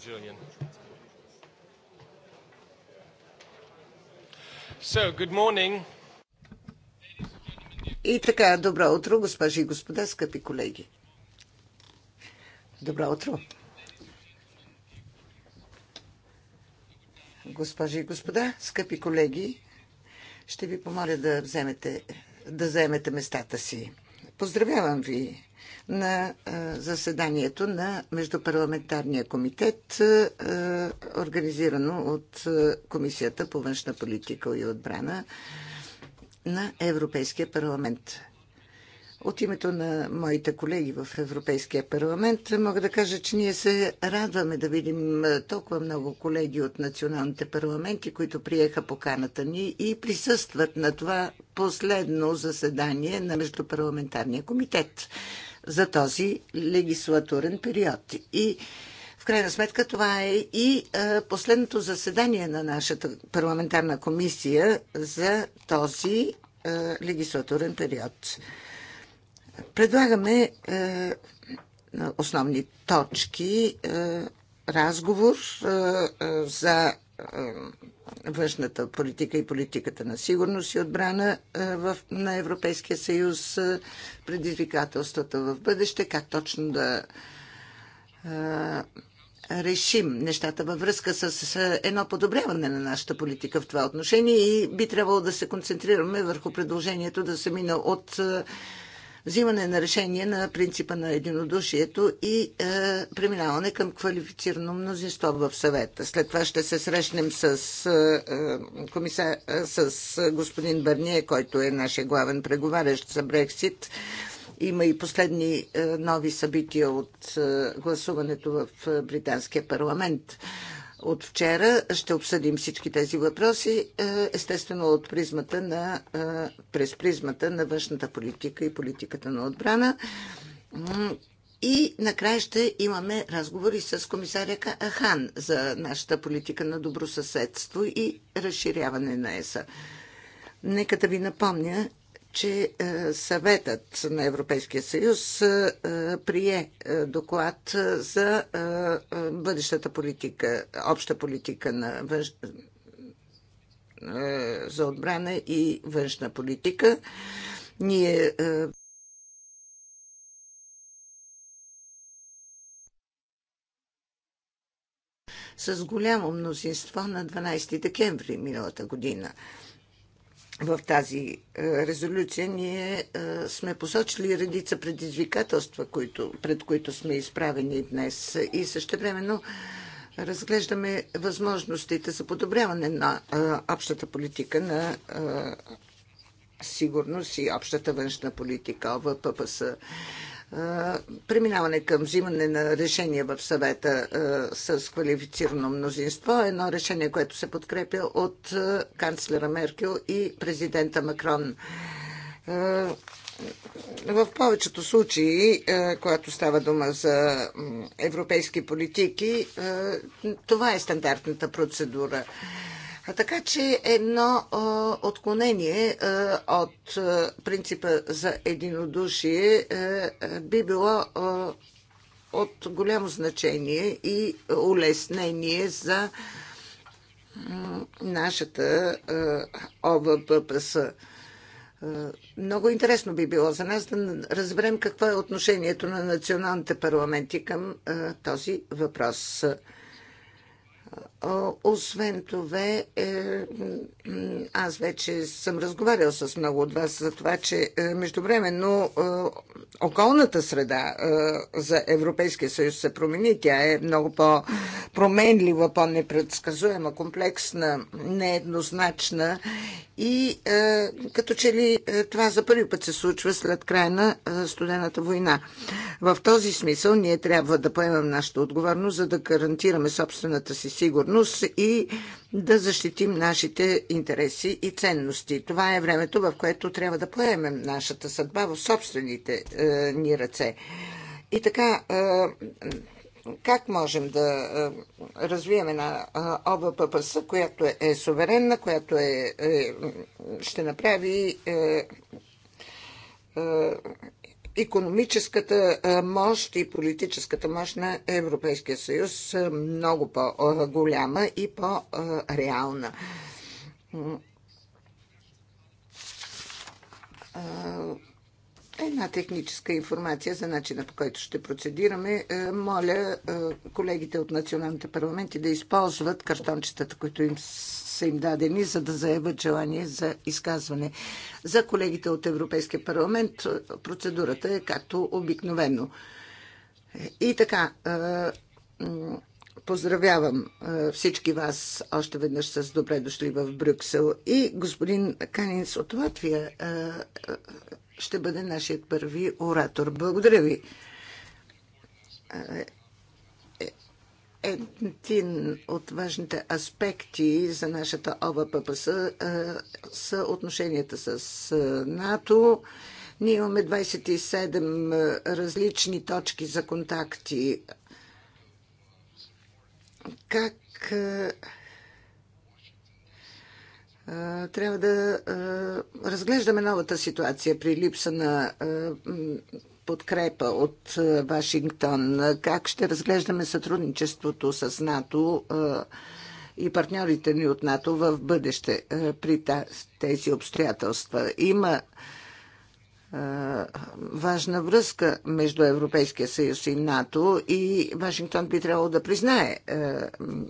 Julian. So, good morning. И така, добро утро, госпожи и господа, скъпи колеги. Добро утро. Госпожи и господа, скъпи колеги, ще ви помоля да вземете, да вземете местата си. Поздравявам ви на заседанието на Междупарламентарния комитет, организирано от Комисията по външна политика и отбрана на Европейския парламент. От името на моите колеги в Европейския парламент мога да кажа, че ние се радваме да видим толкова много колеги от националните парламенти, които приеха поканата ни и присъстват на това последно заседание на Междупарламентарния комитет за този легислатурен период. И в крайна сметка това е и последното заседание на нашата парламентарна комисия за този легислатурен период. Предлагаме е, основни точки, е, разговор е, е, за е, външната политика и политиката на сигурност и отбрана е, в, на Европейския съюз, е, предизвикателствата в бъдеще, как точно да е, решим нещата във връзка с едно подобряване на нашата политика в това отношение и би трябвало да се концентрираме върху предложението да се мина от е, взимане на решение на принципа на единодушието и е, преминаване към квалифицирано мнозинство в съвета. След това ще се срещнем с, е, е комисар, е, с господин Бърние, който е нашия главен преговарящ за Брексит. Има и последни е, нови събития от е, гласуването в е, Британския парламент. Е, от вчера ще обсъдим всички тези въпроси, е, естествено от призмата на, е, през призмата на външната политика и политиката на отбрана. И накрая ще имаме разговори с комисаря Хан за нашата политика на добросъседство и разширяване на ЕСА. Нека да ви напомня, че е, съветът на Европейския съюз е, е, прие доклад за бъдещата политика, обща политика на външ... за отбрана и външна политика. Ние с голямо мнозинство на 12 декември миналата година в тази е, резолюция ние е, сме посочили редица предизвикателства, които, пред които сме изправени днес и същевременно разглеждаме възможностите за подобряване на е, общата политика на сигурност и общата външна политика. ОВППС преминаване към взимане на решение в съвета с квалифицирано мнозинство. Едно решение, което се подкрепя от канцлера Меркел и президента Макрон. В повечето случаи, когато става дума за европейски политики, това е стандартната процедура. А така че едно а, отклонение а, от а, принципа за единодушие а, би било а, от голямо значение и улеснение за а, нашата а, ОВППС. Много интересно би било за нас да разберем какво е отношението на националните парламенти към а, този въпрос. Освен това, е, аз вече съм разговарял с много от вас за това, че е, междувременно е, околната среда за Европейския съюз се промени. Тя е много по-променлива, по-непредсказуема, комплексна, нееднозначна и като че ли това за първи път се случва след края на студената война. В този смисъл ние трябва да поемем нашата отговорност, за да гарантираме собствената си сигурност сигурност и да защитим нашите интереси и ценности. Това е времето, в което трябва да поемем нашата съдба в собствените е, ни ръце. И така, е, как можем да е, развием една е, ОБППС, която е суверенна, която е, е, ще направи. Е, е економическата мощ и политическата мощ на Европейския съюз много по-голяма и по-реална. Една техническа информация за начина по който ще процедираме. Моля колегите от националните парламенти да използват картончетата, които им са им дадени, за да заявят желание за изказване. За колегите от Европейския парламент процедурата е както обикновено. И така, поздравявам всички вас още веднъж с добре дошли в Брюксел. И господин Канинс от Латвия ще бъде нашият първи оратор. Благодаря ви един от важните аспекти за нашата ОВППС е, са отношенията с е, НАТО. Ние имаме 27 е, различни точки за контакти. Как трябва да разглеждаме новата ситуация при липса на подкрепа от е, Вашингтон? Как ще разглеждаме сътрудничеството с НАТО е, и партньорите ни от НАТО в бъдеще е, при тези обстоятелства? Има важна връзка между Европейския съюз и НАТО и Вашингтон би трябвало да признае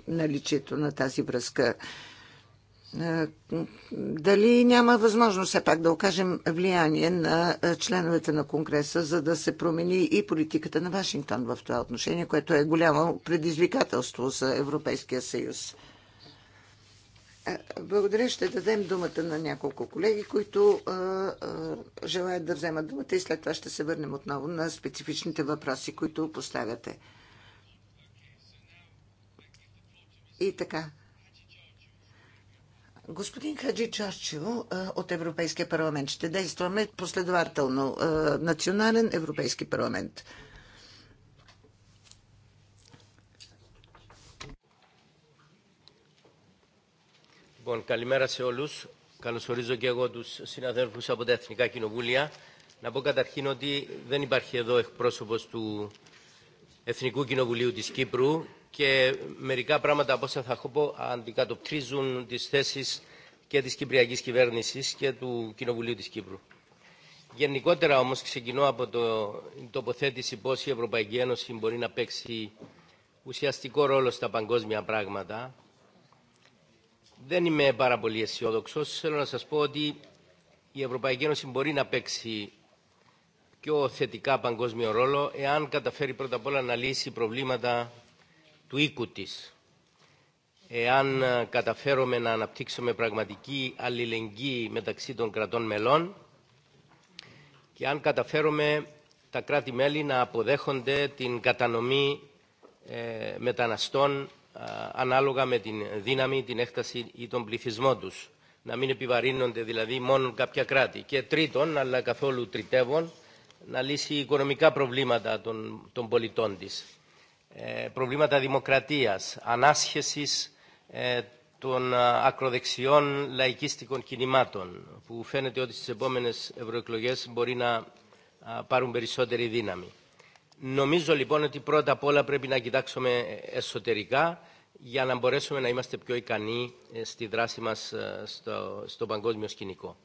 наличието на тази връзка. Е, дали няма възможност все пак да окажем влияние на е, членовете на Конгреса, за да се промени и политиката на Вашингтон в това отношение, което е голямо предизвикателство за Европейския съюз? Е, благодаря. Ще дадем думата на няколко колеги, които а, а, желаят да вземат думата и след това ще се върнем отново на специфичните въпроси, които поставяте. И така, Господин Хаджи Чашчил от Европейския парламент. Ще действаме последователно. Национален Европейски парламент. Bon, καλημέρα σε όλου. Καλωσορίζω και εγώ του συναδέλφου από τα Εθνικά Κοινοβούλια. Να πω καταρχήν ότι δεν υπάρχει εδώ εκπρόσωπο του Εθνικού Κοινοβουλίου τη Κύπρου και μερικά πράγματα από όσα θα πω αντικατοπτρίζουν τις θέσεις και της Κυπριακής Κυβέρνησης και του Κοινοβουλίου της Κύπρου. Γενικότερα όμως ξεκινώ από το, την τοποθέτηση πώς η Ευρωπαϊκή Ένωση μπορεί να παίξει ουσιαστικό ρόλο στα παγκόσμια πράγματα. Δεν είμαι πάρα πολύ αισιόδοξο. Θέλω να σας πω ότι η Ευρωπαϊκή Ένωση μπορεί να παίξει πιο θετικά παγκόσμιο ρόλο εάν καταφέρει πρώτα απ' όλα να λύσει προβλήματα του οίκου της. Εάν καταφέρουμε να αναπτύξουμε πραγματική αλληλεγγύη μεταξύ των κρατών μελών και αν καταφέρουμε τα κράτη-μέλη να αποδέχονται την κατανομή ε, μεταναστών ε, ανάλογα με την δύναμη, την έκταση ή τον πληθυσμό τους. Να μην επιβαρύνονται δηλαδή μόνο κάποια κράτη. Και τρίτον, αλλά καθόλου τριτεύον, να λύσει οικονομικά προβλήματα των, των πολιτών της προβλήματα δημοκρατίας, ανάσχεσης των ακροδεξιών λαϊκίστικων κινημάτων που φαίνεται ότι στις επόμενες ευρωεκλογές μπορεί να πάρουν περισσότερη δύναμη. Νομίζω λοιπόν ότι πρώτα απ' όλα πρέπει να κοιτάξουμε εσωτερικά για να μπορέσουμε να είμαστε πιο ικανοί στη δράση μας στο, στο παγκόσμιο σκηνικό.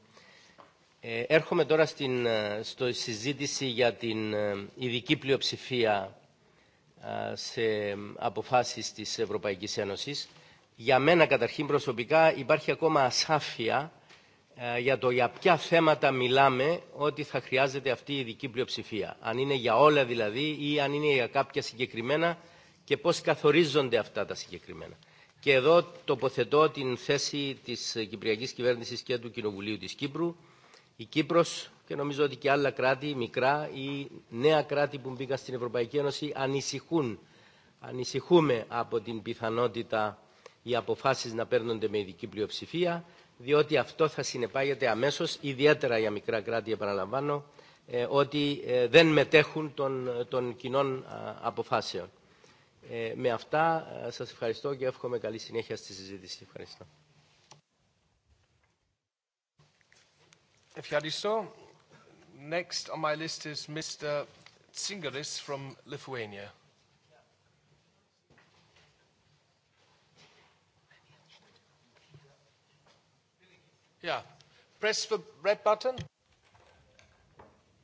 Ε, έρχομαι τώρα στην, στο συζήτηση για την ειδική πλειοψηφία σε αποφάσεις της Ευρωπαϊκής Ένωσης. Για μένα καταρχήν προσωπικά υπάρχει ακόμα ασάφεια για το για ποια θέματα μιλάμε ότι θα χρειάζεται αυτή η ειδική πλειοψηφία. Αν είναι για όλα δηλαδή ή αν είναι για κάποια συγκεκριμένα και πώς καθορίζονται αυτά τα συγκεκριμένα. Και εδώ τοποθετώ την θέση της Κυπριακής Κυβέρνησης και του Κοινοβουλίου της Κύπρου. Η Κύπρος και νομίζω ότι και άλλα κράτη, μικρά ή νέα κράτη που μπήκαν στην Ευρωπαϊκή Ένωση ανησυχούν, ανησυχούμε από την πιθανότητα οι αποφάσεις να παίρνονται με ειδική πλειοψηφία, διότι αυτό θα συνεπάγεται αμέσως, ιδιαίτερα για μικρά κράτη, επαναλαμβάνω, ότι δεν μετέχουν των, των κοινών αποφάσεων. Με αυτά σας ευχαριστώ και εύχομαι καλή συνέχεια στη συζήτηση. Ευχαριστώ. Ευχαριστώ. Next on my list is Mr. Tsingaris from Lithuania. Yeah. Press the red button.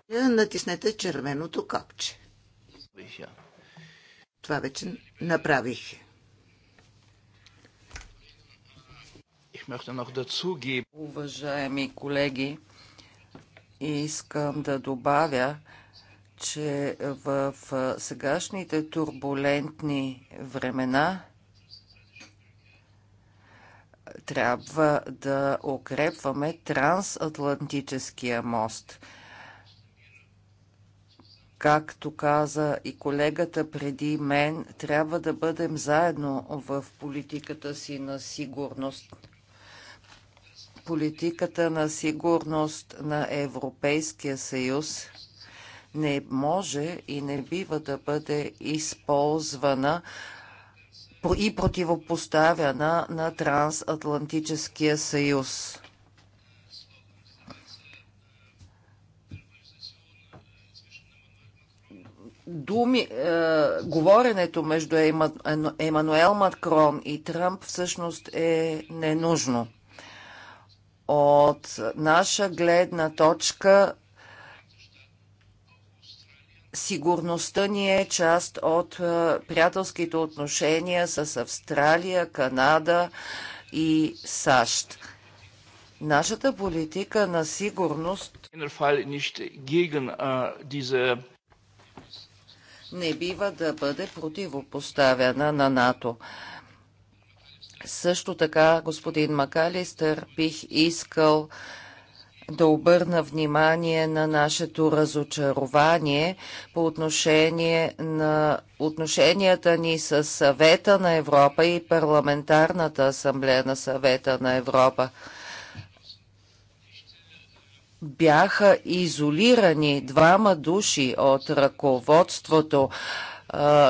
Натиснете червеното копче. Това вече направих. Уважаеми колеги, Искам да добавя, че в сегашните турбулентни времена трябва да укрепваме трансатлантическия мост. Както каза и колегата преди мен, трябва да бъдем заедно в политиката си на сигурност Политиката на сигурност на Европейския съюз не може и не бива да бъде използвана и противопоставяна на Трансатлантическия съюз. думи, е, говоренето между Емануел Макрон и Тръмп всъщност е ненужно. От наша гледна точка сигурността ни е част от приятелските отношения с Австралия, Канада и САЩ. Нашата политика на сигурност не бива да бъде противопоставяна на НАТО. Също така, господин Макалистър, бих искал да обърна внимание на нашето разочарование по отношение на отношенията ни с Съвета на Европа и Парламентарната асамблея на Съвета на Европа. Бяха изолирани двама души от ръководството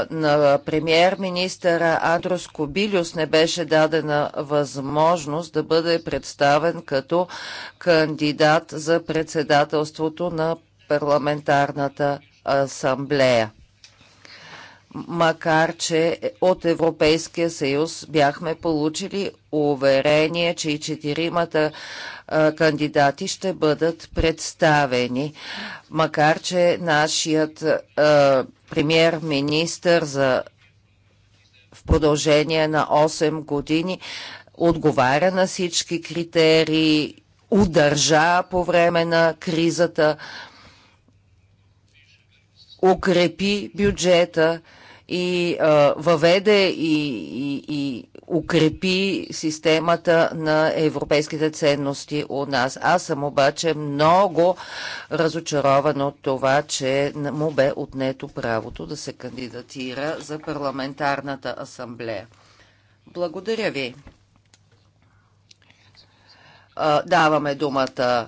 на премьер-министъра Андрос Кобилюс не беше дадена възможност да бъде представен като кандидат за председателството на парламентарната асамблея макар че от Европейския съюз бяхме получили уверение, че и четиримата кандидати ще бъдат представени. Макар че нашият премьер-министър за в продължение на 8 години отговаря на всички критерии, удържа по време на кризата, укрепи бюджета, и а, въведе и, и, и укрепи системата на европейските ценности у нас. Аз съм обаче много разочарован от това, че му бе отнето правото да се кандидатира за парламентарната асамблея. Благодаря ви. Даваме думата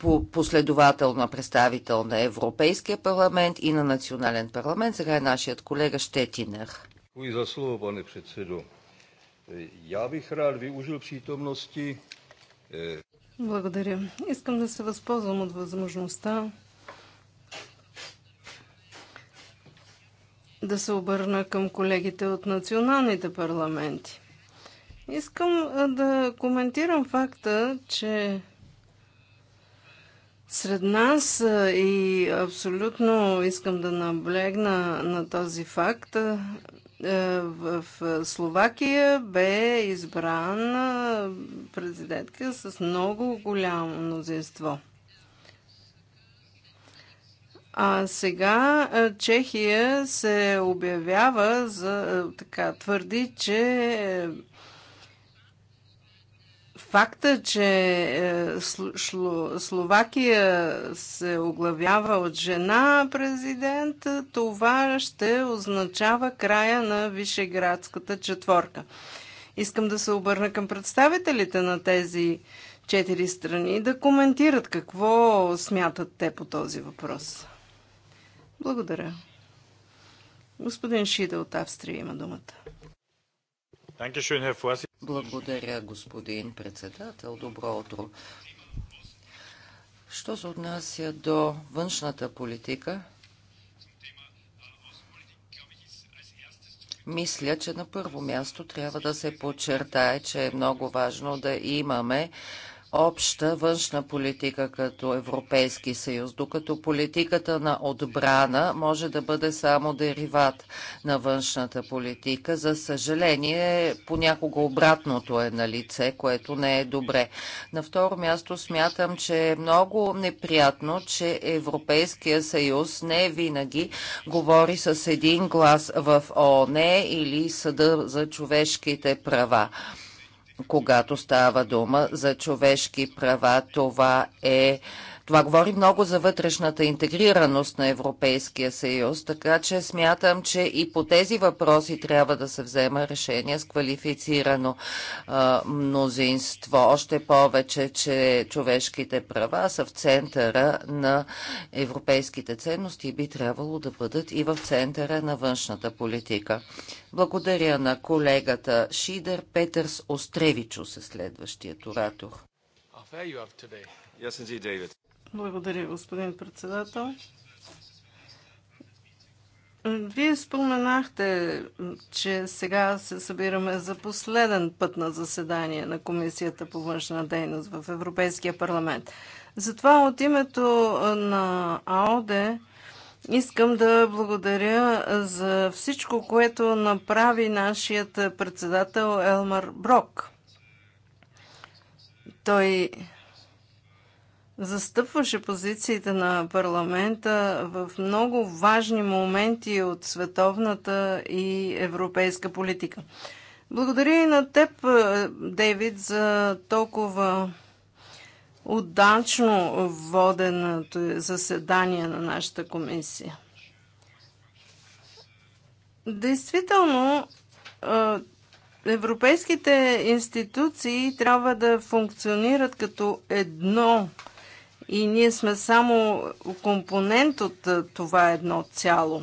по последователна представител на Европейския парламент и на Национален парламент. Сега е нашият колега Щетинер. Děkuji za slovo, pane předsedo. Já bych rád využil přítomnosti. Eh, Благодаря. Искам да се възползвам от възможността да се обърна към колегите от националните парламенти. Искам да коментирам факта, че сред нас и абсолютно искам да наблегна на този факт. Е, в Словакия бе избрана президентка с много голямо мнозинство. А сега Чехия се обявява за така твърди, че е, Факта, че е, Словакия се оглавява от жена президент, това ще означава края на Вишеградската четворка. Искам да се обърна към представителите на тези четири страни да коментират какво смятат те по този въпрос. Благодаря. Господин Шида от Австрия има думата. Благодаря, господин председател. Добро утро. Що се отнася до външната политика, мисля, че на първо място трябва да се подчертае, че е много важно да имаме обща външна политика като Европейски съюз, докато политиката на отбрана може да бъде само дериват на външната политика. За съжаление, понякога обратното е на лице, което не е добре. На второ място смятам, че е много неприятно, че Европейския съюз не винаги говори с един глас в ООН е или Съда за човешките права когато става дума за човешки права. Това е това говори много за вътрешната интегрираност на Европейския съюз, така че смятам, че и по тези въпроси трябва да се взема решение с квалифицирано а, мнозинство. Още повече, че човешките права са в центъра на европейските ценности и би трябвало да бъдат и в центъра на външната политика. Благодаря на колегата Шидер Петърс Остревичо с е следващият оратор. Yes, indeed, David. Благодаря, господин председател. Вие споменахте, че сега се събираме за последен път на заседание на Комисията по външна дейност в Европейския парламент. Затова от името на АОДЕ искам да благодаря за всичко, което направи нашият председател Елмар Брок. Той застъпваше позициите на парламента в много важни моменти от световната и европейска политика. Благодаря и на теб, е, Дейвид, за толкова удачно воденото заседание на нашата комисия. Действително, е, европейските институции трябва да функционират като едно и ние сме само компонент от това едно цяло.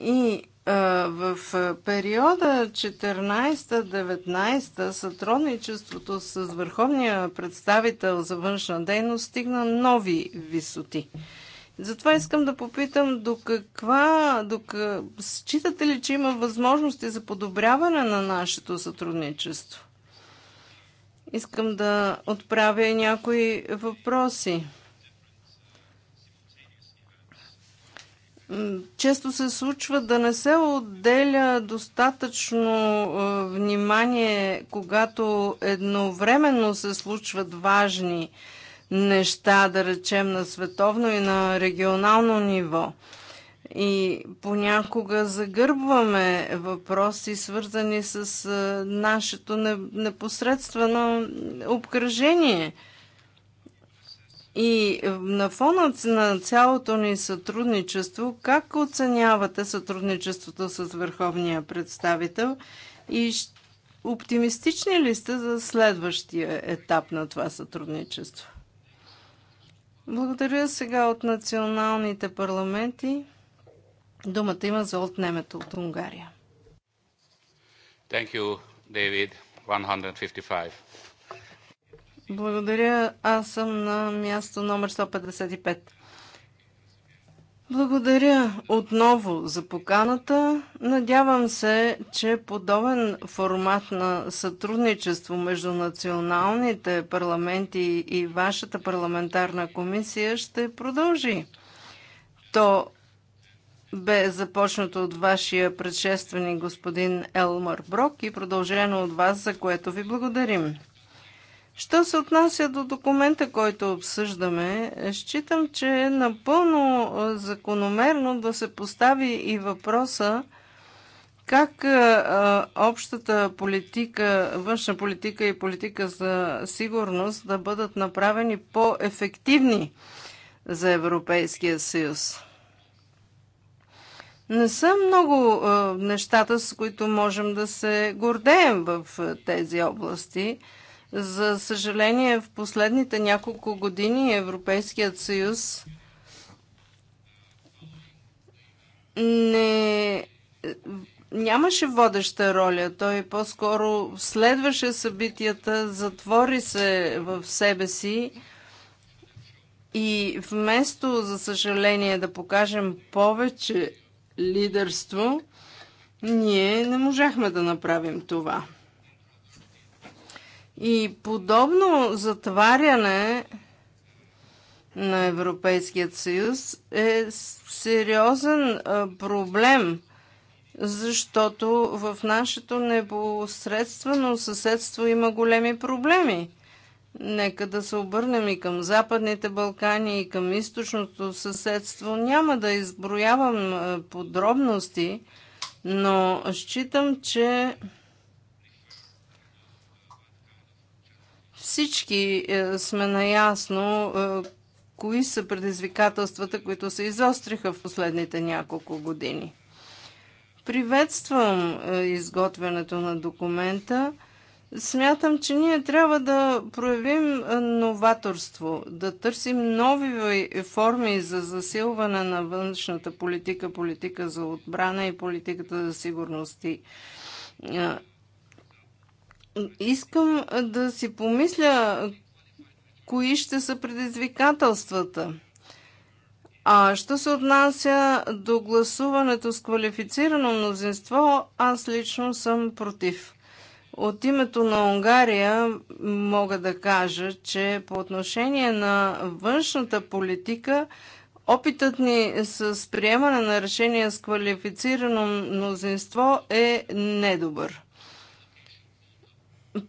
И в периода 14-19 сътрудничеството с върховния представител за външна дейност стигна нови висоти. Затова искам да попитам до каква, до къ... считате ли, че има възможности за подобряване на нашето сътрудничество? Искам да отправя някои въпроси. Често се случва да не се отделя достатъчно внимание, когато едновременно се случват важни неща, да речем на световно и на регионално ниво. И понякога загърбваме въпроси, свързани с нашето непосредствено обкръжение. И на фона на цялото ни сътрудничество, как оценявате сътрудничеството с върховния представител и оптимистични ли сте за следващия етап на това сътрудничество? Благодаря сега от националните парламенти. Думата има за отнемето от Унгария. Thank you, David. 155. Благодаря. Аз съм на място номер 155. Благодаря отново за поканата. Надявам се, че подобен формат на сътрудничество между националните парламенти и вашата парламентарна комисия ще продължи. То бе започнато от вашия предшественик господин Елмар Брок и продължено от вас, за което ви благодарим. Що се отнася до документа, който обсъждаме, считам, че е напълно закономерно да се постави и въпроса как общата политика, външна политика и политика за сигурност да бъдат направени по-ефективни за Европейския съюз. Не са много нещата, с които можем да се гордеем в тези области. За съжаление, в последните няколко години Европейският съюз не нямаше водеща роля. Той по-скоро следваше събитията, затвори се в себе си и вместо, за съжаление, да покажем повече лидерство, ние не можахме да направим това. И подобно затваряне на Европейският съюз е сериозен проблем, защото в нашето непосредствено съседство има големи проблеми. Нека да се обърнем и към Западните Балкани, и към източното съседство. Няма да изброявам е, подробности, но считам, че всички е, сме наясно е, кои са предизвикателствата, които се изостриха в последните няколко години. Приветствам изготвянето на документа смятам, че ние трябва да проявим новаторство, да търсим нови форми за засилване на външната политика, политика за отбрана и политиката за сигурност. Искам да си помисля кои ще са предизвикателствата. А що се отнася до гласуването с квалифицирано мнозинство, аз лично съм против. От името на Унгария мога да кажа, че по отношение на външната политика, опитът ни с приемане на решение с квалифицирано мнозинство е недобър.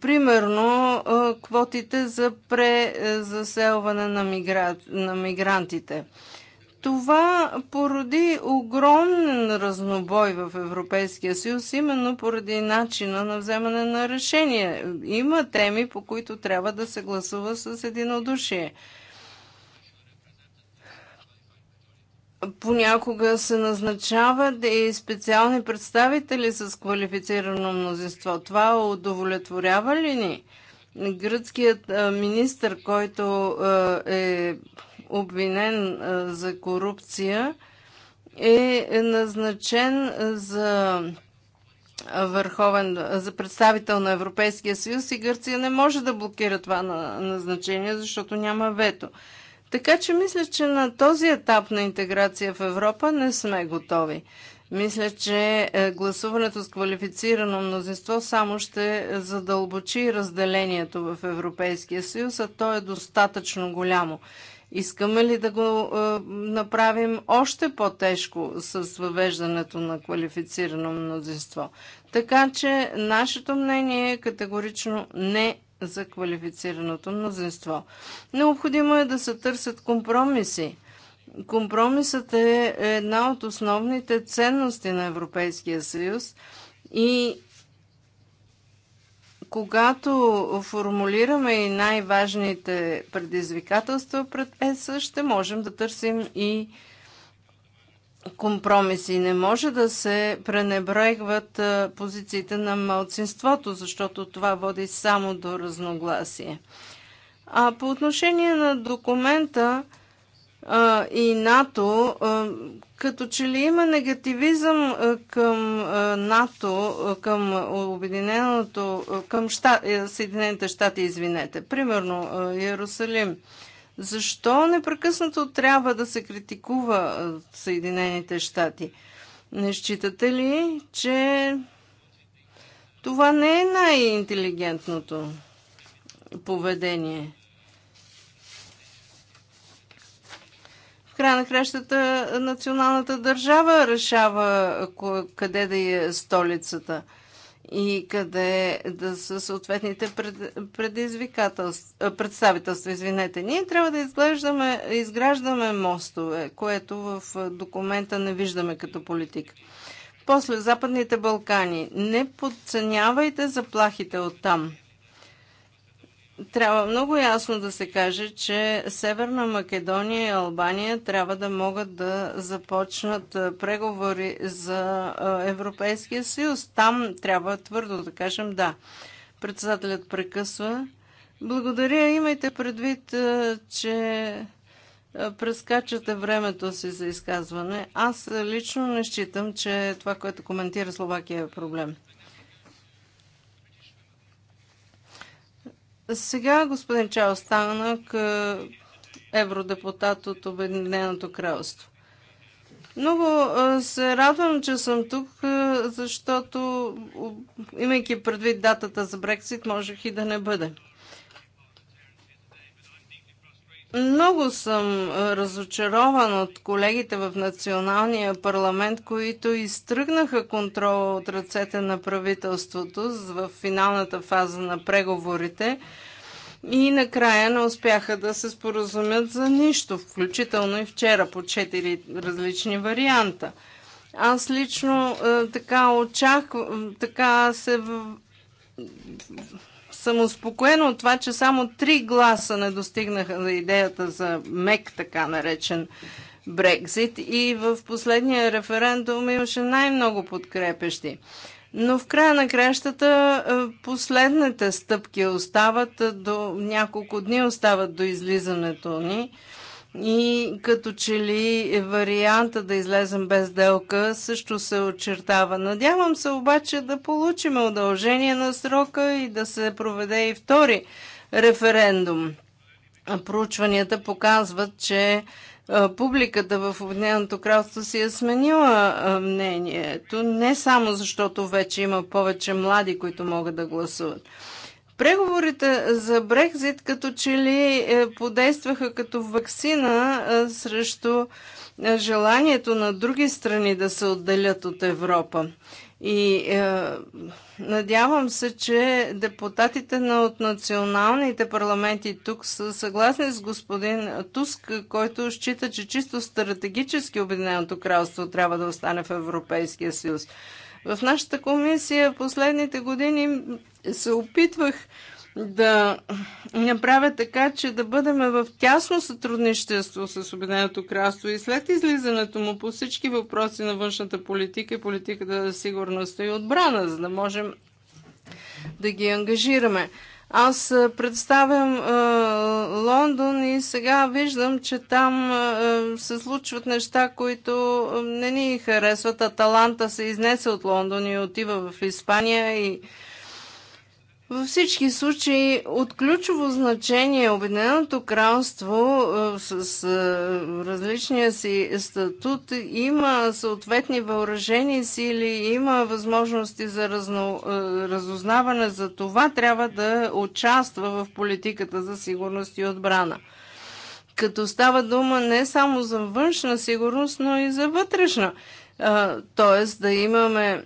Примерно, квотите за презаселване на, мигра... на мигрантите – това породи огромен разнобой в Европейския съюз, именно поради начина на вземане на решение. Има теми, по които трябва да се гласува с единодушие. Понякога се назначават и специални представители с квалифицирано мнозинство. Това удовлетворява ли ни? Гръцкият министр, който е обвинен за корупция, е назначен за върховен за представител на Европейския съюз и Гърция не може да блокира това назначение, защото няма вето. Така че мисля, че на този етап на интеграция в Европа не сме готови. Мисля, че е, гласуването с квалифицирано мнозинство само ще задълбочи разделението в Европейския съюз, а то е достатъчно голямо. Искаме ли да го е, направим още по-тежко с въвеждането на квалифицирано мнозинство? Така че нашето мнение е категорично не за квалифицираното мнозинство. Необходимо е да се търсят компромиси. Компромисът е една от основните ценности на Европейския съюз и когато формулираме и най-важните предизвикателства пред ЕС, ще можем да търсим и компромиси. Не може да се пренебрегват позициите на малцинството, защото това води само до разногласие. А по отношение на документа и НАТО, като че ли има негативизъм към НАТО, към Обединеното, към щат, е, Съединените щати, извинете. Примерно Иерусалим. Защо непрекъснато трябва да се критикува Съединените щати? Не считате ли, че това не е най-интелигентното поведение? края на кращата националната държава решава къде да е столицата и къде да са съответните представителства. Извинете, ние трябва да изглеждаме, изграждаме мостове, което в документа не виждаме като политика. После Западните Балкани. Не подценявайте заплахите от там трябва много ясно да се каже, че Северна Македония и Албания трябва да могат да започнат преговори за Европейския съюз. Там трябва твърдо да кажем да. Председателят прекъсва. Благодаря. Имайте предвид, че прескачате времето си за изказване. Аз лично не считам, че това, което коментира Словакия е проблем. Сега господин Чао Станък, е, евродепутат от Обединеното кралство. Много е, се радвам, че съм тук, е, защото, имайки предвид датата за Брексит, можех и да не бъде. Много съм е, разочарован от колегите в Националния парламент, които изтръгнаха контрола от ръцете на правителството в финалната фаза на преговорите и накрая не успяха да се споразумят за нищо, включително и вчера по четири различни варианта. Аз лично е, така очаквам, така се съм успокоена от това, че само три гласа не достигнаха за идеята за мек, така наречен Брекзит. И в последния референдум имаше най-много подкрепещи. Но в края на кращата е, последните стъпки остават е, до няколко дни остават до излизането ни. И като че ли варианта да излезем без делка, също се очертава. Надявам се обаче да получим удължение на срока и да се проведе и втори референдум. Проучванията показват, че публиката в Обединеното кралство си е сменила мнението, не само защото вече има повече млади, които могат да гласуват. Преговорите за Брекзит като че ли е, подействаха като вакцина е, срещу е, желанието на други страни да се отделят от Европа. И е, надявам се, че депутатите на, от националните парламенти тук са съгласни с господин Туск, който счита, че чисто стратегически Обединеното кралство трябва да остане в Европейския съюз. В нашата комисия последните години се опитвах да направя така, че да бъдем в тясно сътрудничество с Обединеното кралство и след излизането му по всички въпроси на външната политика и политиката за сигурност и отбрана, за да можем да ги ангажираме. Аз представям е, Лондон и сега виждам, че там е, се случват неща, които не ни харесват. Аталанта се изнесе от Лондон и отива в Испания и във всички случаи от ключово значение е Обединеното кралство е, с е, различния си статут има съответни въоръжени сили, има възможности за разно, разузнаване, за това трябва да участва в политиката за сигурност и отбрана. Като става дума не само за външна сигурност, но и за вътрешна. Тоест да имаме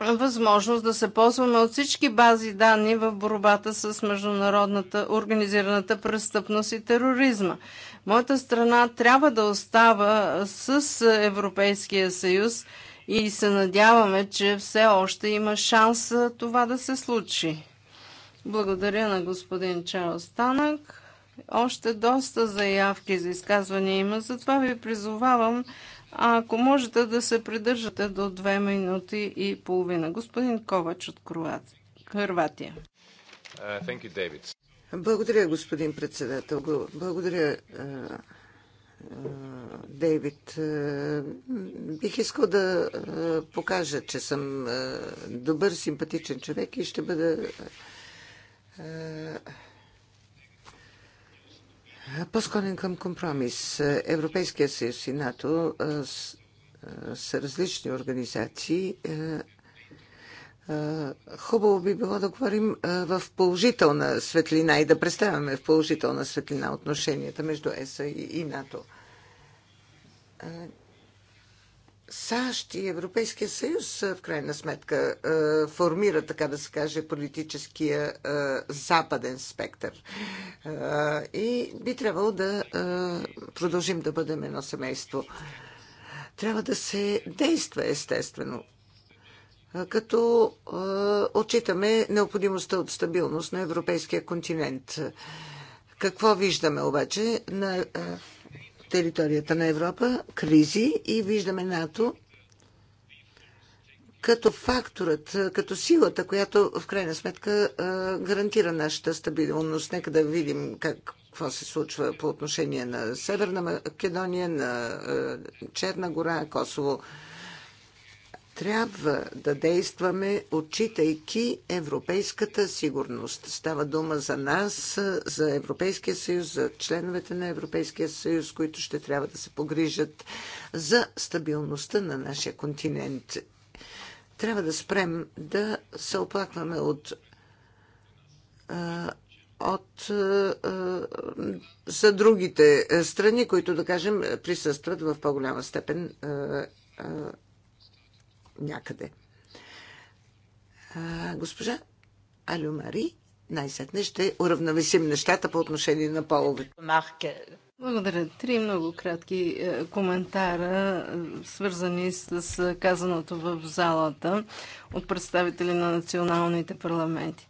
възможност да се ползваме от всички бази данни в борбата с международната организираната престъпност и тероризма. Моята страна трябва да остава с Европейския съюз и се надяваме, че все още има шанс това да се случи. Благодаря на господин Чарлз Танък. Още доста заявки за изказвания има, затова ви призовавам а ако можете да се придържате до две минути и половина. Господин Ковач от Хрватия. Uh, Благодаря, господин председател. Благодаря, uh, uh, Дейвид. Бих искал да покажа, че съм добър, симпатичен човек и ще бъда по-склонен към компромис. Европейския съюз и НАТО са различни организации. Хубаво би било да говорим в положителна светлина и да представяме в положителна светлина отношенията между ЕСА и НАТО. САЩ и Европейския съюз в крайна сметка формира, така да се каже, политическия западен спектър. И би трябвало да продължим да бъдем едно семейство. Трябва да се действа естествено, като отчитаме необходимостта от стабилност на европейския континент. Какво виждаме обаче на територията на Европа кризи и виждаме НАТО като факторът, като силата, която в крайна сметка гарантира нашата стабилност. Нека да видим как какво се случва по отношение на Северна Македония, на Черна гора, Косово трябва да действаме, отчитайки европейската сигурност. Става дума за нас, за Европейския съюз, за членовете на Европейския съюз, които ще трябва да се погрижат за стабилността на нашия континент. Трябва да спрем да се оплакваме от от, за другите страни, които, да кажем, присъстват в по-голяма степен някъде. А, госпожа Алю Мари, най-сетне ще уравновесим нещата по отношение на полове. Благодаря. Три много кратки е, коментара, е, свързани с казаното в залата от представители на националните парламенти.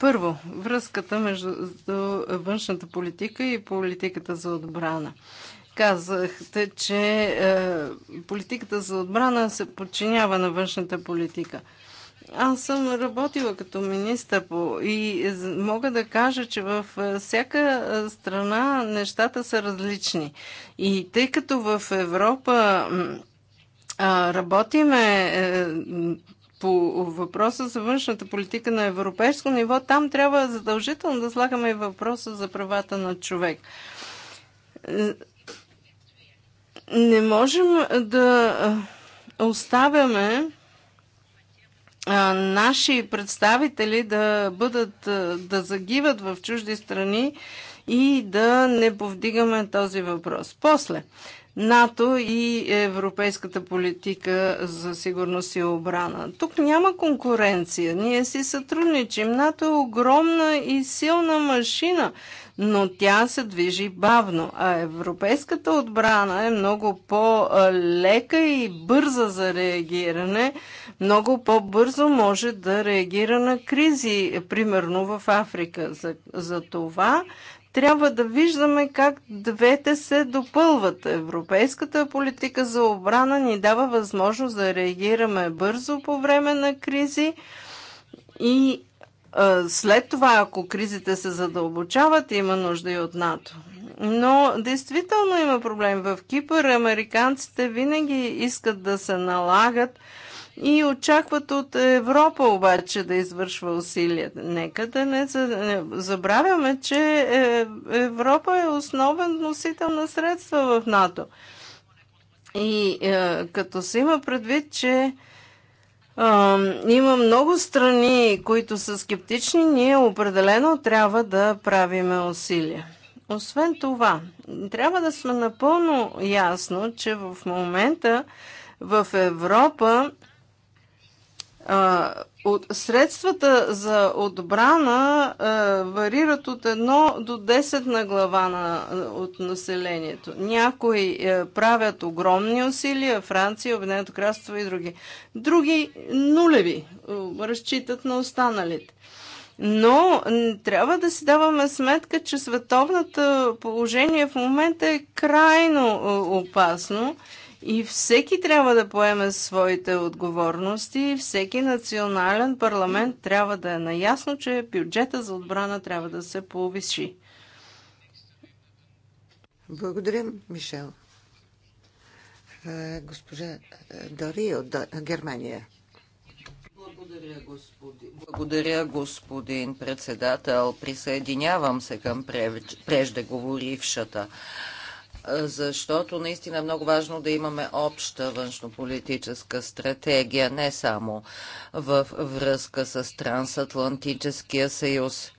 Първо, връзката между външната политика и политиката за отбрана. Казахте, че е, политиката за отбрана се подчинява на външната политика. Аз съм работила като министър по, и мога да кажа, че във е, всяка е, страна нещата са различни. И тъй като в Европа а, работиме е, по въпроса за външната политика на европейско ниво, там трябва задължително да слагаме и въпроса за правата на човек. Е, не можем да оставяме наши представители да бъдат, да загиват в чужди страни и да не повдигаме този въпрос. После, НАТО и европейската политика за сигурност и обрана. Тук няма конкуренция. Ние си сътрудничим. НАТО е огромна и силна машина но тя се движи бавно, а европейската отбрана е много по-лека и бърза за реагиране, много по-бързо може да реагира на кризи, примерно в Африка. За, за това трябва да виждаме как двете се допълват. Европейската политика за обрана ни дава възможност да реагираме бързо по време на кризи и след това, ако кризите се задълбочават, има нужда и от НАТО. Но действително има проблем. В Кипър американците винаги искат да се налагат и очакват от Европа обаче да извършва усилия. Нека да не забравяме, че е, Европа е основен носител на средства в НАТО. И е, като се има предвид, че има много страни, които са скептични, ние определено трябва да правиме усилия. Освен това, трябва да сме напълно ясно, че в момента в Европа а, от средствата за отбрана а, е, варират от 1 до 10 на глава на, е, от населението. Някои а, е, правят огромни усилия, Франция, Обединеното кралство и други. Други нулеви а, разчитат на останалите. Но трябва да си даваме сметка, че световното положение в момента е крайно опасно и всеки трябва да поеме своите отговорности, и всеки национален парламент трябва да е наясно, че бюджета за отбрана трябва да се повиши. Благодаря, Мишел. Госпожа Дори от Германия. Благодаря, господин. председател. Присъединявам се към преждеговорившата. говорившата защото наистина е много важно да имаме обща външнополитическа стратегия, не само в връзка с Трансатлантическия съюз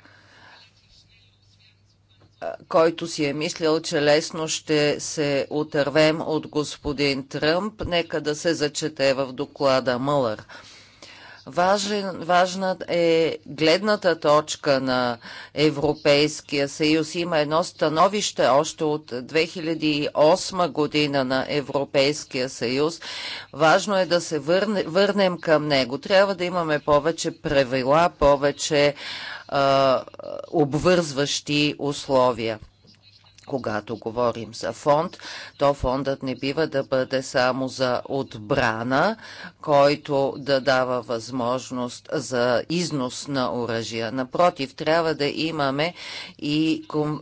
който си е мислил, че лесно ще се отървем от господин Тръмп, нека да се зачете в доклада Мълър. Важен, важна е гледната точка на Европейския съюз. Има едно становище още от 2008 година на Европейския съюз. Важно е да се върне, върнем към него. Трябва да имаме повече правила, повече а, обвързващи условия когато говорим за фонд, то фондът не бива да бъде само за отбрана, който да дава възможност за износ на оръжия. Напротив, трябва да имаме и е,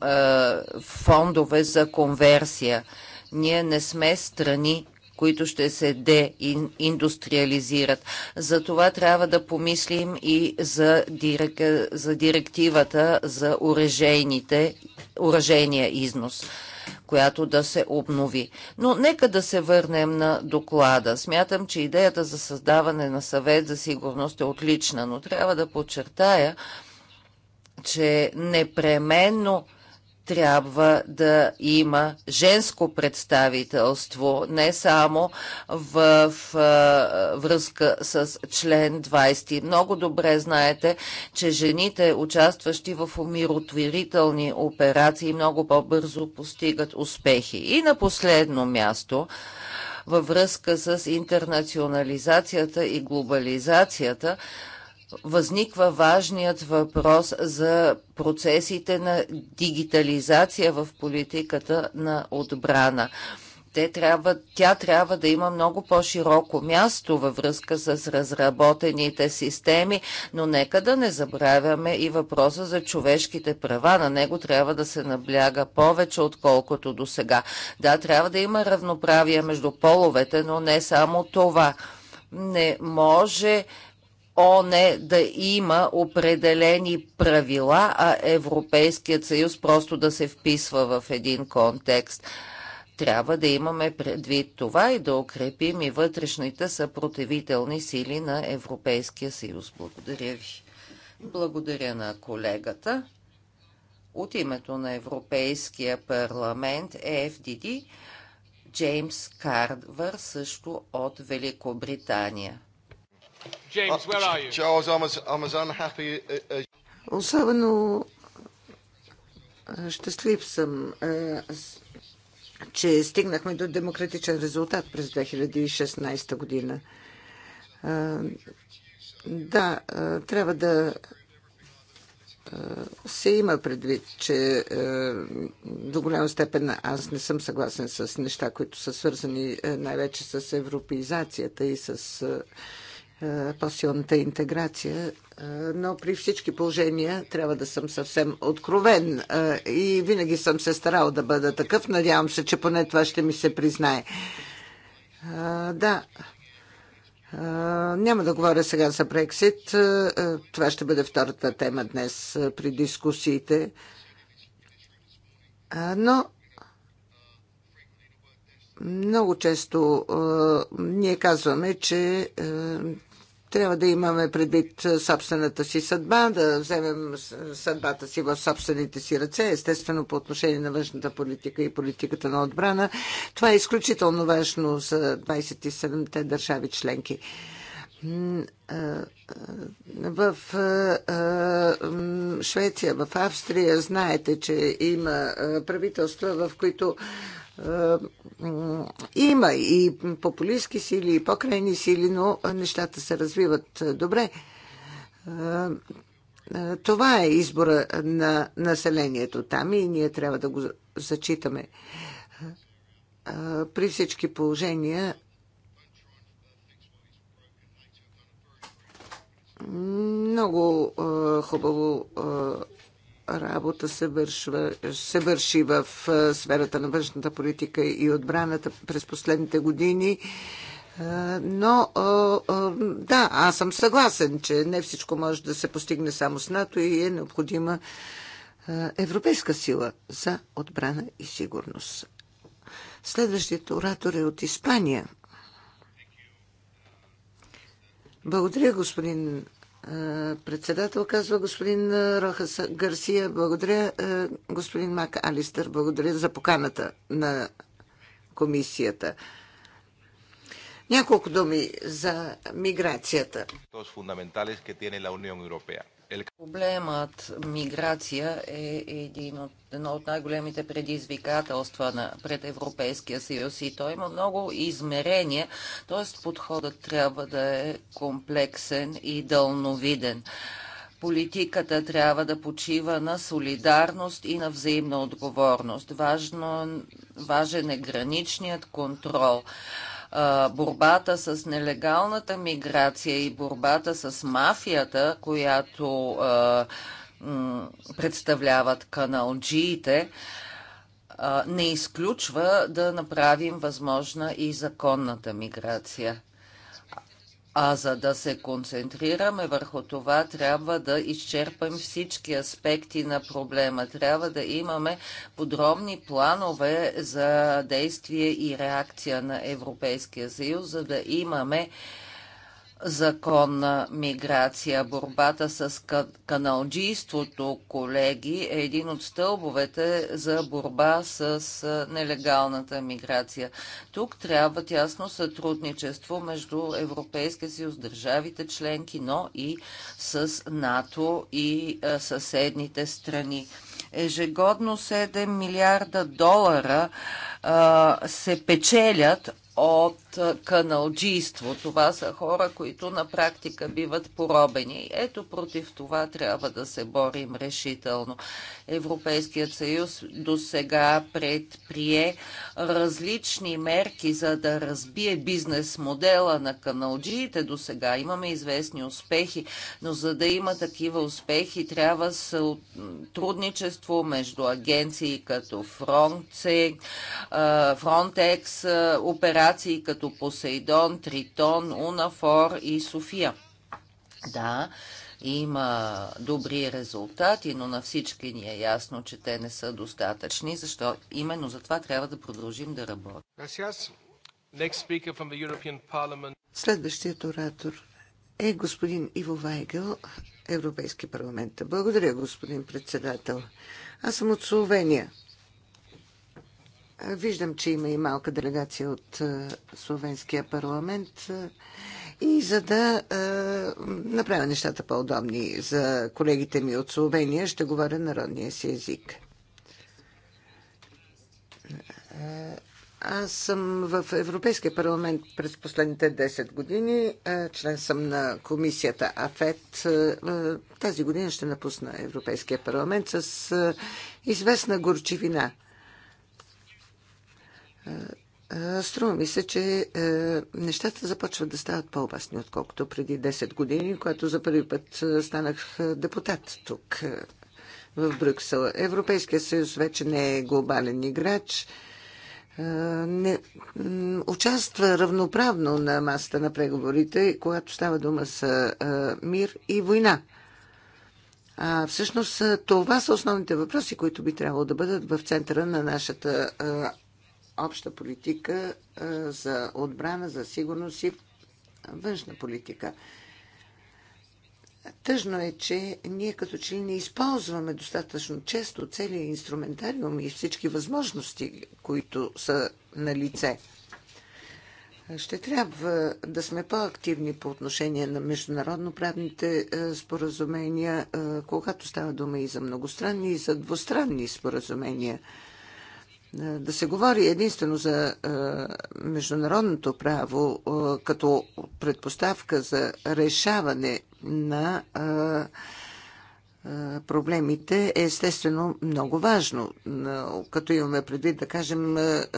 фондове за конверсия. Ние не сме страни които ще се деиндустриализират. За това трябва да помислим и за, дирек, за директивата за оръжейния износ която да се обнови. Но нека да се върнем на доклада. Смятам, че идеята за създаване на съвет за сигурност е отлична, но трябва да подчертая, че непременно трябва да има женско представителство, не само в връзка с член 20. Много добре знаете, че жените, участващи в умиротворителни операции, много по-бързо постигат успехи. И на последно място, във връзка с интернационализацията и глобализацията, възниква важният въпрос за процесите на дигитализация в политиката на отбрана. Те трябва, тя трябва да има много по-широко място във връзка с разработените системи, но нека да не забравяме и въпроса за човешките права. На него трябва да се набляга повече, отколкото до сега. Да, трябва да има равноправие между половете, но не само това. Не може ОНЕ да има определени правила, а Европейският съюз просто да се вписва в един контекст. Трябва да имаме предвид това и да укрепим и вътрешните съпротивителни сили на Европейския съюз. Благодаря ви. Благодаря на колегата. От името на Европейския парламент ЕФДД Джеймс Кардвър също от Великобритания. James, where are you? Charles, I'm as, I'm as unhappy uh, as... Особено щастлив съм, че стигнахме до демократичен резултат през 2016 година. Да, трябва да се има предвид, че до голяма степен аз не съм съгласен с неща, които са свързани най-вече с европеизацията и с е, по-силната интеграция, е, но при всички положения трябва да съм съвсем откровен е, и винаги съм се старал да бъда такъв. Надявам се, че поне това ще ми се признае. Да, няма да говоря сега за Брексит. Това ще бъде втората тема днес при дискусиите. Но много често ние казваме, че трябва да имаме предвид собствената си съдба, да вземем съдбата си в собствените си ръце, естествено по отношение на външната политика и политиката на отбрана. Това е изключително важно за 27-те държави членки. В Швеция, в Австрия знаете, че има правителства, в които е, има и популистски сили, и по-крайни сили, но нещата се развиват е, добре. Е, това е избора на населението там и ние трябва да го зачитаме. При всички положения много хубаво работа се, вършва, се върши в сферата на външната политика и отбраната през последните години. Но да, аз съм съгласен, че не всичко може да се постигне само с НАТО и е необходима европейска сила за отбрана и сигурност. Следващият оратор е от Испания. Благодаря, господин Председател казва господин Рохас Гарсия. Благодаря, господин Мак Алистър. Благодаря за поканата на комисията. Няколко думи за миграцията. Проблемът миграция е един от, едно от най-големите предизвикателства на, пред Европейския съюз и той има много измерения, т.е. подходът трябва да е комплексен и дълновиден. Политиката трябва да почива на солидарност и на взаимна отговорност. Важно, важен е граничният контрол борбата с нелегалната миграция и борбата с мафията, която представляват каналджиите, не изключва да направим възможна и законната миграция. А за да се концентрираме върху това, трябва да изчерпам всички аспекти на проблема. Трябва да имаме подробни планове за действие и реакция на Европейския съюз, за да имаме законна миграция. Борбата с каналджийството, колеги, е един от стълбовете за борба с нелегалната миграция. Тук трябва тясно сътрудничество между Европейския съюз, държавите членки, но и с НАТО и съседните страни ежегодно 7 милиарда долара а, се печелят от каналджийство. Това са хора, които на практика биват поробени. Ето против това трябва да се борим решително. Европейският съюз до сега предприе различни мерки, за да разбие бизнес модела на каналджиите. До сега имаме известни успехи, но за да има такива успехи, трябва трудничество между агенции като Frontex, операции като като Посейдон, Тритон, Унафор и София. Да, има добри резултати, но на всички ни е ясно, че те не са достатъчни, защо именно за това трябва да продължим да работим. Следващият оратор е господин Иво Вайгъл, Европейски парламент. Благодаря, господин председател. Аз съм от Словения. Виждам, че има и малка делегация от е, Словенския парламент. Е, и за да е, направя нещата по-удобни за колегите ми от Словения, ще говоря народния си език. Е, аз съм в Европейския парламент през последните 10 години. Член съм на комисията АФЕТ. Тази година ще напусна Европейския парламент с известна горчивина – Струва ми се, че е, нещата започват да стават по-опасни, отколкото преди 10 години, когато за първи път станах депутат тук в Брюксел. Европейския съюз вече не е глобален играч. Е, не участва равноправно на масата на преговорите, когато става дума за е, мир и война. А, всъщност това са основните въпроси, които би трябвало да бъдат в центъра на нашата обща политика за отбрана, за сигурност и външна политика. Тъжно е, че ние като че ли не използваме достатъчно често целия инструментариум и всички възможности, които са на лице. Ще трябва да сме по-активни по отношение на международно-правните е, споразумения, е, когато става дума и за многостранни, и за двустранни споразумения – е, да се говори единствено за е, международното право е, като предпоставка за решаване на проблемите е естествено много важно, като имаме предвид, да кажем,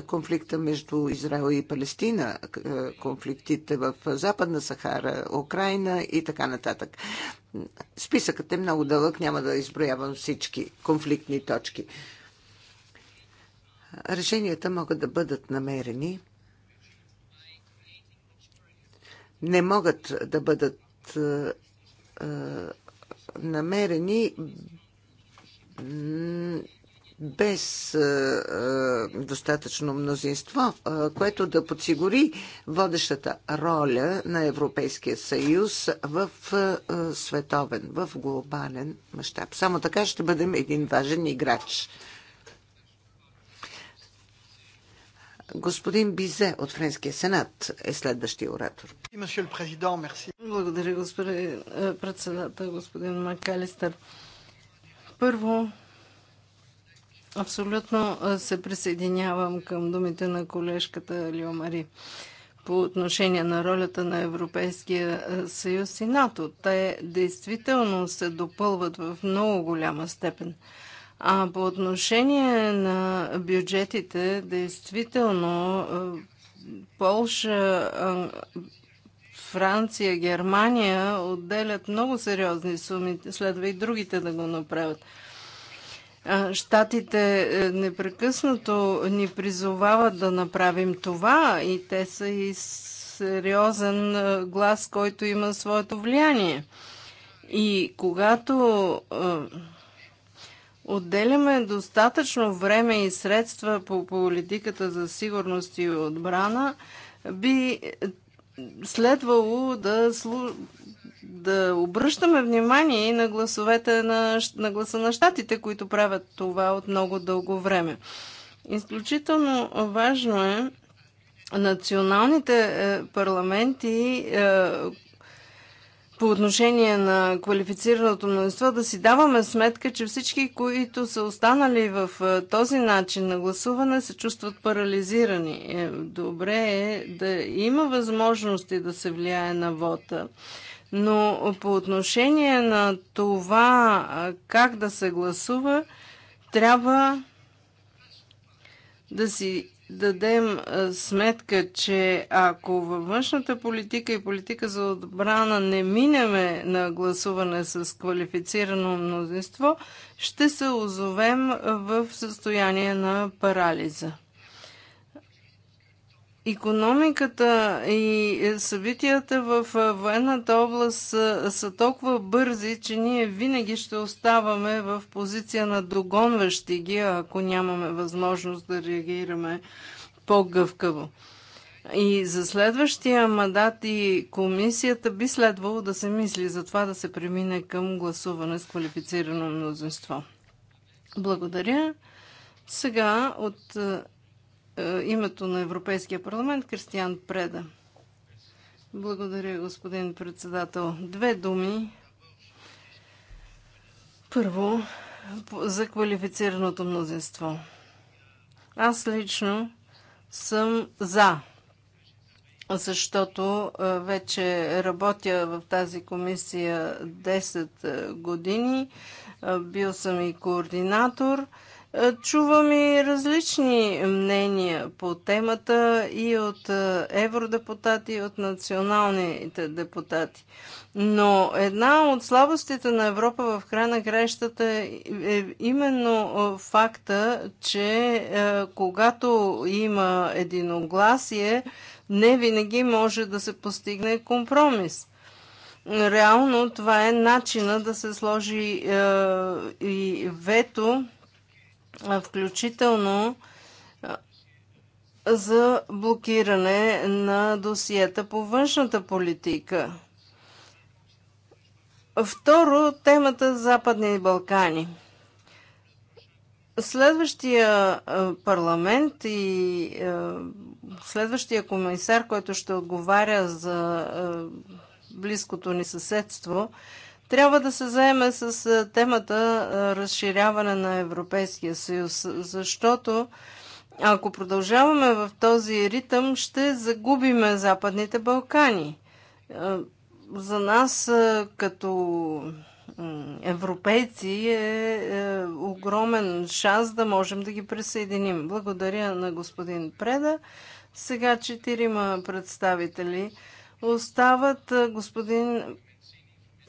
конфликта между Израел и Палестина, конфликтите в Западна Сахара, Украина и така нататък. Списъкът е много дълъг, няма да изброявам всички конфликтни точки решенията могат да бъдат намерени. Не могат да бъдат е, е, намерени без е, достатъчно мнозинство, което да подсигури водещата роля на Европейския съюз в световен, в глобален мащаб. Само така ще бъдем един важен играч Господин Бизе от Френския сенат е следващия оратор. Благодаря, господин е, председател, господин Макалистър. Първо, абсолютно е, се присъединявам към думите на колежката Лио Мари по отношение на ролята на Европейския е, съюз и НАТО. Те действително се допълват в много голяма степен. А по отношение на бюджетите, действително Полша, Франция, Германия отделят много сериозни суми. Следва и другите да го направят. Штатите е, непрекъснато ни призовават да направим това и те са и сериозен е, глас, който има своето влияние. И когато е, отделяме достатъчно време и средства по политиката за сигурност и отбрана, би следвало да, слу... да обръщаме внимание и на гласовете на, на гласа на щатите, които правят това от много дълго време. Изключително важно е националните е, парламенти, е, по отношение на квалифицираното мнозинство да си даваме сметка, че всички, които са останали в е, този начин на гласуване, се чувстват парализирани. Е, добре е да има възможности да се влияе на вота. Но по отношение на това е, как да се гласува, трябва да си дадем сметка, че ако във външната политика и политика за отбрана не минеме на гласуване с квалифицирано мнозинство, ще се озовем в състояние на парализа. Економиката и събитията в военната област са, са толкова бързи, че ние винаги ще оставаме в позиция на догонващи ги, ако нямаме възможност да реагираме по-гъвкаво. И за следващия мандат и комисията би следвало да се мисли за това да се премине към гласуване с квалифицирано мнозинство. Благодаря. Сега от е, името на Европейския парламент Кристиан Преда. Благодаря, господин председател. Две думи. Първо, за квалифицираното мнозинство. Аз лично съм за, защото е, вече работя в тази комисия 10 е, години. Бил съм и координатор – е, чувам и различни мнения по темата и от е, евродепутати, и от националните депутати. Но една от слабостите на Европа в края на краищата е именно е, факта, че когато има единогласие, не винаги може да се постигне компромис реално това е начина да се сложи е, и вето включително за блокиране на досиета по външната политика. Второ, темата Западни Балкани. Следващия парламент и следващия комисар, който ще отговаря за близкото ни съседство, трябва да се заеме с темата разширяване на Европейския съюз, защото ако продължаваме в този ритъм, ще загубиме Западните Балкани. За нас като европейци е, е огромен шанс да можем да ги присъединим. Благодаря на господин Преда. Сега четирима представители остават господин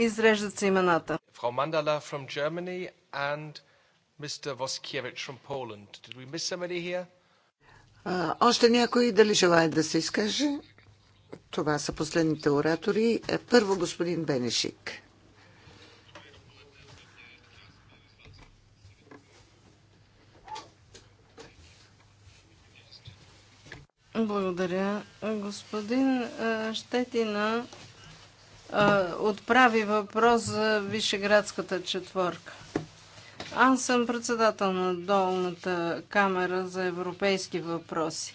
Изреждат се имената. Frau Mandala from Germany and Mr. Voskiewicz from Poland. Did we miss somebody here? А, още някой дали желая да се изкаже? Това са последните оратори. Е, първо господин Бенешик. Благодаря. Господин Щетина отправи въпрос за Вишеградската четворка. Аз съм председател на долната камера за европейски въпроси.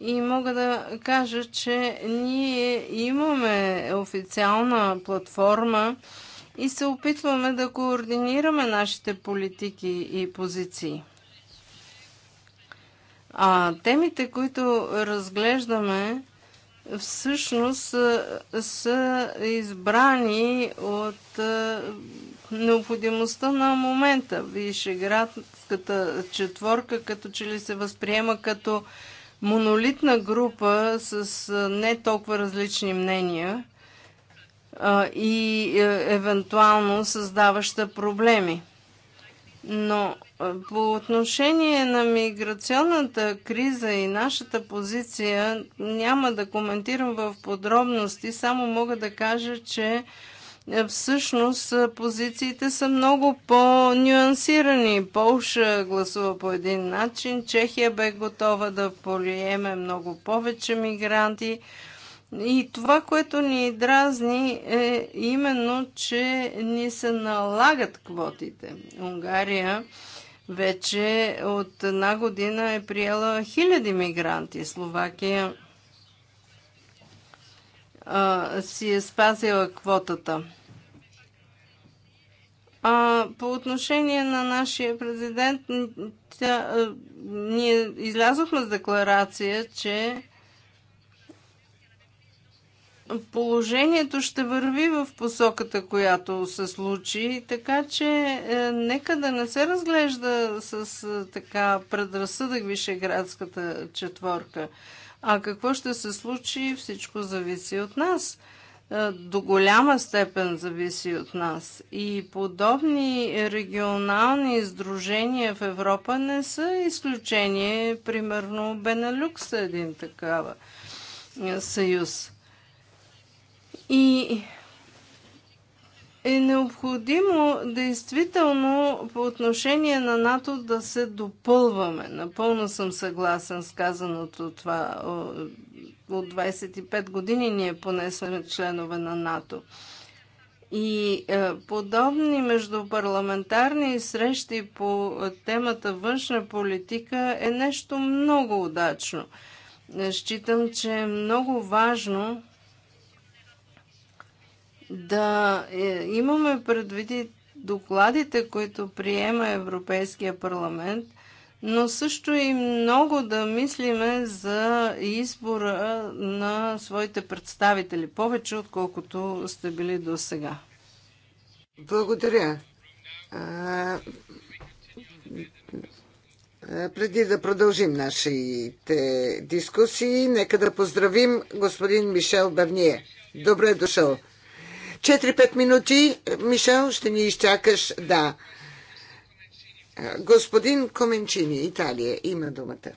И мога да кажа, че ние имаме официална платформа и се опитваме да координираме нашите политики и позиции. А темите, които разглеждаме, всъщност е, са избрани от е, необходимостта на момента. Вишеградската четворка като че ли се възприема като монолитна група с е, не толкова различни мнения и евентуално създаваща проблеми. Но по отношение на миграционната криза и нашата позиция няма да коментирам в подробности, само мога да кажа, че е, всъщност позициите са много по-нюансирани. Полша гласува по един начин, Чехия бе готова да полиеме много повече мигранти. И това, което ни дразни е именно, че ни се налагат квотите. Унгария вече от една година е приела хиляди мигранти. Словакия а, си е спазила квотата. А, по отношение на нашия президент, тя, а, ние излязохме с декларация, че положението ще върви в посоката, която се случи, така че е, нека да не се разглежда с е, така предразсъдък Вишеградската четворка. А какво ще се случи, всичко зависи от нас. Е, до голяма степен зависи от нас. И подобни регионални издружения в Европа не са изключение. Примерно Бенелюкс е един такава е, съюз. И е необходимо действително по отношение на НАТО да се допълваме. Напълно съм съгласен с казаното това. От 25 години ние поне сме членове на НАТО. И е, подобни междупарламентарни срещи по темата външна политика е нещо много удачно. Е, считам, че е много важно да е, имаме предвиди докладите, които приема Европейския парламент, но също и много да мислиме за избора на своите представители, повече отколкото сте били до сега. Благодаря. А, преди да продължим нашите дискусии, нека да поздравим господин Мишел Барние. Добре е дошъл. 4-5 минути, Мишел, ще ни изчакаш. Да. Господин Коменчини, Италия, има думата.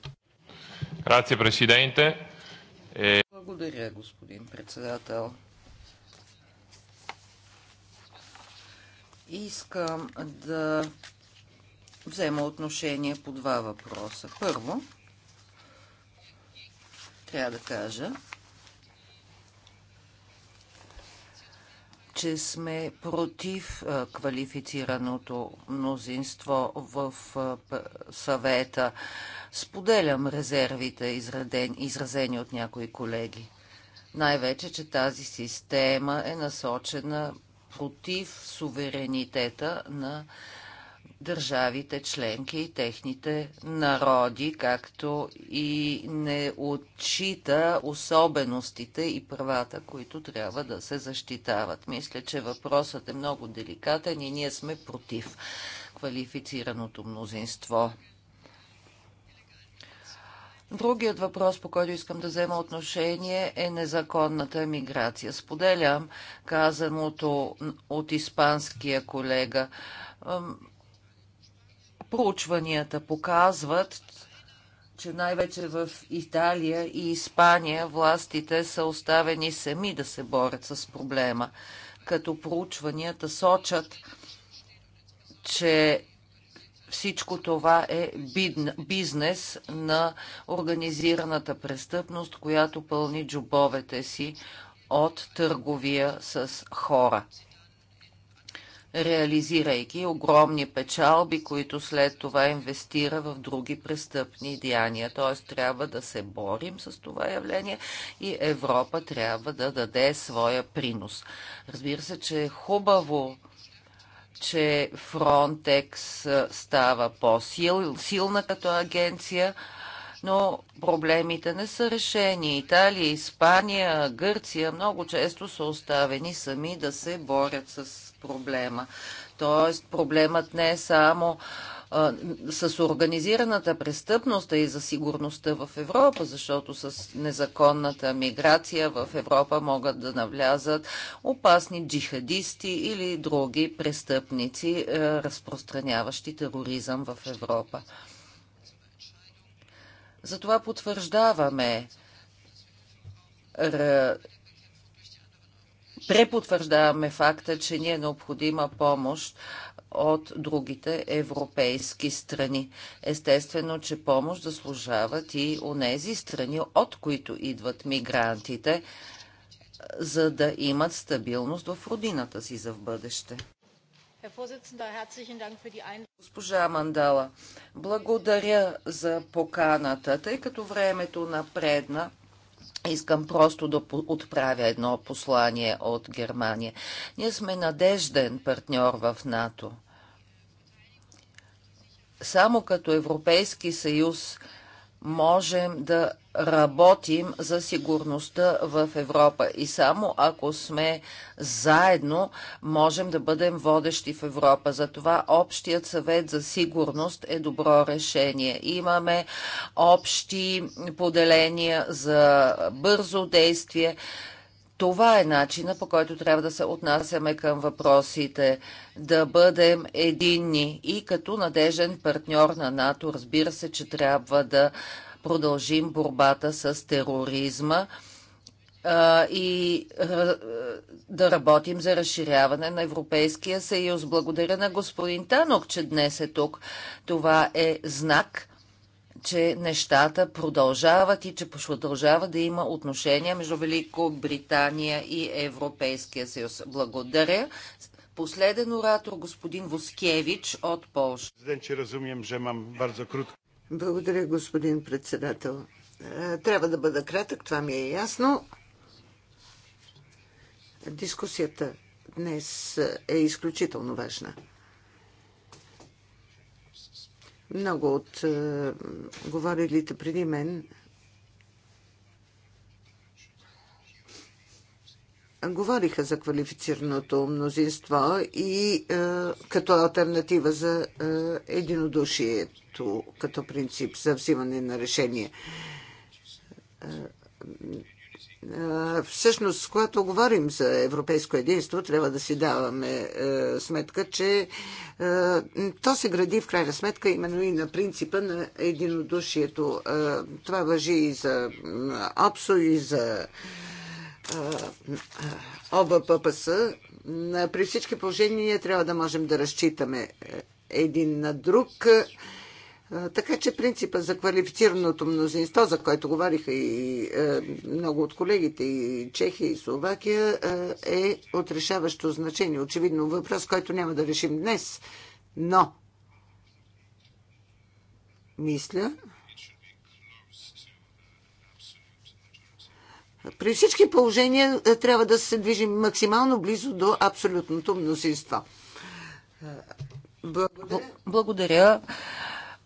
Грация, президенте. Е, Благодаря, господин председател. Искам да взема отношение по два въпроса. Първо, трябва да кажа, че сме против квалифицираното мнозинство в съвета. Споделям резервите, изразени от някои колеги. Най-вече, че тази система е насочена против суверенитета на държавите членки и техните народи, както и не отчита особеностите и правата, които трябва да се защитават. Мисля, че въпросът е много деликатен и ние сме против квалифицираното мнозинство. Другият въпрос, по който искам да взема отношение, е незаконната миграция. Споделям казаното от испанския колега Проучванията показват, че най-вече в Италия и Испания властите са оставени сами да се борят с проблема, като проучванията сочат, че всичко това е бизнес на организираната престъпност, която пълни джобовете си от търговия с хора реализирайки огромни печалби, които след това инвестира в други престъпни деяния. Т.е. трябва да се борим с това явление и Европа трябва да даде своя принос. Разбира се, че е хубаво че Фронтекс става по-силна като агенция, но проблемите не са решени. Италия, Испания, Гърция много често са оставени сами да се борят с проблема. Тоест проблемът не е само а, с организираната престъпност, и за сигурността в Европа, защото с незаконната миграция в Европа могат да навлязат опасни джихадисти или други престъпници, а, е, разпространяващи тероризъм в Европа. Затова потвърждаваме препотвърждаваме факта, че ни е необходима помощ от другите европейски страни. Естествено, че помощ заслужават и онези страни, от които идват мигрантите, за да имат стабилност в родината си за в бъдеще. Госпожа Мандала, благодаря за поканата, тъй като времето напредна. Искам просто да отправя едно послание от Германия. Ние сме надежден партньор в НАТО. Само като Европейски съюз – можем да работим за сигурността в Европа. И само ако сме заедно, можем да бъдем водещи в Европа. Затова Общият съвет за сигурност е добро решение. Имаме общи поделения за бързо действие това е начина по който трябва да се отнасяме към въпросите, да бъдем единни и като надежен партньор на НАТО. Разбира се, че трябва да продължим борбата с тероризма и да работим за разширяване на Европейския съюз. Благодаря на господин Танок, че днес е тук. Това е знак, че нещата продължават и че продължава да има отношения между Великобритания и Европейския съюз. Благодаря. Последен оратор, господин Воскевич от Польша. че бързо Благодаря, господин председател. Е, трябва да бъда кратък, това ми е ясно. Дискусията днес е изключително важна. Много от е, говорилите преди мен говориха за квалифицираното мнозинство и е, като альтернатива за е, единодушието, като принцип за взимане на решение. Е, всъщност, когато говорим за европейско единство, трябва да си даваме е, сметка, че е, то се гради в крайна сметка именно и на принципа на единодушието. Е, това въжи и за ОПСО, и за ОБППС. При всички положения ние трябва да можем да разчитаме един на друг така че принципа за квалифицираното мнозинство, за което говориха и е, много от колегите и Чехия и Словакия, е, е отрешаващо значение. Очевидно въпрос, който няма да решим днес. Но, мисля, при всички положения е, трябва да се движим максимално близо до абсолютното мнозинство. Благодаря. Благодаря.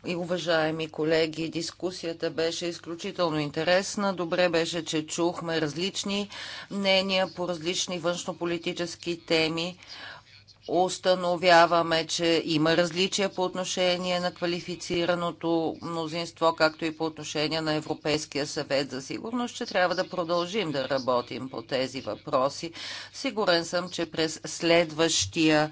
И уважаеми колеги, дискусията беше изключително интересна. Добре беше, че чухме различни мнения по различни външнополитически теми. Установяваме, че има различия по отношение на квалифицираното мнозинство, както и по отношение на Европейския съвет за сигурност, че трябва да продължим да работим по тези въпроси. Сигурен съм, че през следващия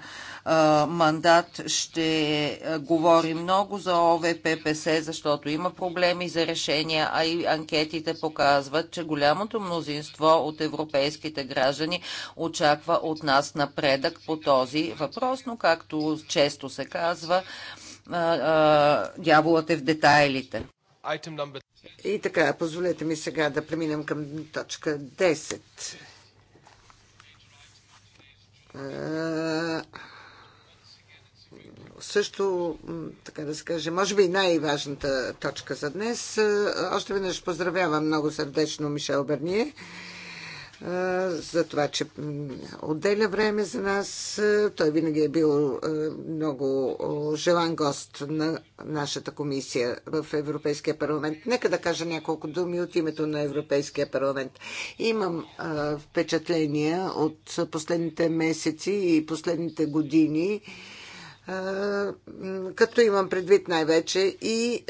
мандат ще говори много за ОВППС, защото има проблеми за решения, а и анкетите показват, че голямото мнозинство от европейските граждани очаква от нас напредък по този въпрос, но както често се казва, дяволът е в детайлите. И така, позволете ми сега да преминем към точка 10 също, така да се каже, може би най-важната точка за днес. Е, още веднъж поздравявам много сърдечно Мишел Берние е, за това, че отделя време за нас. Е, той винаги е бил много желан гост на нашата комисия в Европейския парламент. Нека да кажа няколко думи от името на Европейския парламент. Имам впечатления от последните месеци и последните години, като имам предвид най-вече и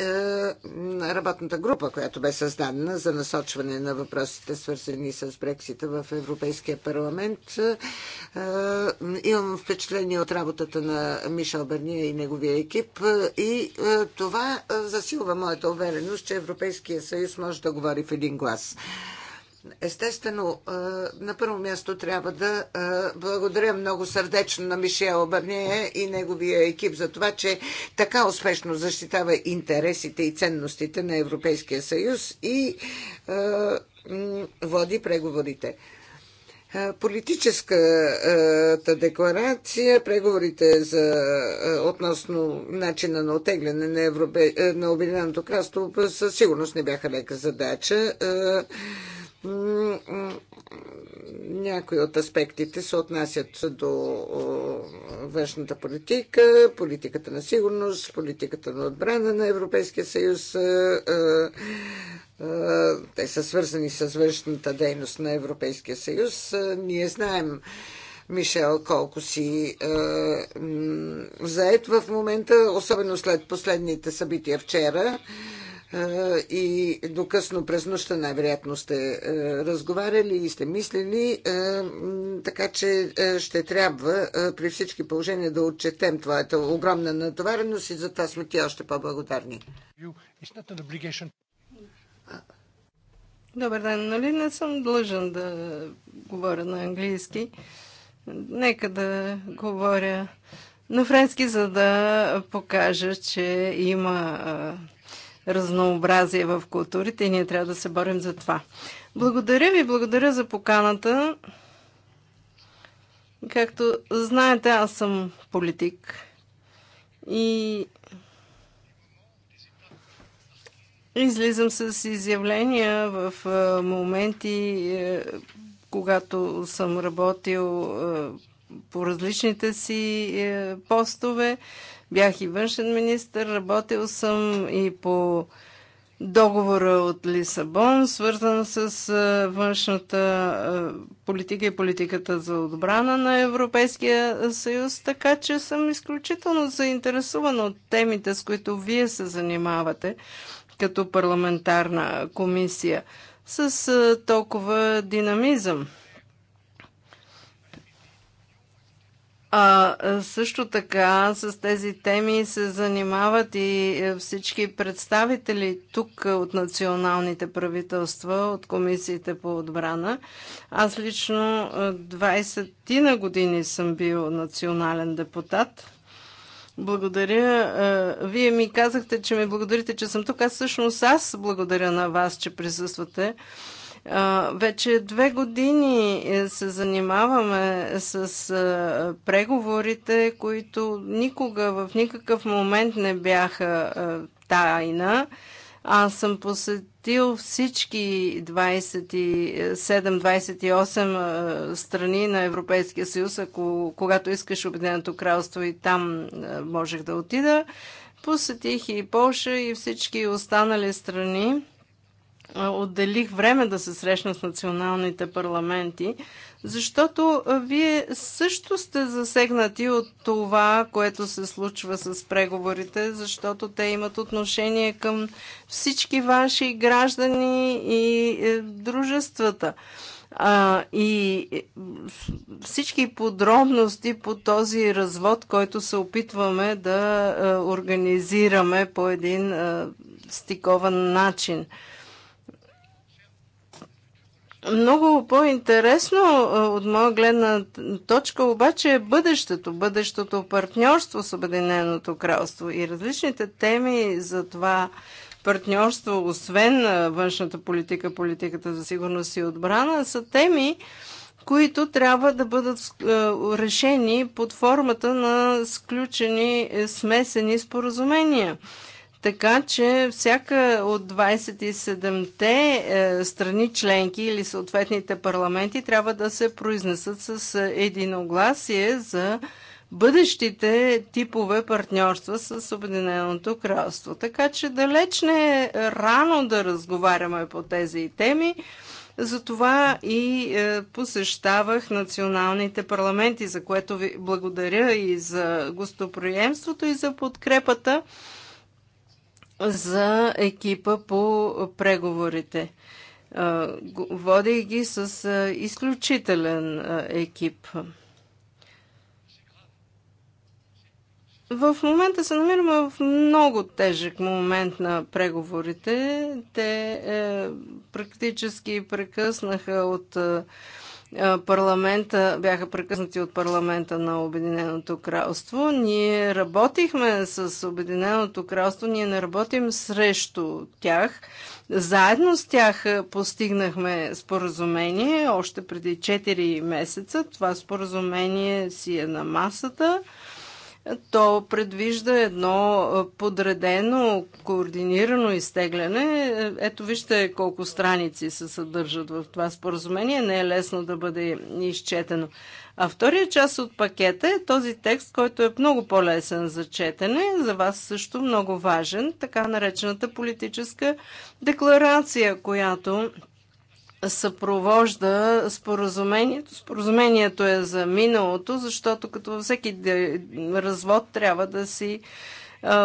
работната група, която бе създадена за насочване на въпросите, свързани с Брексита в Европейския парламент. Имам впечатление от работата на Мишел Берния и неговия екип и това засилва моята увереност, че Европейския съюз може да говори в един глас. Естествено, на първо място трябва да благодаря много сърдечно на Мишел Барнея и неговия екип за това, че така успешно защитава интересите и ценностите на Европейския съюз и води преговорите. Политическата декларация, преговорите за, относно начина на отегляне на, Европе, на Обединеното кралство със сигурност не бяха лека задача. Някои от аспектите се отнасят до външната политика, политиката на сигурност, политиката на отбрана на Европейския съюз. Е, е, е, те са свързани с външната дейност на Европейския съюз. Ние знаем, Мишел колко си заед в момента, особено след последните събития вчера и докъсно през нощта най-вероятно сте разговаряли и сте мислили, така че ще трябва при всички положения да отчетем това. Е огромна натовареност и за това сме ти още по-благодарни. Добър ден, нали не съм длъжен да говоря на английски? Нека да говоря на френски, за да покажа, че има разнообразие в културите и ние трябва да се борим за това. Благодаря ви, благодаря за поканата. Както знаете, аз съм политик и излизам с изявления в моменти, е, когато съм работил е, по различните си е, постове. Бях и външен министр, работил съм и по договора от Лисабон, свързан с външната политика и политиката за отбрана на Европейския съюз, така че съм изключително заинтересувана от темите, с които вие се занимавате като парламентарна комисия с толкова динамизъм. А също така с тези теми се занимават и е, всички представители тук от националните правителства, от комисиите по отбрана. Аз лично 20 ти на години съм бил национален депутат. Благодаря. Е, вие ми казахте, че ми благодарите, че съм тук. Аз всъщност аз благодаря на вас, че присъствате. Вече две години е, се занимаваме с преговорите, които никога в никакъв момент не бяха тайна. Аз съм посетил всички 27-28 страни на Европейския съюз, ако, когато искаш Обединеното кралство и там можех да отида. Посетих и Польша и всички останали страни отделих време да се срещна с националните парламенти, защото вие също сте засегнати от това, което се случва с преговорите, защото те имат отношение към всички ваши граждани и е, дружествата. А, и е, всички подробности по този развод, който се опитваме да е, организираме по един стикован начин. Много по-интересно от моя гледна точка обаче е бъдещето, бъдещото партньорство с Обединеното кралство и различните теми за това партньорство, освен външната политика, политиката за сигурност и отбрана, са теми, които трябва да бъдат решени под формата на сключени е, смесени споразумения така че всяка от 27-те е, страни членки или съответните парламенти трябва да се произнесат с е, единогласие за бъдещите типове партньорства с Обединеното кралство. Така че далеч не е рано да разговаряме по тези теми. Затова и е, посещавах националните парламенти, за което ви благодаря и за гостоприемството и за подкрепата за екипа по преговорите. Водих ги с изключителен екип. В момента се намираме в много тежък момент на преговорите. Те е, практически прекъснаха от е, е, парламента, бяха прекъснати от парламента на Обединеното кралство. Ние работихме с Обединеното кралство, ние не работим срещу тях. Заедно с тях постигнахме споразумение още преди 4 месеца. Това споразумение си е на масата. То предвижда едно подредено, координирано изтегляне. Ето вижте колко страници се съдържат в това споразумение. Не е лесно да бъде изчетено. А втория част от пакета е този текст, който е много по-лесен за четене, за вас също много важен, така наречената политическа декларация, която съпровожда споразумението. Споразумението е за миналото, защото като във всеки развод трябва да си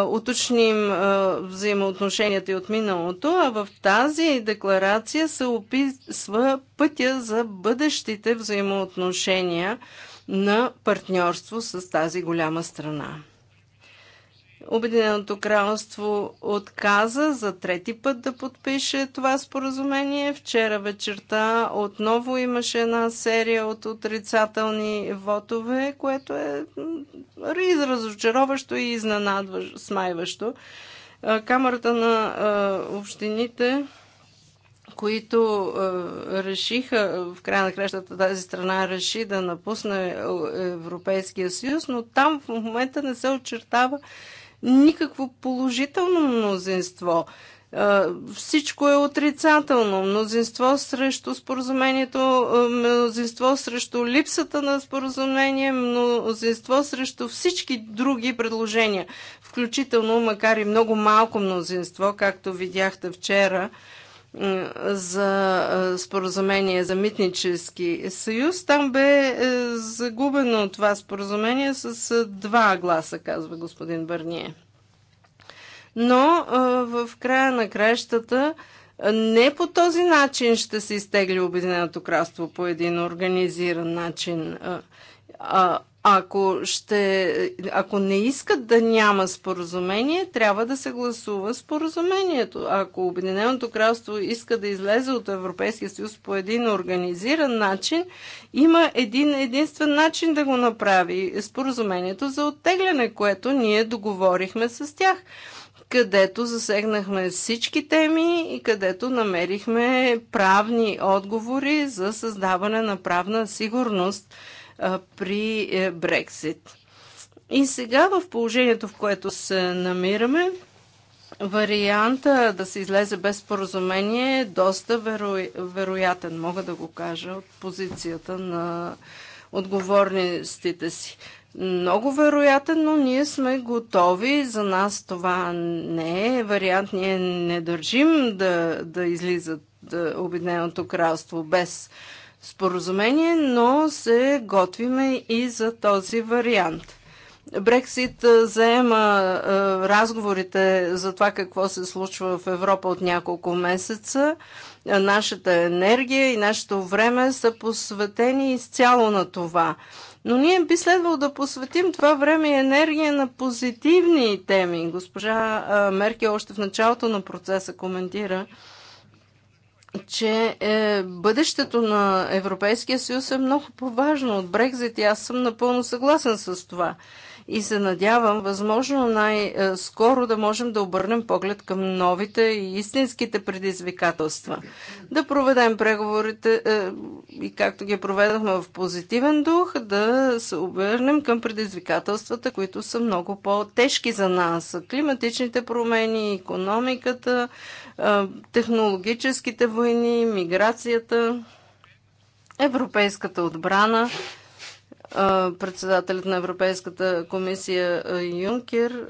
уточним взаимоотношенията и от миналото, а в тази декларация се описва пътя за бъдещите взаимоотношения на партньорство с тази голяма страна. Обединеното кралство отказа за трети път да подпише това споразумение. Вчера вечерта отново имаше една серия от отрицателни вотове, което е разочароващо и изненадващо, смайващо. Камерата на общините които решиха, в края на кращата тази страна реши да напусне Европейския съюз, но там в момента не се очертава никакво положително мнозинство. Всичко е отрицателно. Мнозинство срещу споразумението, мнозинство срещу липсата на споразумение, мнозинство срещу всички други предложения, включително макар и много малко мнозинство, както видяхте вчера за споразумение за митнически съюз. Там бе е, загубено това споразумение с два гласа, казва господин Бърние. Но в края на кращата не по този начин ще се изтегли Обединеното кралство по един организиран начин. А ако, ще, ако не искат да няма споразумение, трябва да се гласува споразумението. Ако Обединеното кралство иска да излезе от Европейския съюз по един организиран начин, има един единствен начин да го направи споразумението за оттегляне, което ние договорихме с тях където засегнахме всички теми и където намерихме правни отговори за създаване на правна сигурност при е, Брексит. И сега в положението, в което се намираме, варианта да се излезе без споразумение е доста веро... вероятен, мога да го кажа, от позицията на отговорностите си. Много вероятен, но ние сме готови. За нас това не е вариант. Ние не държим да, да излизат да Обединеното кралство без споразумение, но се готвиме и за този вариант. Брексит заема разговорите за това какво се случва в Европа от няколко месеца. Нашата енергия и нашето време са посветени изцяло на това. Но ние би следвало да посветим това време и енергия на позитивни теми. Госпожа Меркел още в началото на процеса коментира, че е, бъдещето на Европейския съюз е много по-важно от Брекзит и аз съм напълно съгласен с това. И се надявам, възможно най-скоро да можем да обърнем поглед към новите и истинските предизвикателства. Да проведем преговорите е, и както ги проведахме в позитивен дух, да се обърнем към предизвикателствата, които са много по-тежки за нас. Климатичните промени, економиката, технологическите войни, миграцията, европейската отбрана. Председателят на Европейската комисия Юнкер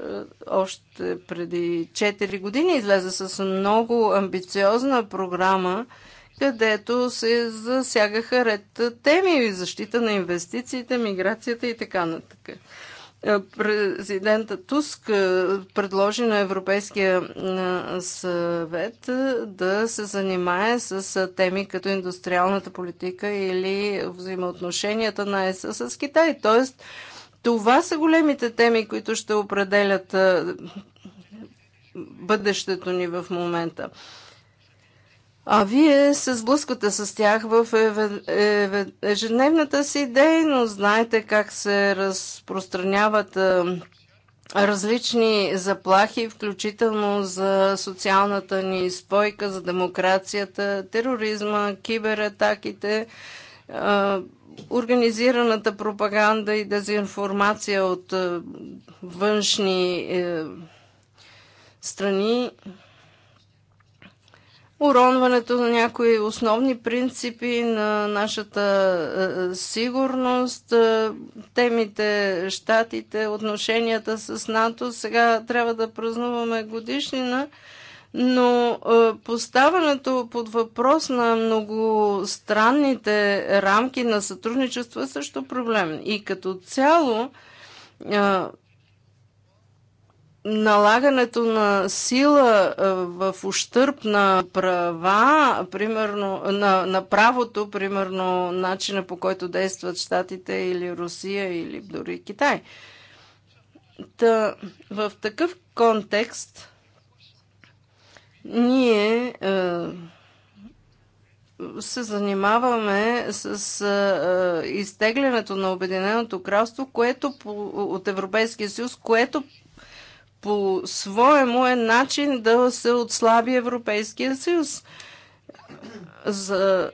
още преди 4 години излезе с много амбициозна програма, където се засягаха ред теми и защита на инвестициите, миграцията и така нататък. Е, президента Туск е, предложи на Европейския съвет е, да се занимае с теми като индустриалната политика или взаимоотношенията на ЕС с Китай. Тоест, това са големите теми, които ще определят бъдещето ни в момента. А вие се сблъсквате с тях в ежедневната си дейност. Знаете как се разпространяват е, различни заплахи, включително за социалната ни спойка, за демокрацията, тероризма, кибератаките, е, организираната пропаганда и дезинформация от е, външни страни уронването на някои основни принципи на нашата е, е, сигурност, е, темите, щатите, отношенията с НАТО. Сега трябва да празнуваме годишнина, но поставането под въпрос на многостранните рамки на сътрудничество е също проблем. И като цяло налагането на сила в ущърп на права, примерно, на, на правото, примерно, начина по който действат щатите или Русия или дори Китай. Та, в такъв контекст ние е, се занимаваме с е, изтеглянето на Обединеното кралство, което по, от Европейския съюз, което по-своему е начин да се отслаби Европейския съюз. За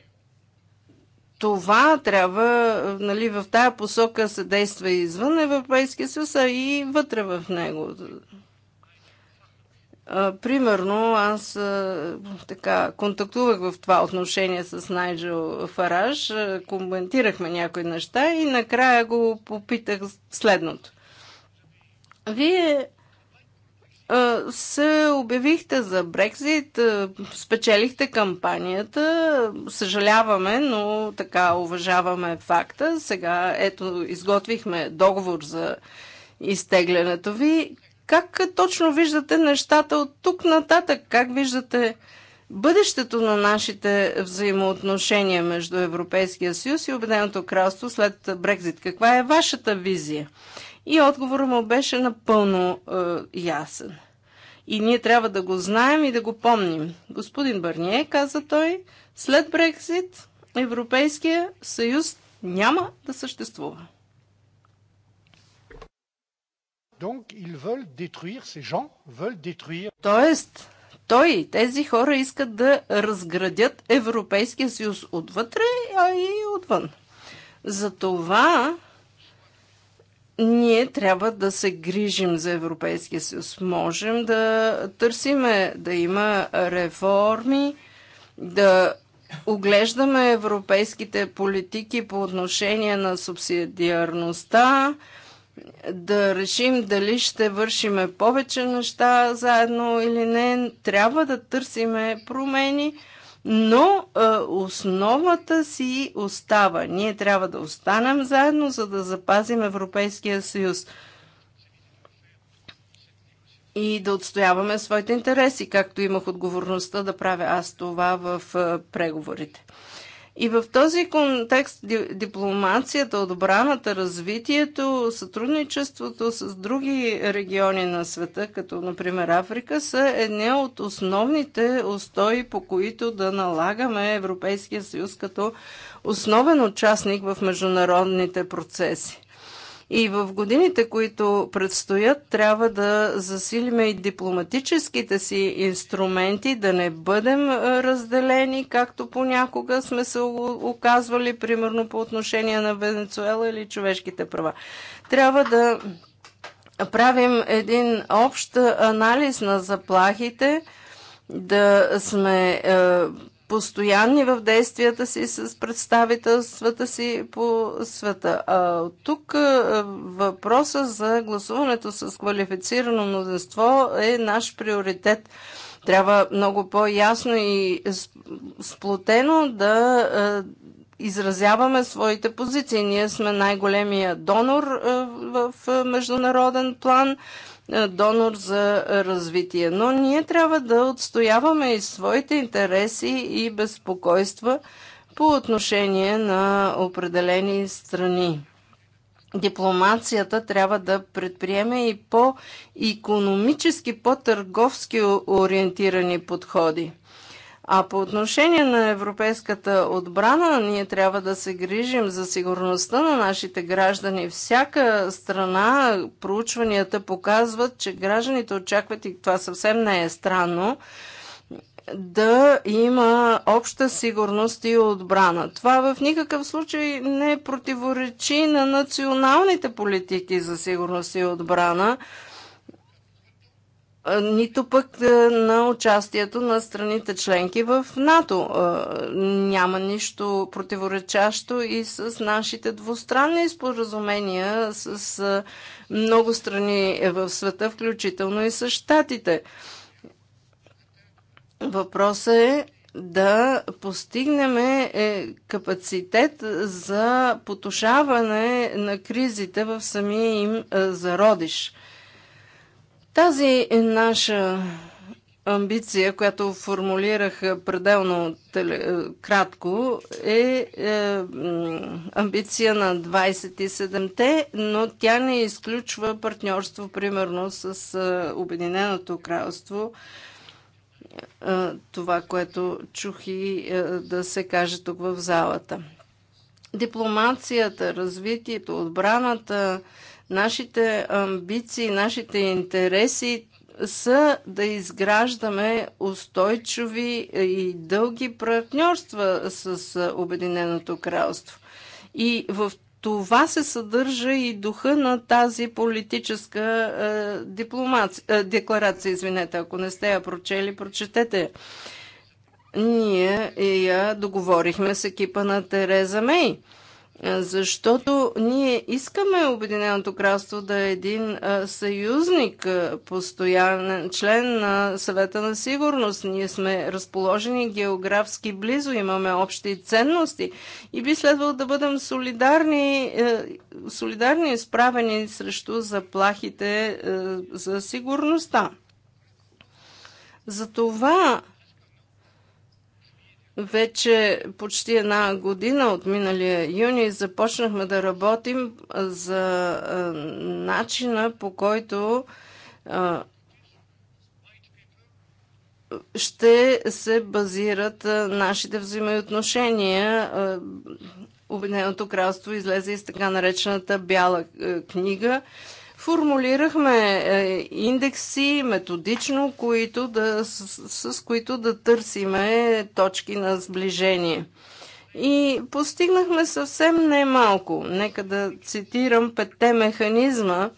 това трябва, нали, в тая посока се действа извън Европейския съюз, а и вътре в него. Примерно, аз така контактувах в това отношение с Найджел Фараж, коментирахме някои неща и накрая го попитах следното. Вие се обявихте за Брекзит, спечелихте кампанията. Съжаляваме, но така уважаваме факта. Сега ето изготвихме договор за изтеглянето ви. Как точно виждате нещата от тук нататък? Как виждате бъдещето на нашите взаимоотношения между Европейския съюз и Обединеното кралство след Брекзит? Каква е вашата визия? и отговорът му беше напълно е, ясен. И ние трябва да го знаем и да го помним. Господин Бърние, каза той, след Брексит Европейския съюз няма да съществува. Donc, détruire, ces gens détruire... Тоест, той, тези хора искат да разградят Европейския съюз отвътре, а и отвън. Затова ние трябва да се грижим за Европейския съюз. Можем да търсиме да има реформи, да оглеждаме европейските политики по отношение на субсидиарността, да решим дали ще вършиме повече неща заедно или не. Трябва да търсиме промени но основата си остава. Ние трябва да останем заедно, за да запазим Европейския съюз и да отстояваме своите интереси, както имах отговорността да правя аз това в преговорите. И в този контекст дипломацията, отбраната, развитието, сътрудничеството с други региони на света, като например Африка, са едни от основните устои, по които да налагаме Европейския съюз като основен участник в международните процеси. И в годините, които предстоят, трябва да засилиме и дипломатическите си инструменти, да не бъдем разделени, както понякога сме се оказвали, примерно по отношение на Венецуела или човешките права. Трябва да правим един общ анализ на заплахите, да сме постоянни в действията си с представителствата си по света. А тук въпроса за гласуването с квалифицирано мнозинство е наш приоритет. Трябва много по-ясно и сплотено да изразяваме своите позиции. Ние сме най-големия донор в международен план. Е, донор за развитие. Но ние трябва да отстояваме и своите интереси и безпокойства по отношение на определени страни. Дипломацията трябва да предприеме и по-економически, по-търговски ориентирани подходи. А по отношение на европейската отбрана, ние трябва да се грижим за сигурността на нашите граждани. Всяка страна, проучванията показват, че гражданите очакват, и това съвсем не е странно, да има обща сигурност и отбрана. Това в никакъв случай не противоречи на националните политики за сигурност и отбрана нито пък на участието на страните членки в НАТО. Няма нищо противоречащо и с нашите двустранни споразумения с много страни в света, включително и с щатите. Въпросът е да постигнем е, капацитет за потушаване на кризите в самия им е, зародиш – тази е наша амбиция, която формулирах пределно теле, е, кратко, е, е амбиция на 27-те, но тя не изключва партньорство, примерно, с е, Обединеното кралство. Е, това, което чух и е, да се каже тук в залата. Дипломацията, развитието, отбраната, е, Нашите амбиции, нашите интереси са да изграждаме устойчиви и дълги партньорства с Обединеното кралство. И в това се съдържа и духа на тази политическа е, дипломация, е, декларация. Извинете, ако не сте я прочели, прочетете. Ние я договорихме с екипа на Тереза Мей. Защото ние искаме Обединеното кралство да е един съюзник, постоянен член на съвета на сигурност. Ние сме разположени географски близо, имаме общи ценности и би следвало да бъдем солидарни, е, солидарни изправени срещу заплахите е, за сигурността. Затова вече почти една година от миналия юни започнахме да работим за начина по който ще се базират нашите взаимоотношения. Обединеното кралство излезе из така наречената бяла книга – формулирахме е, индекси методично, които да, с, с които да търсиме точки на сближение. И постигнахме съвсем немалко. Нека да цитирам петте механизма,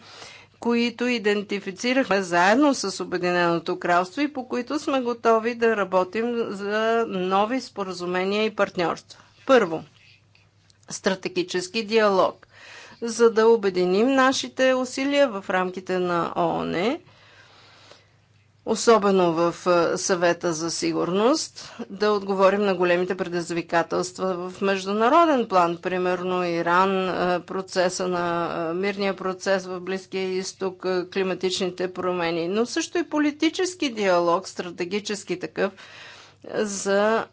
които идентифицирахме заедно с Обединеното кралство и по които сме готови да работим за нови споразумения и партньорства. Първо, стратегически диалог – за да обединим нашите усилия в рамките на ООН, особено в съвета за сигурност, да отговорим на големите предизвикателства в международен план, примерно Иран, процеса на мирния процес в Близкия изток, климатичните промени, но също и политически диалог, стратегически такъв, за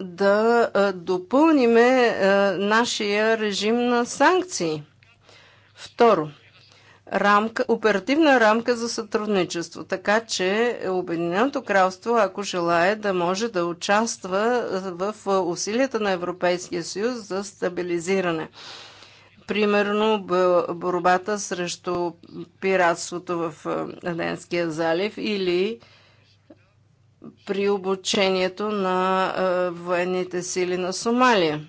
да допълниме нашия режим на санкции – Второ, рамка, оперативна рамка за сътрудничество, така че Обединеното кралство, ако желае да може да участва в усилията на Европейския съюз за стабилизиране. Примерно борбата срещу пиратството в Аденския залив или при обучението на военните сили на Сомалия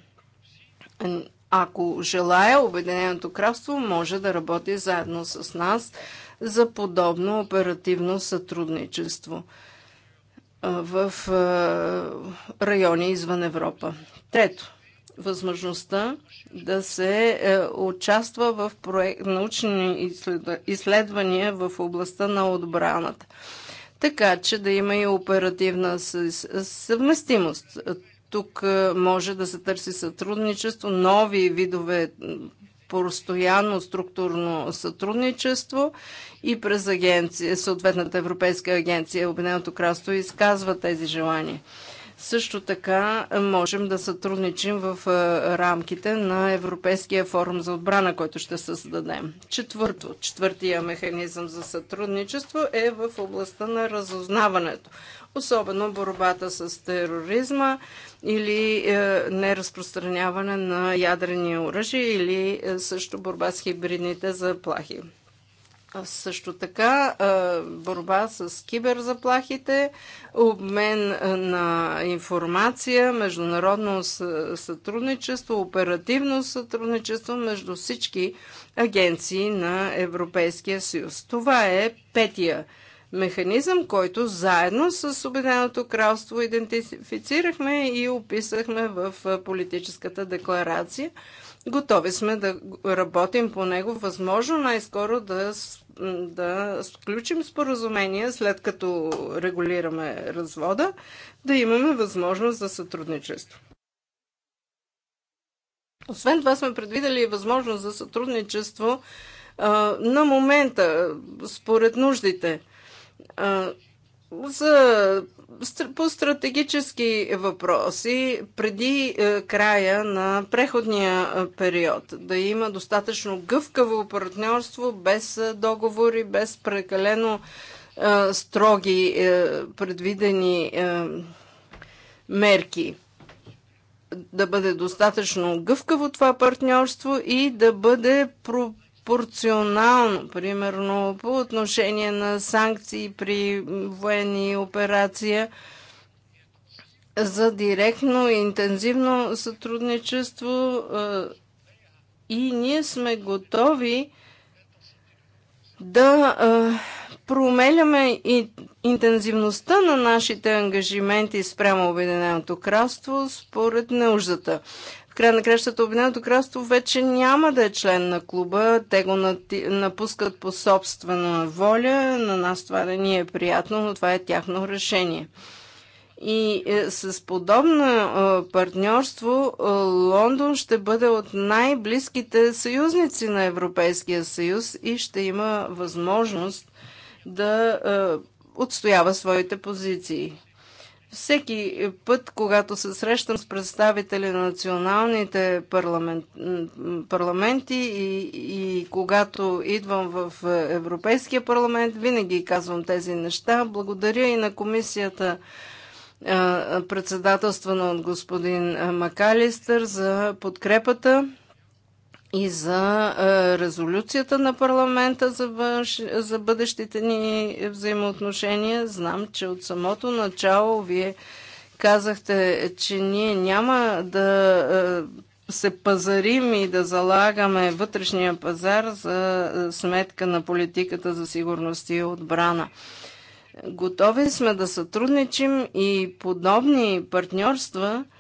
ако желая, Обединеното кралство може да работи заедно с нас за подобно оперативно сътрудничество в райони извън Европа. Трето, възможността да се е, участва в проект, научни изследвания в областта на отбраната. Така че да има и оперативна съвместимост. Тук е, може да се търси сътрудничество, нови видове постоянно структурно сътрудничество и през агенция, съответната Европейска агенция Обединеното кралство изказва тези желания. Също така е, можем да сътрудничим в е, рамките на Европейския форум за отбрана, който ще създадем. Четвърто, четвъртия механизъм за сътрудничество е в областта на разузнаването особено борбата с тероризма или е, неразпространяване на ядрени оръжия или е, също борба с хибридните заплахи. Също така е, борба с киберзаплахите, обмен на информация, международно сътрудничество, оперативно сътрудничество между всички агенции на Европейския съюз. Това е петия механизъм, който заедно с Обединеното кралство идентифицирахме и описахме в политическата декларация. Готови сме да работим по него, възможно най-скоро да, да сключим споразумение, след като регулираме развода, да имаме възможност за сътрудничество. Освен това сме предвидели възможност за сътрудничество а, на момента, според нуждите за, по стратегически въпроси преди е, края на преходния е, период. Да има достатъчно гъвкаво партньорство, без е, договори, без прекалено строги предвидени мерки. Да бъде достатъчно гъвкаво това партньорство и да бъде пропорционално, примерно по отношение на санкции при военни операции, за директно и интензивно сътрудничество е, и ние сме готови да е, промеляме и интензивността на нашите ангажименти спрямо Обединеното кралство според нуждата края на кращата Обединеното кралство вече няма да е член на клуба. Те го напускат по собствена воля. На нас това не ни е приятно, но това е тяхно решение. И е, с подобно е, партньорство е, Лондон ще бъде от най-близките съюзници на Европейския съюз и ще има възможност да отстоява своите позиции. Всеки път, когато се срещам с представители на националните парламент, парламенти и, и когато идвам в Европейския парламент, винаги казвам тези неща. Благодаря и на комисията председателствана от господин Макалистър за подкрепата и за е, резолюцията на парламента за, външ... за бъдещите ни взаимоотношения. Знам, че от самото начало вие казахте, че ние няма да е, се пазарим и да залагаме вътрешния пазар за е, сметка на политиката за сигурност и отбрана. Готови сме да сътрудничим и подобни партньорства –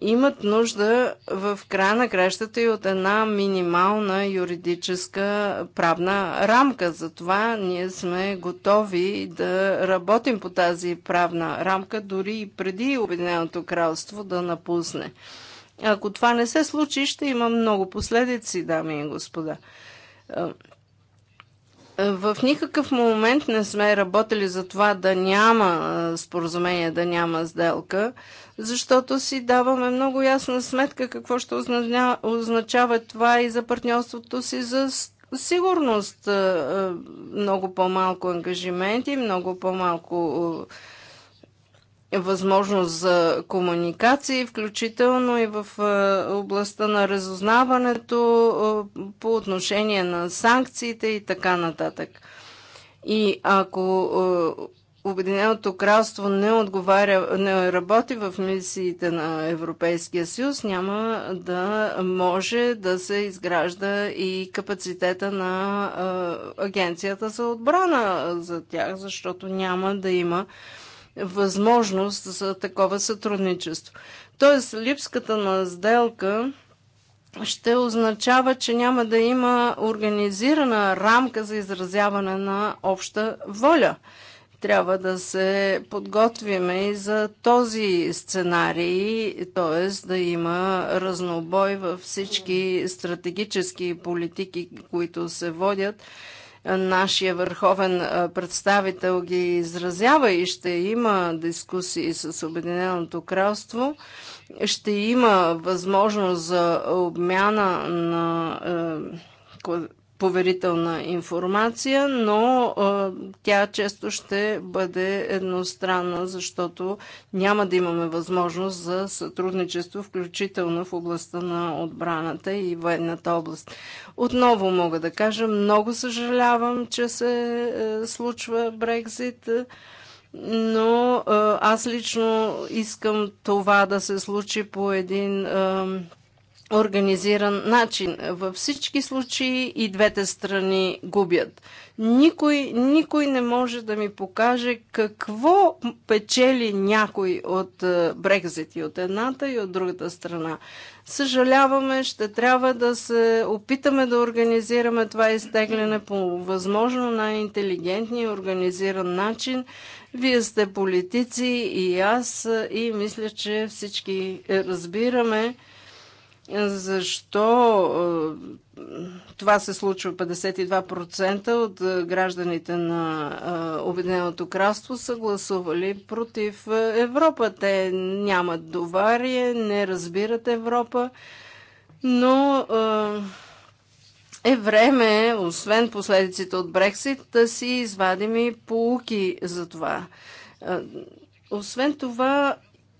имат нужда в края на кращата и от една минимална юридическа правна рамка. Затова ние сме готови да работим по тази правна рамка, дори и преди Обединеното кралство да напусне. Ако това не се случи, ще има много последици, дами и господа. Е, в никакъв момент не сме работили за това да няма споразумение, да няма сделка, защото си даваме много ясна сметка какво ще означава това и за партньорството си за сигурност. Много по-малко ангажименти, много по-малко възможност за комуникации, включително и в е, областта на разузнаването е, по отношение на санкциите и така нататък. И ако е, Обединеното кралство не отговаря, не работи в мисиите на Европейския съюз, няма да може да се изгражда и капацитета на агенцията за отбрана за тях, защото няма да има възможност за такова сътрудничество. Тоест, липската на сделка ще означава, че няма да има организирана рамка за изразяване на обща воля. Трябва да се подготвиме и за този сценарий, т.е. да има разнобой във всички стратегически политики, които се водят нашия върховен представител ги изразява и ще има дискусии с Обединеното кралство. Ще има възможност за обмяна на поверителна информация, но а, тя често ще бъде едностранна, защото няма да имаме възможност за сътрудничество, включително в областта на отбраната и военната област. Отново мога да кажа, много съжалявам, че се е, случва Брекзит но е, аз лично искам това да се случи по един организиран начин. Във всички случаи и двете страни губят. Никой, никой не може да ми покаже какво печели някой от е, Брекзит и от едната и от другата страна. Съжаляваме, ще трябва да се опитаме да организираме това изтегляне по възможно най-интелигентния организиран начин. Вие сте политици и аз е, и мисля, че всички е, разбираме, защо е, това се случва 52% от е, гражданите на е, Обединеното кралство са гласували против Европа. Те нямат доварие, не разбират Европа, но е време, освен последиците от Брексит, да си извадим и полуки за това. Освен това,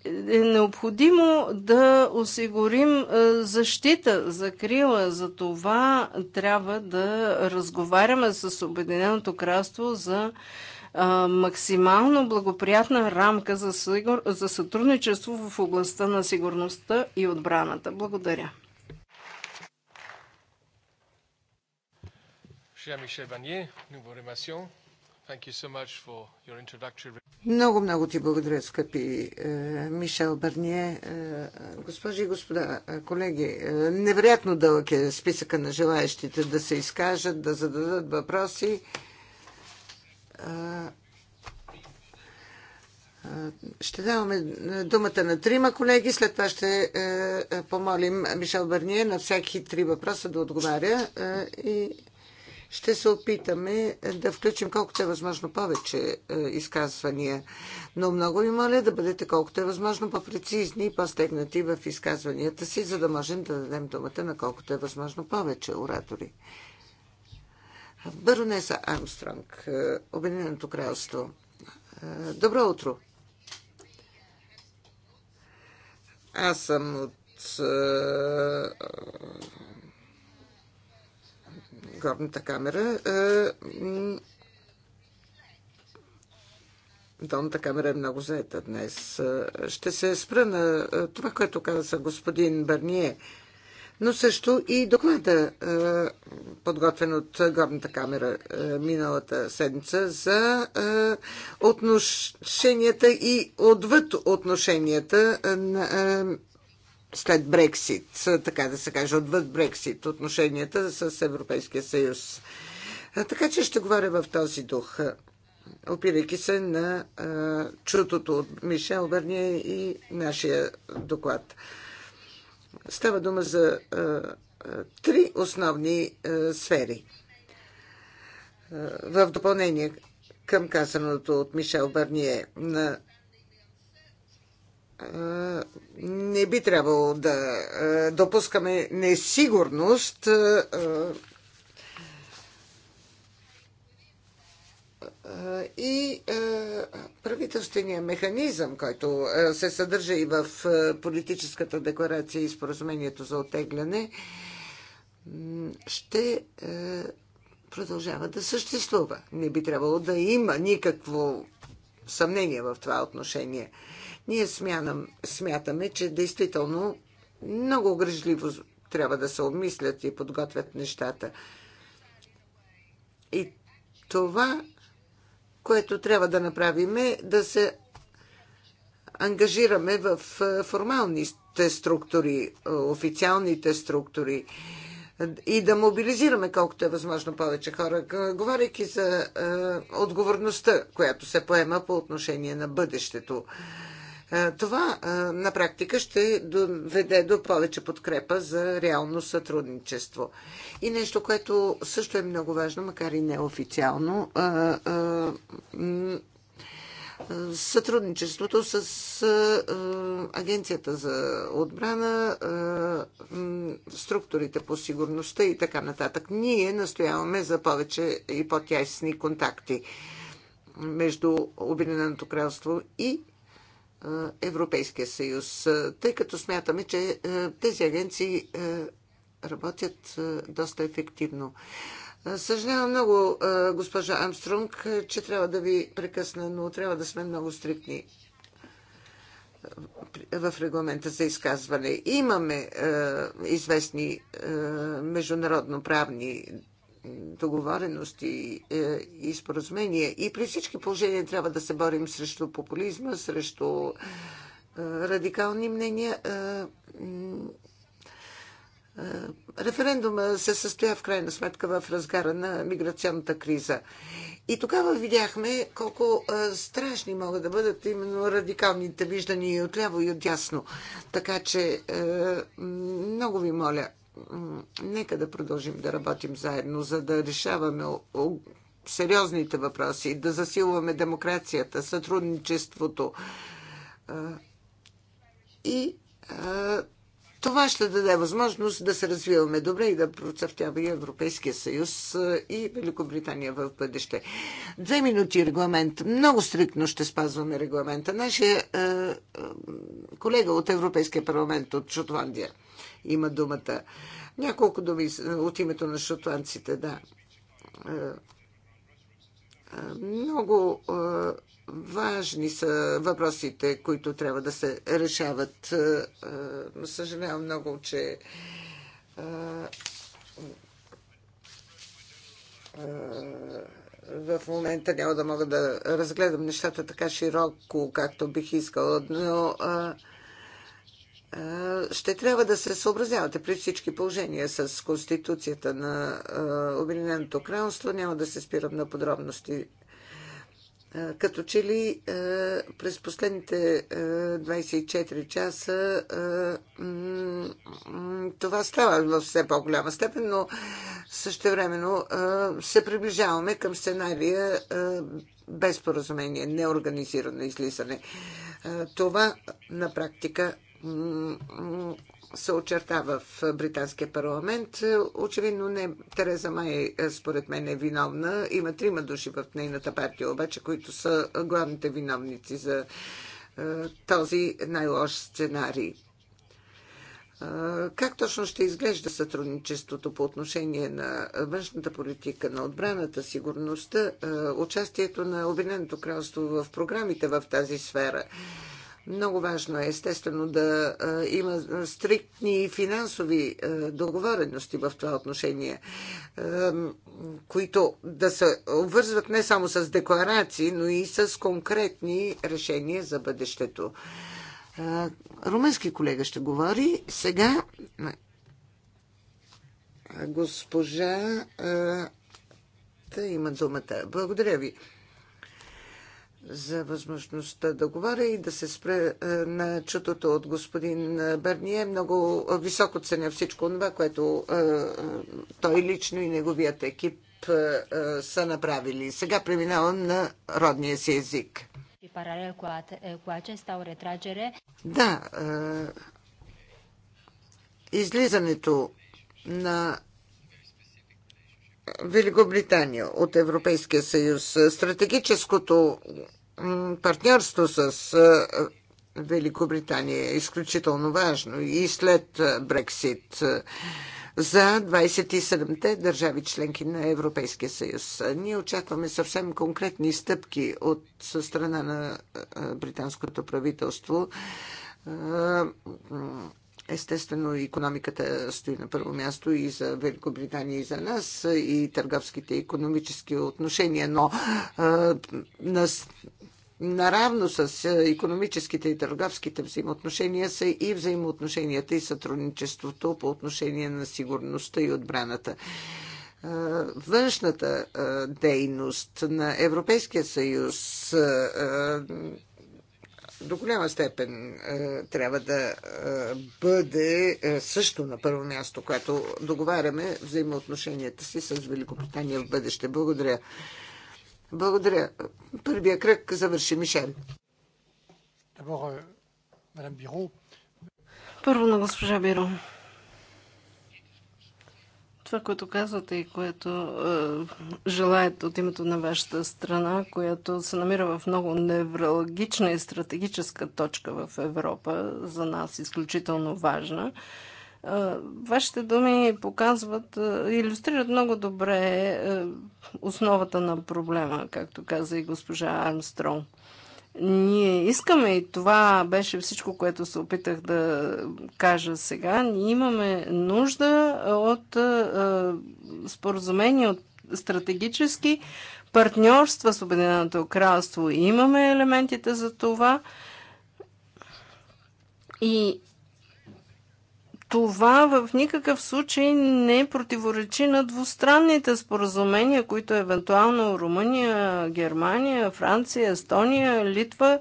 е необходимо да осигурим е, защита, закрила. За това трябва да разговаряме с Обединеното кралство за е, максимално благоприятна рамка за, сигур... за сътрудничество в областта на сигурността и отбраната. Благодаря. Cher Michel Barnier, nous vous remercions. Много, много ти благодаря, скъпи е, Мишел Бърние. Е, госпожи и господа, е, колеги, невероятно дълъг е списъка на желаящите да се изкажат, да зададат въпроси. Ще даваме думата на трима колеги, след това ще помолим Мишел Бърние на всеки три въпроса да отговаря и ще се опитаме да включим колкото е възможно повече е, изказвания. Но много ви моля да бъдете колкото е възможно по-прецизни и по-стегнати в изказванията си, за да можем да дадем думата на колкото е възможно повече оратори. Баронеса Армстронг, е, Обединеното кралство. Е, добро утро! Аз съм от горната камера. Е, долната камера е много заета днес. Е, ще се спра на е, това, което каза господин Барние, но също и доклада, подготвен от горната камера миналата седмица, за отношенията и отвъд отношенията след Брексит, така да се каже, отвъд Брексит, отношенията с Европейския съюз. Така че ще говоря в този дух, опирайки се на чутото от Мишел Бърния и нашия доклад. Става дума за три основни сфери. В допълнение към казаното от Мишел Бърние на е, не би трябвало да е, допускаме несигурност е, и правителствения механизъм, който се съдържа и в политическата декларация и споразумението за отегляне, ще продължава да съществува. Не би трябвало да има никакво съмнение в това отношение. Ние смянам, смятаме, че действително много грижливо трябва да се обмислят и подготвят нещата. И това, което трябва да направим е да се ангажираме в формалните структури, официалните структури и да мобилизираме колкото е възможно повече хора, говорейки за е, отговорността, която се поема по отношение на бъдещето. Е, е, това е, на практика ще доведе до повече подкрепа за реално сътрудничество. И нещо, което също е много важно, макар и неофициално, е, сътрудничеството с Агенцията за отбрана, структурите по сигурността и така нататък. Ние настояваме за повече и по-тясни контакти между Обединеното кралство и е, Европейския съюз, е, тъй като смятаме, че е, тези агенции работят доста ефективно. Съжалявам много, госпожа Амстронг, че трябва да ви прекъсна, но трябва да сме много стрикни в регламента за изказване. Имаме известни международно правни договорености и е, споразумения. И при всички положения трябва да се борим срещу популизма, срещу е, радикални мнения. Е, референдума се състоя в крайна сметка в разгара на миграционната криза. И тогава видяхме колко страшни могат да бъдат именно радикалните виждания и отляво и отясно. Така че много ви моля, нека да продължим да работим заедно, за да решаваме сериозните въпроси, да засилваме демокрацията, сътрудничеството. И това ще даде възможност да се развиваме добре и да процъфтява и Европейския съюз и Великобритания в бъдеще. Две минути регламент. Много стриктно ще спазваме регламента. Нашия е, колега от Европейския парламент от Шотландия има думата. Няколко думи от името на шотландците, да. Е, е, много е, важни са въпросите, които трябва да се решават. Съжалявам много, че в момента няма да мога да разгледам нещата така широко, както бих искала, но ще трябва да се съобразявате при всички положения с Конституцията на Обединеното кралство. Няма да се спирам на подробности. Като че ли през последните 24 часа това става в все по-голяма степен, но същевременно се приближаваме към сценария без поразумение, неорганизирано излизане. Това на практика се очертава в британския парламент. Очевидно не Тереза Май, е, според мен, е виновна. Има трима души в нейната партия, обаче, които са главните виновници за е, този най-лош сценарий. Е, как точно ще изглежда сътрудничеството по отношение на външната политика, на отбраната, сигурността, участието на Обединеното кралство в програмите в тази сфера? Много важно е, естествено, да е, има стриктни финансови е, договорености в това отношение, е, които да се обвързват не само с декларации, но и с конкретни решения за бъдещето. Румънски колега ще говори. Сега госпожа Та има думата. Благодаря ви за възможността да говоря и да се спре е, на чутото от господин Берние. Много високо ценя всичко това, което е, е, той лично и неговият екип са направили. Сега преминавам на родния си език. Да, излизането на Великобритания от Европейския съюз. Стратегическото партньорство с Великобритания е изключително важно и след Брексит за 27-те държави членки на Европейския съюз. Ние очакваме съвсем конкретни стъпки от страна на британското правителство Естествено, економиката стои на първо място и за Великобритания, и за нас, и търговските и економически отношения, но а, на, наравно с економическите и търговските взаимоотношения са и взаимоотношенията и сътрудничеството по отношение на сигурността и отбраната външната дейност на Европейския съюз до голяма степен е, трябва да е, бъде е, също на първо място, което договаряме взаимоотношенията си с Великобритания в бъдеще. Благодаря. Благодаря. Първия кръг завърши Мишел. Euh, първо на госпожа Биро това, което казвате и което е, желаете от името на вашата страна, която се намира в много неврологична и стратегическа точка в Европа, за нас изключително важна. Е, вашите думи показват, е, иллюстрират много добре е, основата на проблема, както каза и госпожа Армстронг. Ние искаме и това беше всичко, което се опитах да кажа сега. Ние имаме нужда от споразумение, от стратегически партньорства с Обединеното кралство. Имаме елементите за това. И това в никакъв случай не противоречи на двустранните споразумения, които евентуално Румъния, Германия, Франция, Естония, Литва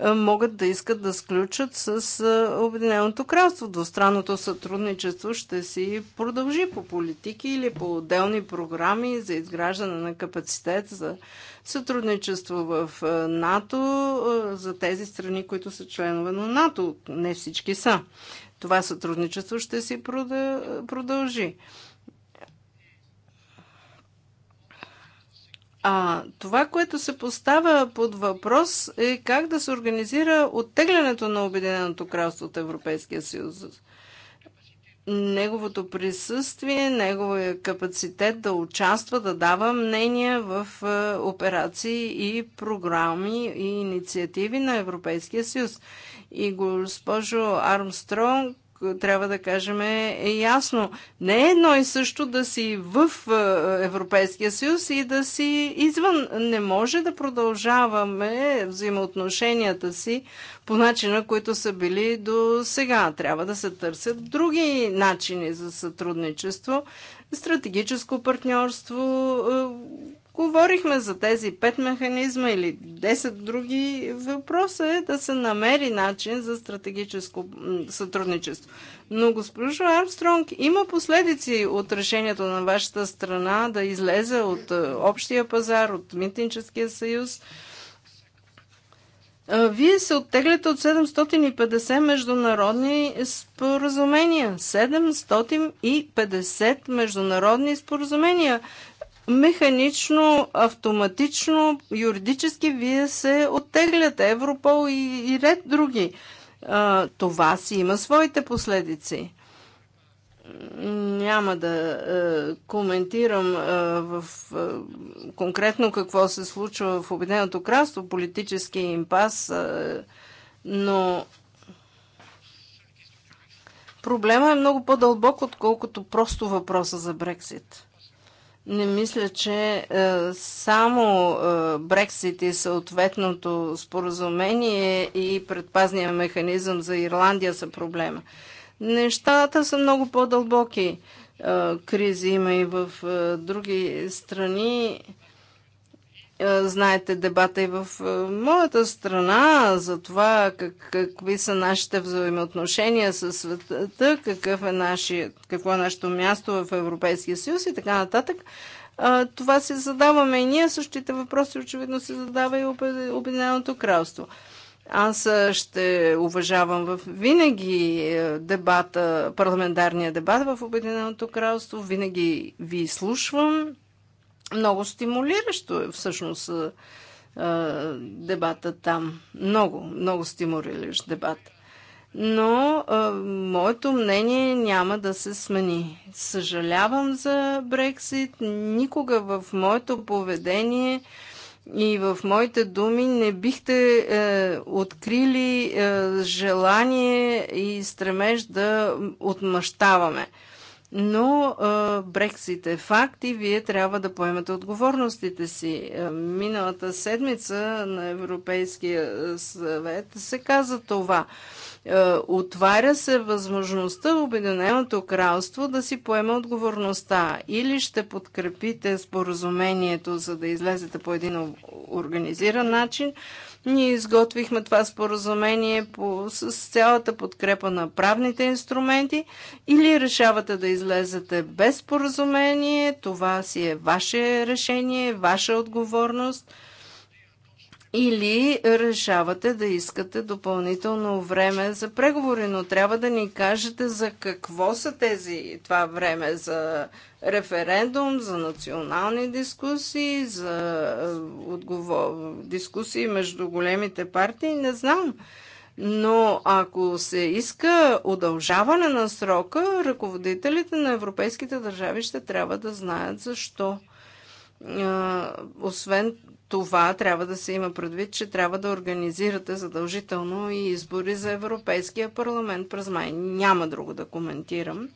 е, могат да искат да сключат с е, Обединеното кралство. Двустранното сътрудничество ще си продължи по политики или по отделни програми за изграждане на капацитет за сътрудничество в е, НАТО за тези страни, които са членове на НАТО. Не всички са това сътрудничество ще си продължи. А това, което се поставя под въпрос е как да се организира оттеглянето на Обединеното кралство от Европейския съюз. Неговото присъствие, неговия капацитет да участва, да дава мнения в е, операции и програми и инициативи на Европейския съюз. И госпожо Армстронг, трябва да кажем е ясно. Не е едно и също да си в е, Европейския съюз и да си извън. Не може да продължаваме взаимоотношенията си по начина, които са били до сега. Трябва да се търсят други начини за сътрудничество, стратегическо партньорство, е, Говорихме за тези пет механизма или 10 други. въпроса е да се намери начин за стратегическо сътрудничество. Но, госпожо Армстронг, има последици от решението на вашата страна да излезе от е, общия пазар, от Митническия съюз. Вие се оттегляте от 750 международни споразумения. 750 международни споразумения механично, автоматично, юридически вие се оттегляте. Европол и, и ред други. А, това си има своите последици. Няма да е, коментирам е, в, е, конкретно какво се случва в Обединеното кралство, политически импас, е, но проблема е много по-дълбок, отколкото просто въпроса за Брексит. Не мисля, че е, само е, Брексит и съответното споразумение и предпазния механизъм за Ирландия са проблема. Нещата са много по-дълбоки. Е, кризи има и в други страни. Е, знаете дебата и в е, моята страна за това как, какви са нашите взаимоотношения с света, какъв е наши, какво е нашето място в Европейския съюз и така нататък. Това се задаваме и ние. Същите въпроси очевидно се задава и Обединеното кралство. Аз е, ще уважавам в винаги дебата, парламентарния дебат в Обединеното кралство. Винаги ви слушвам много стимулиращо е всъщност дебата там. Много, много стимулиращ дебат. Но а, моето мнение няма да се смени. Съжалявам за Брексит. Никога в моето поведение и в моите думи не бихте е, открили е, желание и стремеж да отмъщаваме. Но Брексит е факт и вие трябва да поемете отговорностите си. Миналата седмица на Европейския съвет се каза това. Отваря се възможността Обединеното кралство да си поема отговорността. Или ще подкрепите споразумението, за да излезете по един организиран начин, ние изготвихме това споразумение по, с цялата подкрепа на правните инструменти или решавате да излезете без споразумение. Това си е ваше решение, ваша отговорност – или решавате да искате допълнително време за преговори, но трябва да ни кажете за какво са тези това време за референдум, за национални дискусии, за е, отговор... дискусии между големите партии, не знам. Но ако се иска удължаване на срока, ръководителите на европейските държави ще трябва да знаят защо е, освен това трябва да се има предвид, че трябва да организирате задължително и избори за Европейския парламент през май. Няма друго да коментирам.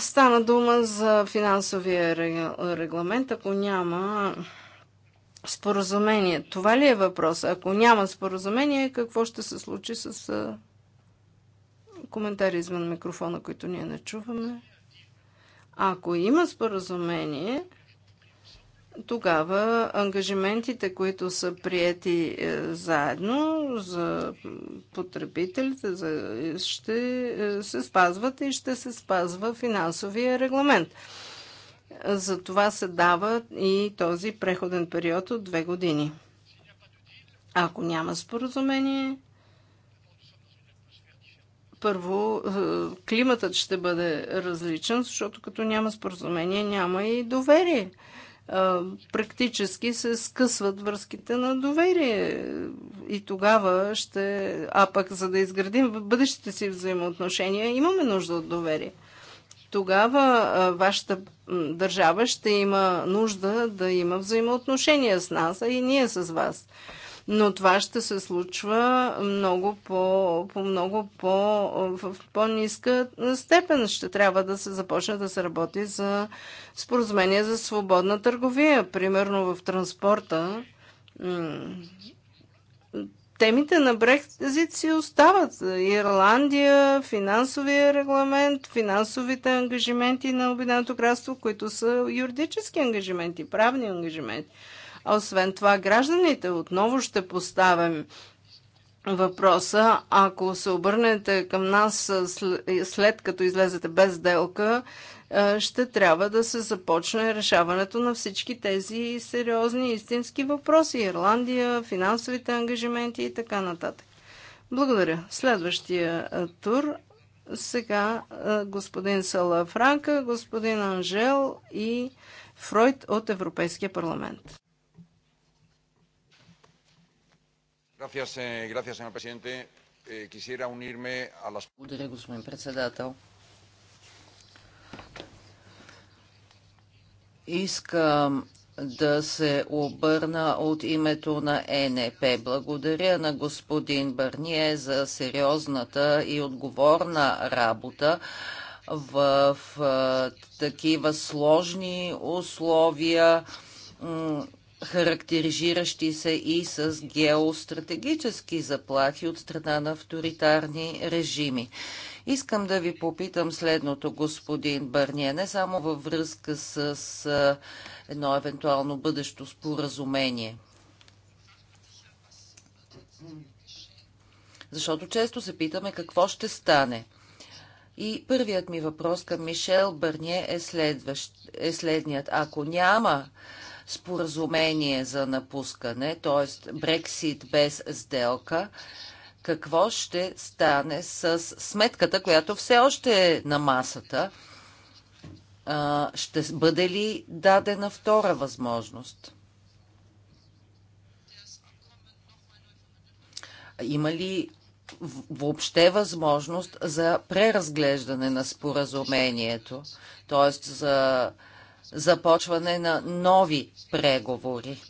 Стана дума за финансовия регламент. Ако няма споразумение, това ли е въпросът? Ако няма споразумение, какво ще се случи с коментари извън микрофона, които ние не чуваме? Ако има споразумение, тогава ангажиментите, които са прияти е, заедно за потребителите, ще е, се спазват и ще се спазва финансовия регламент. За това се дава и този преходен период от две години. Ако няма споразумение, първо, е, климатът ще бъде различен, защото като няма споразумение, няма и доверие практически се скъсват връзките на доверие. И тогава ще... А пък за да изградим бъдещите си взаимоотношения, имаме нужда от доверие. Тогава вашата държава ще има нужда да има взаимоотношения с нас, а и ние с вас но това ще се случва много по, по много по, в по-ниска степен. Ще трябва да се започне да се работи за споразумение за свободна търговия. Примерно в транспорта темите на Брекзит си остават. Ирландия, финансовия регламент, финансовите ангажименти на Обединеното кралство, които са юридически ангажименти, правни ангажименти. Освен това, гражданите отново ще поставим въпроса. Ако се обърнете към нас след като излезете без делка, ще трябва да се започне решаването на всички тези сериозни истински въпроси. Ирландия, финансовите ангажименти и така нататък. Благодаря. Следващия тур. Сега господин Сала Франка, господин Анжел и Фройд от Европейския парламент. Eh, eh, Благодаря, господин председател. Искам да се обърна от името на ЕНП. Благодаря на господин Бърние за сериозната и отговорна работа в такива сложни условия характеризиращи се и с геостратегически заплахи от страна на авторитарни режими. Искам да ви попитам следното, господин Бърния, не само във връзка с едно евентуално бъдещо споразумение. Защото често се питаме какво ще стане. И първият ми въпрос към Мишел Бърние е, следващ, е следният. Ако няма споразумение за напускане, т.е. Брексит без сделка, какво ще стане с сметката, която все още е на масата? Ще бъде ли дадена втора възможност? Има ли въобще възможност за преразглеждане на споразумението, т.е. за започване на нови преговори.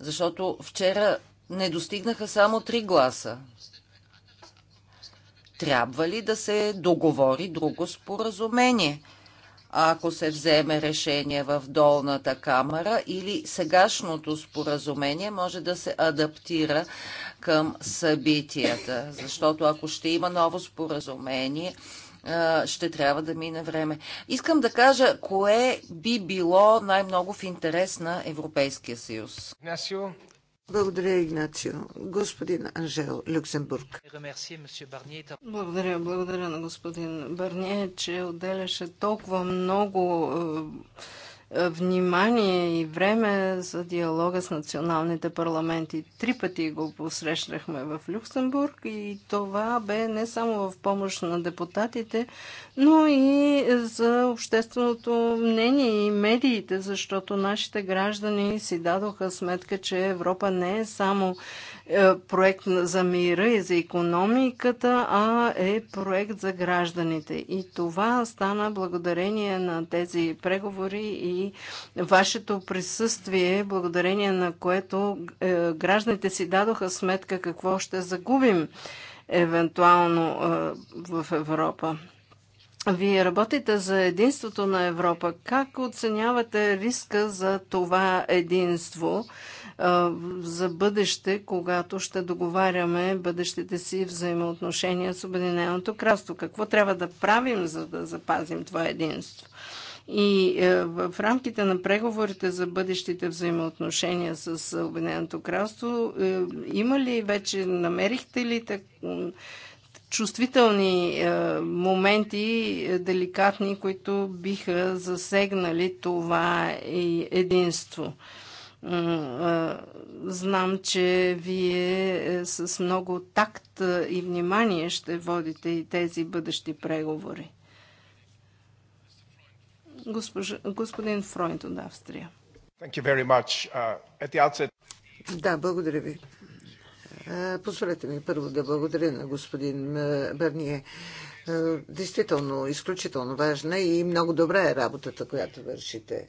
Защото вчера не достигнаха само три гласа. Трябва ли да се договори друго споразумение? ако се вземе решение в долната камера или сегашното споразумение може да се адаптира към събитията. Защото ако ще има ново споразумение, ще трябва да мине време. Искам да кажа, кое би било най-много в интерес на Европейския съюз. Игнасио. Благодаря, Игнацио. Господин Анжел Люксембург. Благодаря, благодаря на господин Барние, че отделяше толкова много е, внимание и време за диалога с националните парламенти. Три пъти го посрещнахме в Люксембург и това бе не само в помощ на депутатите, но и за общественото мнение и медиите, защото нашите граждани си дадоха сметка, че Европа не е само е, проект за мира и за економиката, а е проект за гражданите. И това стана благодарение на тези преговори и вашето присъствие, благодарение на което е, гражданите си дадоха сметка какво ще загубим евентуално е, в Европа. Вие работите за единството на Европа. Как оценявате риска за това единство? за бъдеще, когато ще договаряме бъдещите си взаимоотношения с Обединеното кралство. Какво трябва да правим, за да запазим това единство? И е, в рамките на преговорите за бъдещите взаимоотношения с Обединеното кралство, е, има ли вече, намерихте ли так, чувствителни е, моменти, деликатни, които биха засегнали това единство? Знам, че вие е, с много такт е, и внимание ще водите и тези бъдещи преговори. господин Фройнт от Австрия. Uh, да, благодаря ви. Позволете ми първо да благодаря на господин Бърние. Действително, изключително важна и много добра е работата, която вършите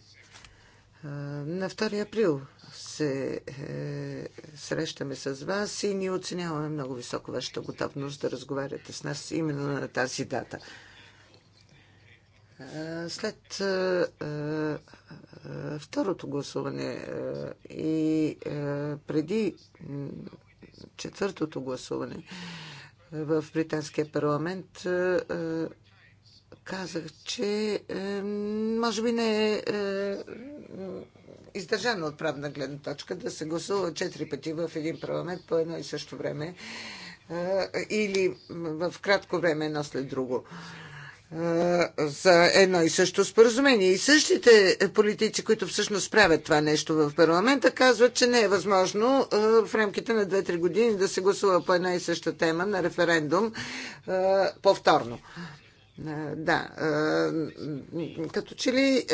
на 2 април се е, срещаме с вас и ние оценяваме много високо вашата готовност да разговаряте с нас именно на тази дата. Е, след е, е, второто гласуване е, и е, преди четвъртото гласуване е, в Британския парламент казах, че е, може би не е, е издържано от правна гледна точка да се гласува четири пъти в един парламент по едно и също време е, или в кратко време едно след друго за едно и също споразумение. И същите политици, които всъщност правят това нещо в парламента, казват, че не е възможно в рамките на 2-3 години да се гласува по една и съща тема на референдум повторно. Е, да, е, като че ли е,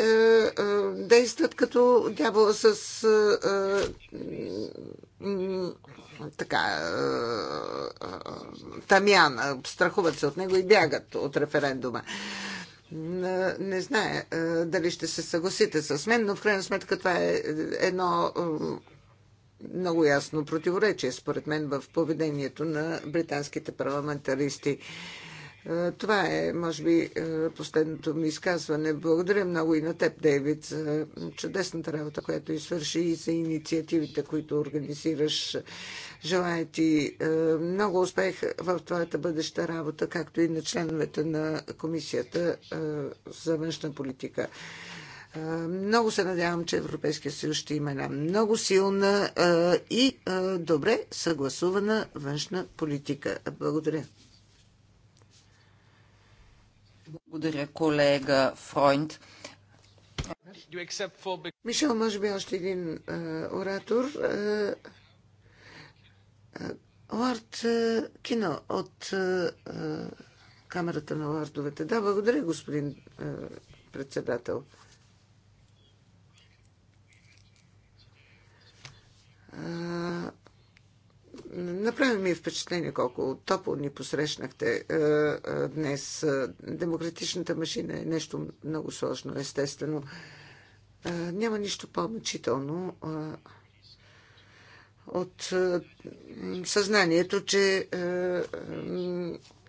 действат като дявола с така тамяна, страхуват се от него и бягат от референдума. Не знае дали ще се съгласите с мен, но в крайна сметка това е едно много ясно противоречие, според мен, в поведението на британските парламентаристи. Е, това е, може би, е, последното ми изказване. Благодаря много и на теб, Дейвид, за чудесната работа, която извърши и за инициативите, които организираш. Желая ти е, много успех в твоята бъдеща работа, както и на членовете на Комисията за външна политика. Много се надявам, че Европейския съюз ще има една много силна и добре съгласувана външна политика. Благодаря. Благодаря, колега Фройнд. Мишел, може би още един оратор. Лорд Кино от Камерата на лордовете. Да, благодаря, господин е, председател. Направи ми впечатление колко топло ни посрещнахте е, е, днес. Е, демократичната машина е нещо много сложно, естествено. Няма нищо по-мъчително от съзнанието, че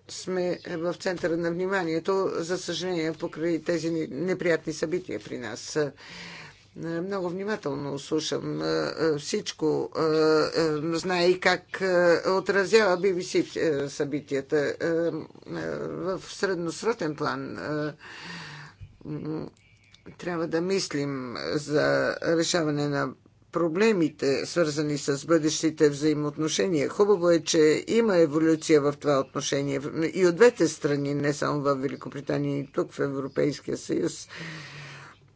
сме в центъра на вниманието, за съжаление, покрай тези неприятни събития при нас. Е, много внимателно слушам е, е, всичко. Знае и как отразява BBC събитията в средносрочен план. Трябва да мислим за решаване на проблемите, свързани с бъдещите взаимоотношения. Хубаво е, че има еволюция в това отношение и от двете страни, не само в Великобритания и тук в Европейския съюз.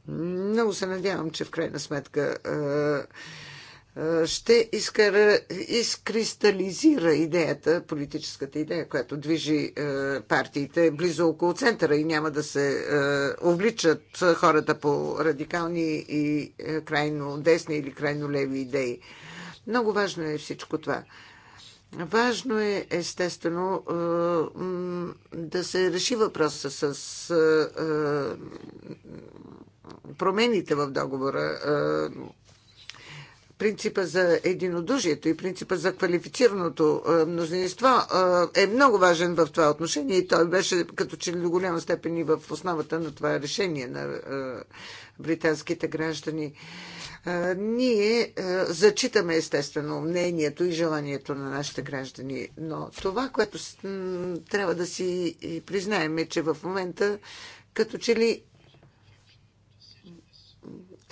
Много се надявам, че в крайна сметка ще изкара, изкристализира идеята, политическата идея, която движи партиите близо около центъра и няма да се обличат хората по радикални и крайно десни или крайно леви идеи. Много важно е всичко това. Важно е, естествено, да се реши въпроса с промените в договора, е, принципа за единодушието и принципа за квалифицираното е, мнозинство е, е много важен в това отношение и той беше като че до голяма степен и в основата на това решение на британските граждани. Ние зачитаме естествено мнението и желанието на нашите граждани, но това, което трябва да си признаем е, че в момента като че ли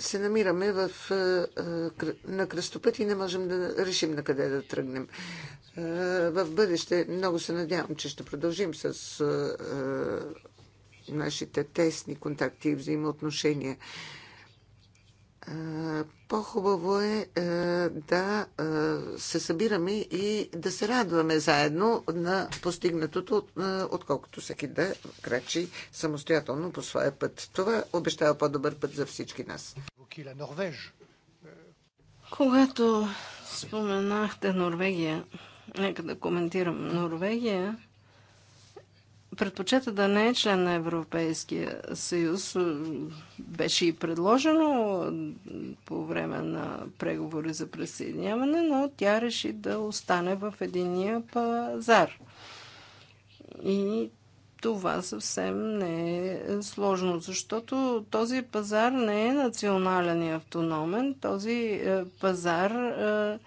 се намираме в, е, е, на кръстопът и не можем да решим на къде да тръгнем. Е, в бъдеще много се надявам, че ще продължим с нашите тесни контакти и взаимоотношения по-хубаво е да се събираме и да се радваме заедно на постигнатото, отколкото всеки да крачи самостоятелно по своя път. Това обещава по-добър път за всички нас. Когато споменахте Норвегия, нека да коментирам Норвегия предпочета да не е член на Европейския съюз. Беше и предложено по време на преговори за присъединяване, но тя реши да остане в единия пазар. И това съвсем не е сложно, защото този пазар не е национален и автономен. Този е, пазар е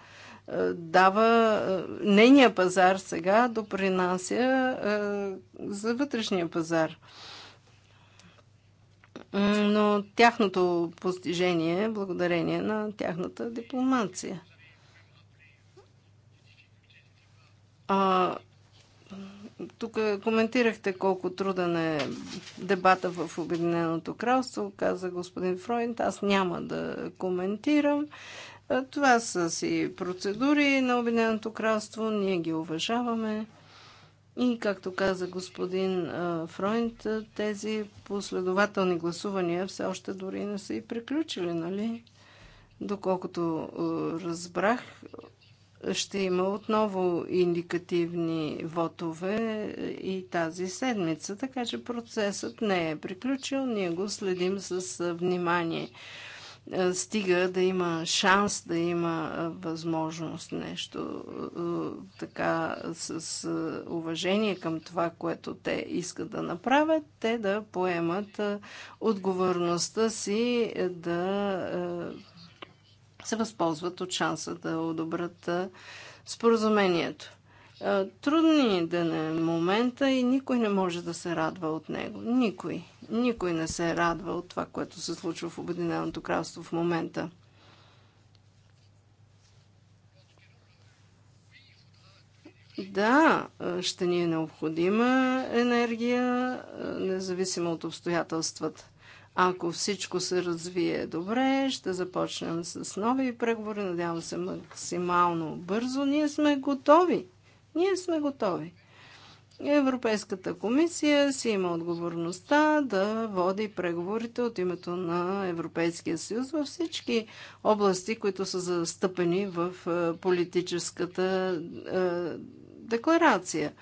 е, дава е, нейния пазар сега допринася е, за вътрешния пазар. Но тяхното постижение е благодарение на тяхната дипломация. А, тук коментирахте колко труден е дебата в Обединеното кралство, каза господин Фройнт. Аз няма да коментирам. Това са си процедури на Обединеното кралство, ние ги уважаваме. И както каза господин Фройнт, тези последователни гласувания все още дори не са и приключили, нали? Доколкото разбрах, ще има отново индикативни вотове и тази седмица, така че процесът не е приключил, ние го следим с внимание. Е, стига да има шанс, да има е, възможност нещо е, така с уважение към това, което те искат да направят, те да поемат отговорността си да се възползват от шанса да одобрят споразумението. Трудни ден не момента и никой не може да се радва от него. Никой. Никой не се радва от това, което се случва в Обединеното кралство в момента. Да, ще ни е необходима енергия, независимо от обстоятелствата. Ако всичко се развие добре, ще започнем с нови преговори, надявам се максимално бързо. Ние сме готови. Ние сме готови. Европейската комисия си има отговорността да води преговорите от името на Европейския съюз във всички области, които са застъпени в е, политическата е, декларация.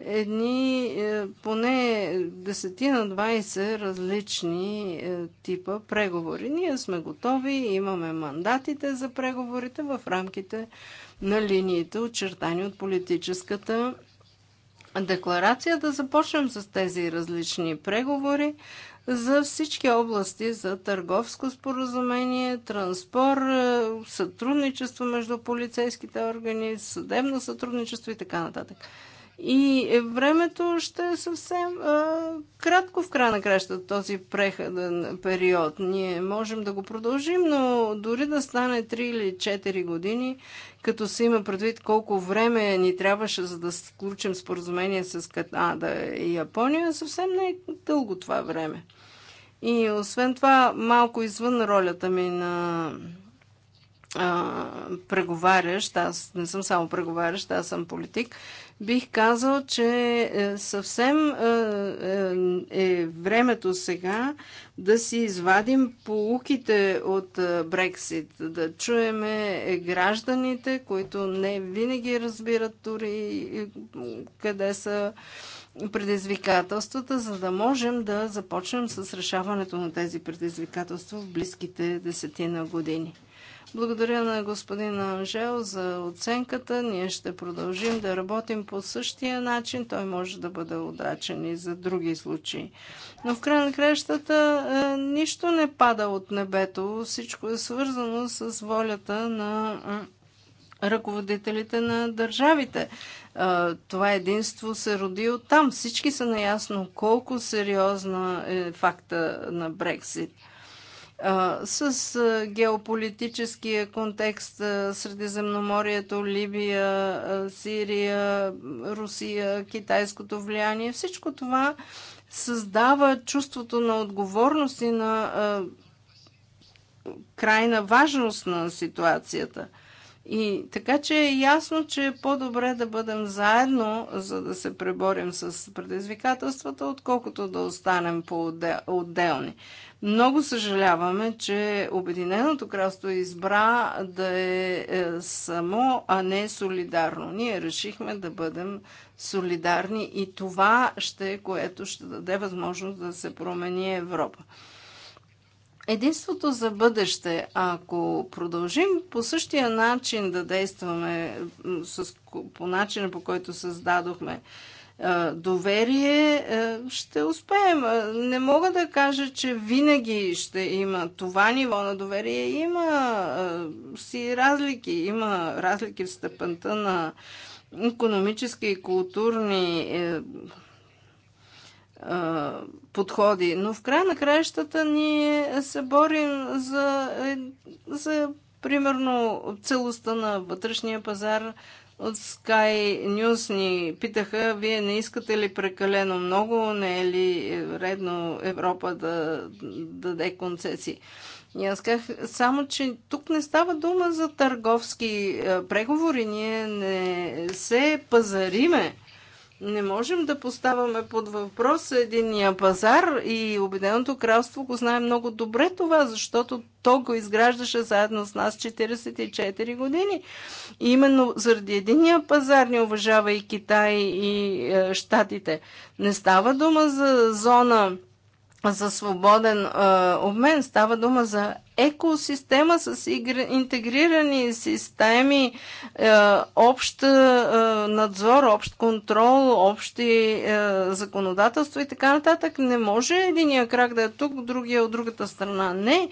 Едни е, поне десетина 20 различни типа преговори. Ние сме готови, имаме мандатите за преговорите в рамките на линиите, очертани от политическата декларация да започнем с тези различни преговори за всички области, за търговско споразумение, транспорт, е, сътрудничество между полицейските органи, съдебно сътрудничество и така нататък. И времето ще е съвсем а, кратко в края на краща този преходен период. Ние можем да го продължим, но дори да стане 3 или 4 години, като се има предвид колко време ни трябваше за да сключим споразумение с Канада и Япония, съвсем не е дълго това време. И освен това, малко извън ролята ми на а, преговарящ, аз не съм само преговарящ, аз съм политик, Бих казал, че е, съвсем е, е, е времето сега да си извадим полуките от Брексит, да чуеме гражданите, които не винаги разбират дори къде са предизвикателствата, за да можем да започнем с решаването на тези предизвикателства в близките десетина години. Благодаря на господин Анжел за оценката. Ние ще продължим да работим по същия начин. Той може да бъде удачен и за други случаи. Но в край на кращата е, нищо не пада от небето. Всичко е свързано с волята на е, ръководителите на държавите. Е, това единство се роди от там. Всички са наясно колко сериозна е факта на Брексит с геополитическия контекст Средиземноморието, Либия, Сирия, Русия, китайското влияние. Всичко това създава чувството на отговорност и на крайна важност на ситуацията – и така че е ясно, че е по-добре да бъдем заедно, за да се преборим с предизвикателствата, отколкото да останем по-отделни. Много съжаляваме, че Обединеното кралство избра да е, е само, а не солидарно. Ние решихме да бъдем солидарни и това ще е, което ще даде възможност да се промени Европа единството за бъдеще. Ако продължим по същия начин да действаме, с, по начина по който създадохме е, доверие, е, ще успеем. Е, не мога да кажа, че винаги ще има това ниво на доверие. Има си разлики. Има разлики в степента на економически и културни подходи. Но в края на краищата ние се борим за, е, за примерно целостта на вътрешния пазар. От Sky News ни питаха, вие не искате ли прекалено много, не е ли редно Европа да, да даде концесии. И аз казах, само че тук не става дума за търговски преговори, ние не се пазариме не можем да поставяме под въпрос единния пазар и Обединеното кралство го знае много добре това, защото то го изграждаше заедно с нас 44 години. И именно заради единия пазар не уважава и Китай и е, Штатите. Не става дума за зона за свободен а, обмен, става дума за екосистема с интегрирани системи, а, общ а, надзор, общ контрол, общи а, законодателства и така нататък. Не може единия крак да е тук, другия от другата страна. Не.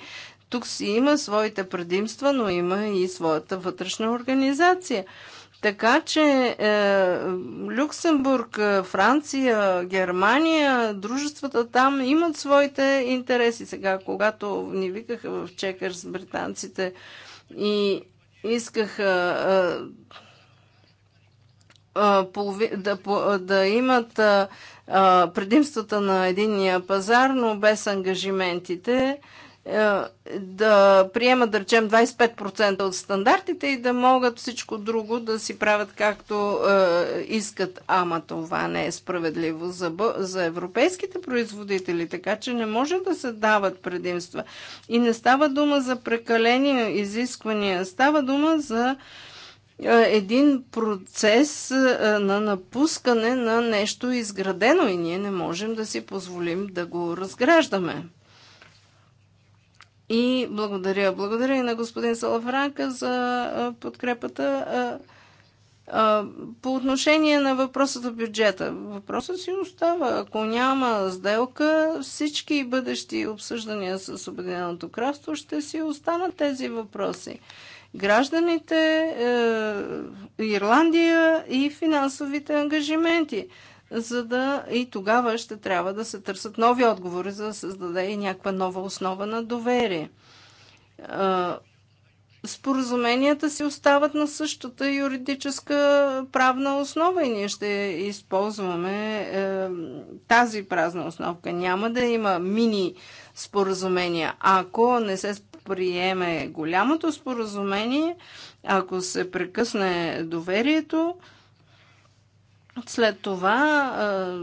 Тук си има своите предимства, но има и своята вътрешна организация. Така че е, Люксембург, е, Франция, Германия, дружествата там имат своите интереси. Сега, когато ни викаха в Чекърс британците и искаха е, е, да, да имат е, е, предимствата на единния пазар, но без ангажиментите, е, е, да приемат, да речем, 25% от стандартите и да могат всичко друго да си правят както е, искат. Ама това не е справедливо за, за европейските производители, така че не може да се дават предимства. И не става дума за прекалени изисквания, става дума за е, един процес е, на напускане на нещо изградено и ние не можем да си позволим да го разграждаме. И благодаря. Благодаря и на господин Салафранка за подкрепата. По отношение на въпроса за бюджета, въпросът си остава. Ако няма сделка, всички бъдещи обсъждания с Обединеното кралство ще си останат тези въпроси. Гражданите, е, Ирландия и финансовите ангажименти за да и тогава ще трябва да се търсят нови отговори, за да създаде и някаква нова основа на доверие. Споразуменията си остават на същата юридическа правна основа и ние ще използваме е, тази празна основка. Няма да има мини споразумения. Ако не се приеме голямото споразумение, ако се прекъсне доверието, е, след това а,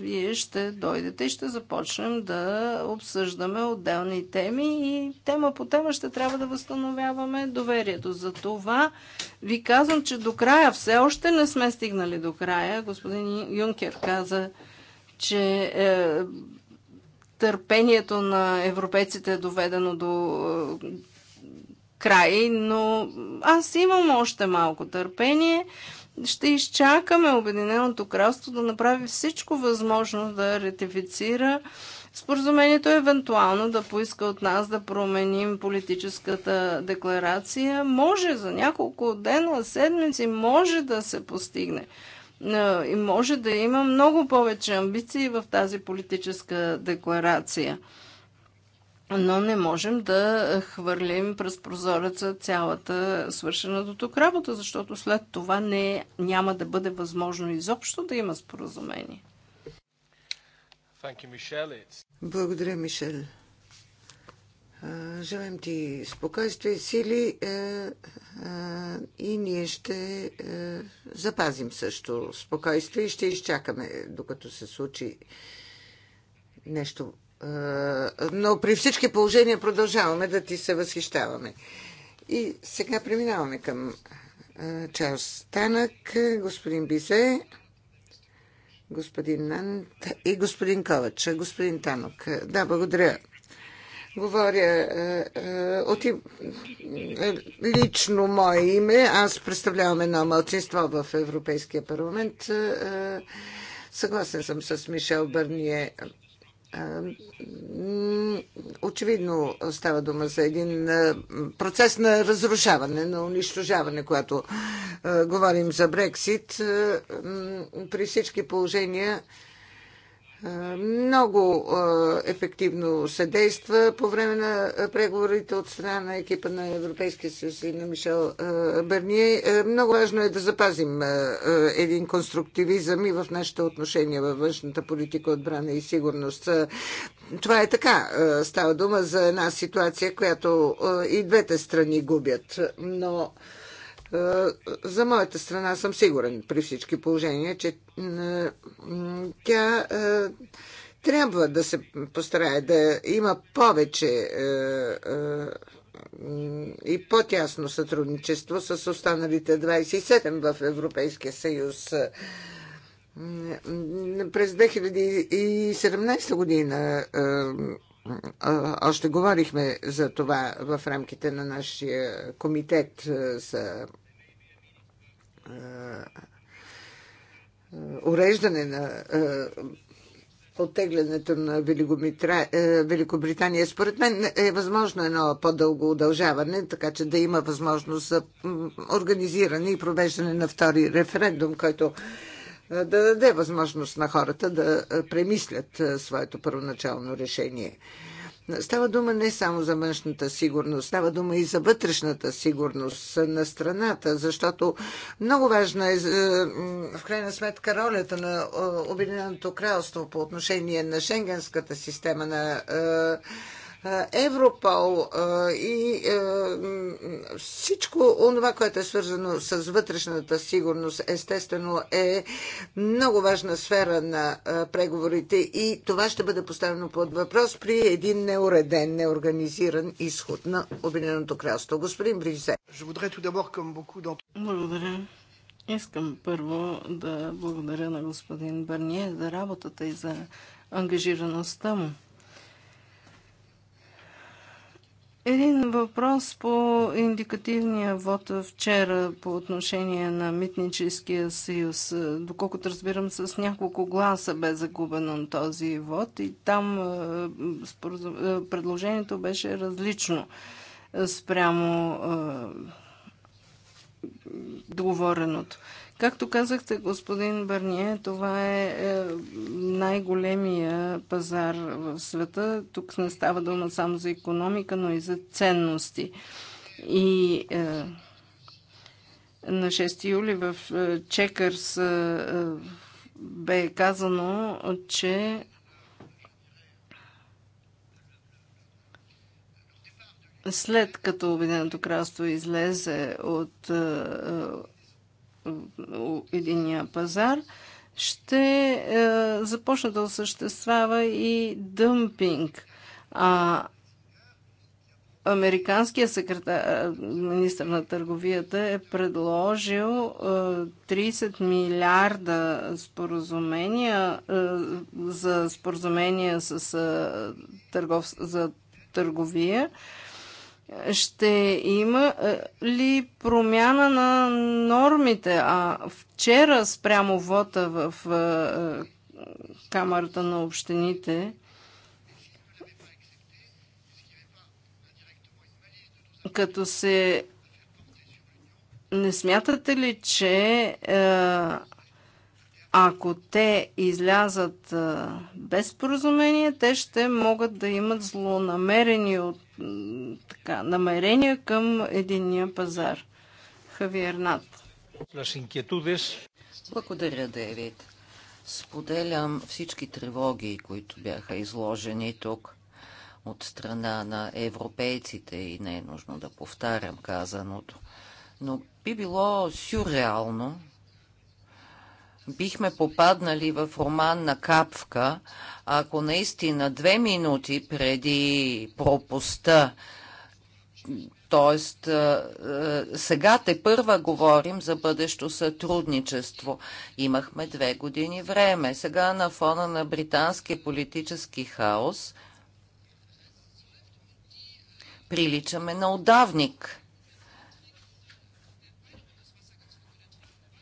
вие ще дойдете и ще започнем да обсъждаме отделни теми и тема по тема ще трябва да възстановяваме доверието. За това ви казвам, че до края, все още не сме стигнали до края. Господин Юнкер каза, че е, търпението на европейците е доведено до е, край, но аз имам още малко търпение ще изчакаме Обединеното кралство да направи всичко възможно да ретифицира споразумението, евентуално да поиска от нас да променим политическата декларация. Може за няколко дена, седмици, може да се постигне. И може да има много повече амбиции в тази политическа декларация но не можем да хвърлим през прозореца цялата свършена до тук работа, защото след това не, няма да бъде възможно изобщо да има споразумение. Благодаря, Мишел. Желаем ти спокойствие, сили е, е, и ние ще е, запазим също спокойствие и ще изчакаме, докато се случи нещо но при всички положения продължаваме да ти се възхищаваме. И сега преминаваме към Чарлз Танък, господин Бизе, господин Нант и господин Ковач, господин Танок. Да, благодаря. Говоря от лично мое име. Аз представлявам едно мълчинство в Европейския парламент. Съгласен съм с Мишел Бърние. Очевидно става дума за един процес на разрушаване, на унищожаване, когато говорим за Брексит. При всички положения е, много е, ефективно се действа по време на е, преговорите от страна на екипа на Европейския съюз и на Мишел Берние. Много важно е да запазим един конструктивизъм и в нашите отношения във външната политика, отбрана и сигурност. Това е така. Става дума за една ситуация, която и двете страни губят. Но е, за моята страна съм сигурен при всички положения, че тя е, трябва да се постарае да има повече е, и по-тясно сътрудничество с останалите 27 в Европейския съюз. През 2017 година още говорихме за това в рамките на нашия комитет за уреждане на оттеглянето на е, Великобритания. Според мен е възможно едно по-дълго удължаване, така че да има възможност за организиране и провеждане на втори референдум, който да даде възможност на хората да премислят своето първоначално решение. Става дума не само за външната сигурност, става дума и за вътрешната сигурност на страната, защото много важна е в крайна сметка ролята на Обединеното кралство по отношение на шенгенската система на Европол и всичко онова, което е свързано с вътрешната сигурност, естествено е много важна сфера на преговорите и това ще бъде поставено под въпрос при един неуреден, неорганизиран изход на Обединеното кралство. Господин Бризе. Благодаря. Искам първо да благодаря на господин Бърние за работата и за ангажираността му. Един въпрос по индикативния вод вчера по отношение на Митническия съюз. Доколкото разбирам, с няколко гласа бе загубен този вод и там е, е, предложението беше различно е, спрямо договореното. Както казахте, господин Бърние, това е, е най-големия пазар в света. Тук не става дума само за економика, но и за ценности. И е, на 6 юли в е, Чекърс е, е, бе казано, че след като Обединеното кралство излезе от е, единия пазар, ще е, започне да осъществява и дъмпинг. А, американския секретар, министр на търговията е предложил 30 е, милиарда споразумения е, за споразумения с е, търгов, за търговия ще има е, ли промяна на нормите? А вчера спрямо вота в е, Камерата на общините като се не смятате ли, че е, ако те излязат без поразумение, те ще могат да имат злонамерени от така, намерения към единния пазар. Хавиер Нат. Благодаря, Девид. Споделям всички тревоги, които бяха изложени тук от страна на европейците и не е нужно да повтарям казаното. Но би било сюрреално бихме попаднали в роман на капка. ако наистина две минути преди пропуста т.е. Е, сега те първа говорим за бъдещо сътрудничество. Имахме две години време. Сега на фона на британския политически хаос приличаме на отдавник.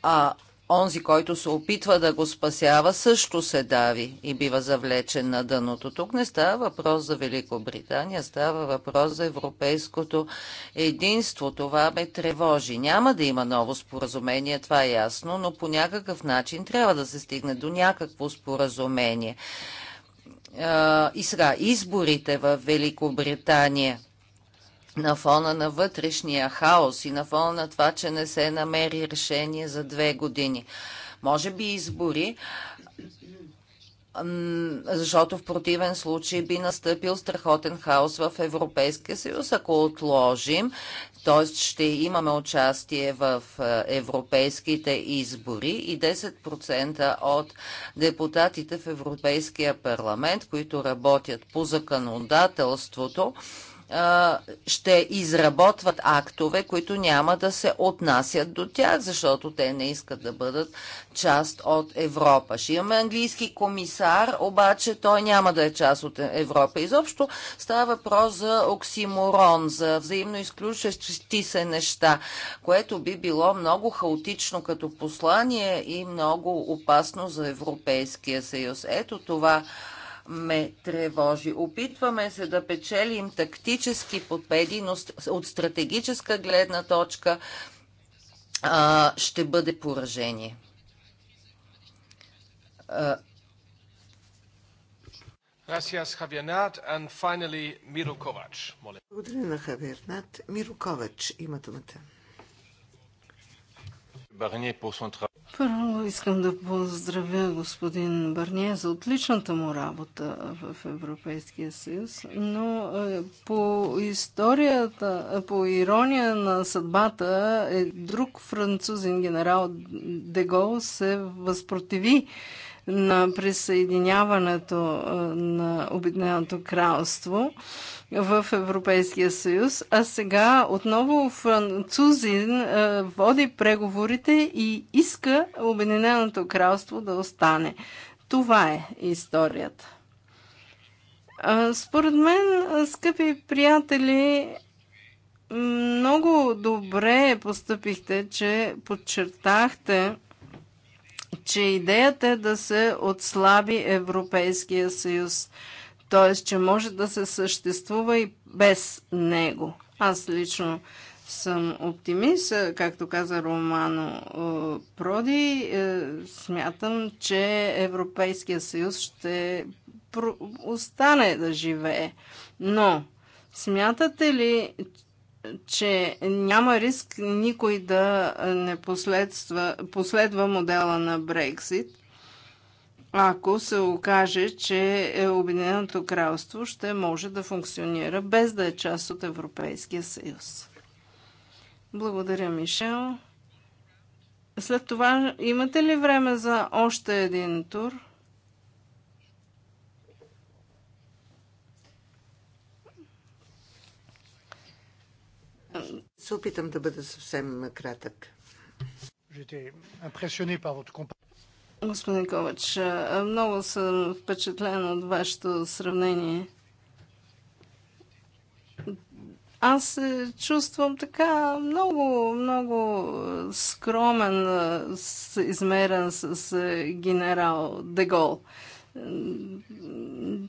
А онзи, който се опитва да го спасява, също се дави и бива завлечен на дъното. Тук не става въпрос за Великобритания, става въпрос за европейското единство. Това ме тревожи. Няма да има ново споразумение, това е ясно, но по някакъв начин трябва да се стигне до някакво споразумение. И сега, изборите в Великобритания – на фона на вътрешния хаос и на фона на това, че не се намери решение за две години. Може би избори, защото в противен случай би настъпил страхотен хаос в Европейския съюз. Ако отложим, т.е. ще имаме участие в е, европейските избори и 10% от депутатите в Европейския парламент, които работят по законодателството, ще изработват актове, които няма да се отнасят до тях, защото те не искат да бъдат част от Европа. Ще имаме английски комисар, обаче той няма да е част от Европа. Изобщо става въпрос за оксиморон, за взаимно изключващи се неща, което би било много хаотично като послание и много опасно за Европейския съюз. Ето това ме тревожи. Опитваме се да печелим тактически победи, но от стратегическа гледна точка а, ще бъде поражение. Благодаря на Хавиернат. Миро Ковач има думата. Барние по Първо искам да поздравя господин Барние за отличната му работа в Европейския съюз, но е, по историята, е, по ирония на съдбата, е друг французин генерал Дегол се възпротиви на присъединяването на Обединеното кралство в Европейския съюз, а сега отново французин е, води преговорите и иска Обединеното кралство да остане. Това е историята. Според мен, скъпи приятели, много добре постъпихте, че подчертахте, че идеята е да се отслаби Европейския съюз – т.е. че може да се съществува и без него. Аз лично съм оптимист, както каза Романо Проди, смятам, че Европейския съюз ще остане да живее. Но смятате ли, че няма риск никой да не последва модела на Брексит? ако се окаже, че Обединеното кралство ще може да функционира без да е част от Европейския съюз. Благодаря, Мишел. След това имате ли време за още един тур? Се опитам да бъда съвсем кратък. impressionné par votre compagnie. Господин Ковач, много съм впечатлен от вашето сравнение. Аз се чувствам така много, много скромен, измерен с генерал Дегол.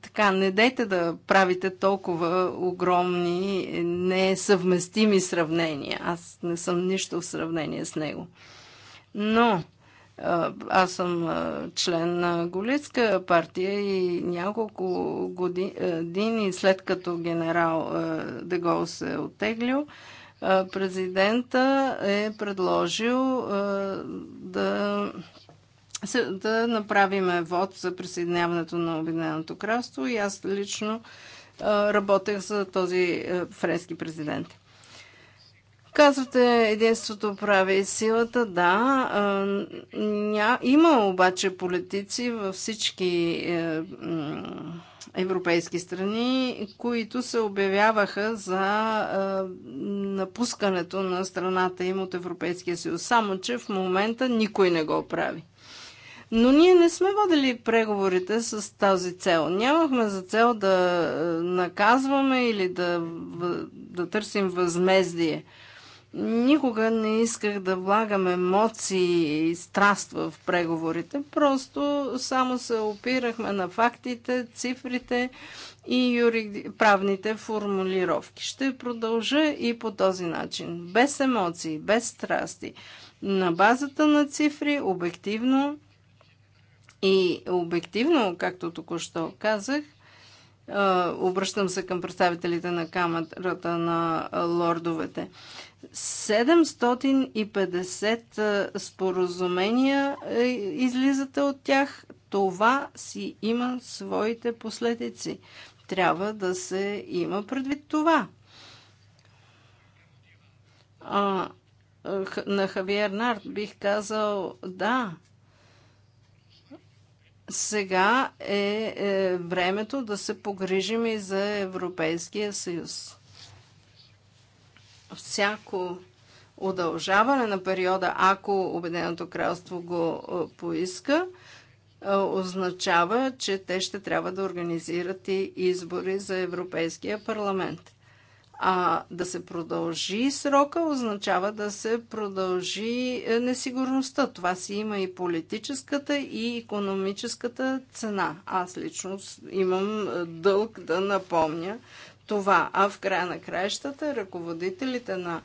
Така, не дейте да правите толкова огромни, несъвместими сравнения. Аз не съм нищо в сравнение с него. Но, аз съм член на Голицка партия и няколко години след като генерал Дегол се е оттеглил, президента е предложил да да направиме вод за присъединяването на Обединеното кралство и аз лично работех за този френски президент. Казвате, единството прави силата, да. Ня... Има обаче политици във всички е, европейски страни, които се обявяваха за е, напускането на страната им от Европейския съюз. Само, че в момента никой не го прави. Но ние не сме водили преговорите с тази цел. Нямахме за цел да е, наказваме или да, да търсим възмездие. Никога не исках да влагам емоции и страст в преговорите. Просто само се опирахме на фактите, цифрите и юри... правните формулировки. Ще продължа и по този начин. Без емоции, без страсти. На базата на цифри, обективно и обективно, както току-що казах, обръщам се към представителите на камерата на лордовете. 750 споразумения е, излизате от тях. Това си има своите последици. Трябва да се има предвид това. А, на Хавиер Нарт бих казал да. Сега е, е времето да се погрижим и за Европейския съюз всяко удължаване на периода, ако Обединеното кралство го е, поиска, е, означава, че те ще трябва да организират и избори за Европейския парламент. А да се продължи срока означава да се продължи е, несигурността. Това си има и политическата, и економическата цена. Аз лично имам дълг да напомня това. А в края на краищата ръководителите на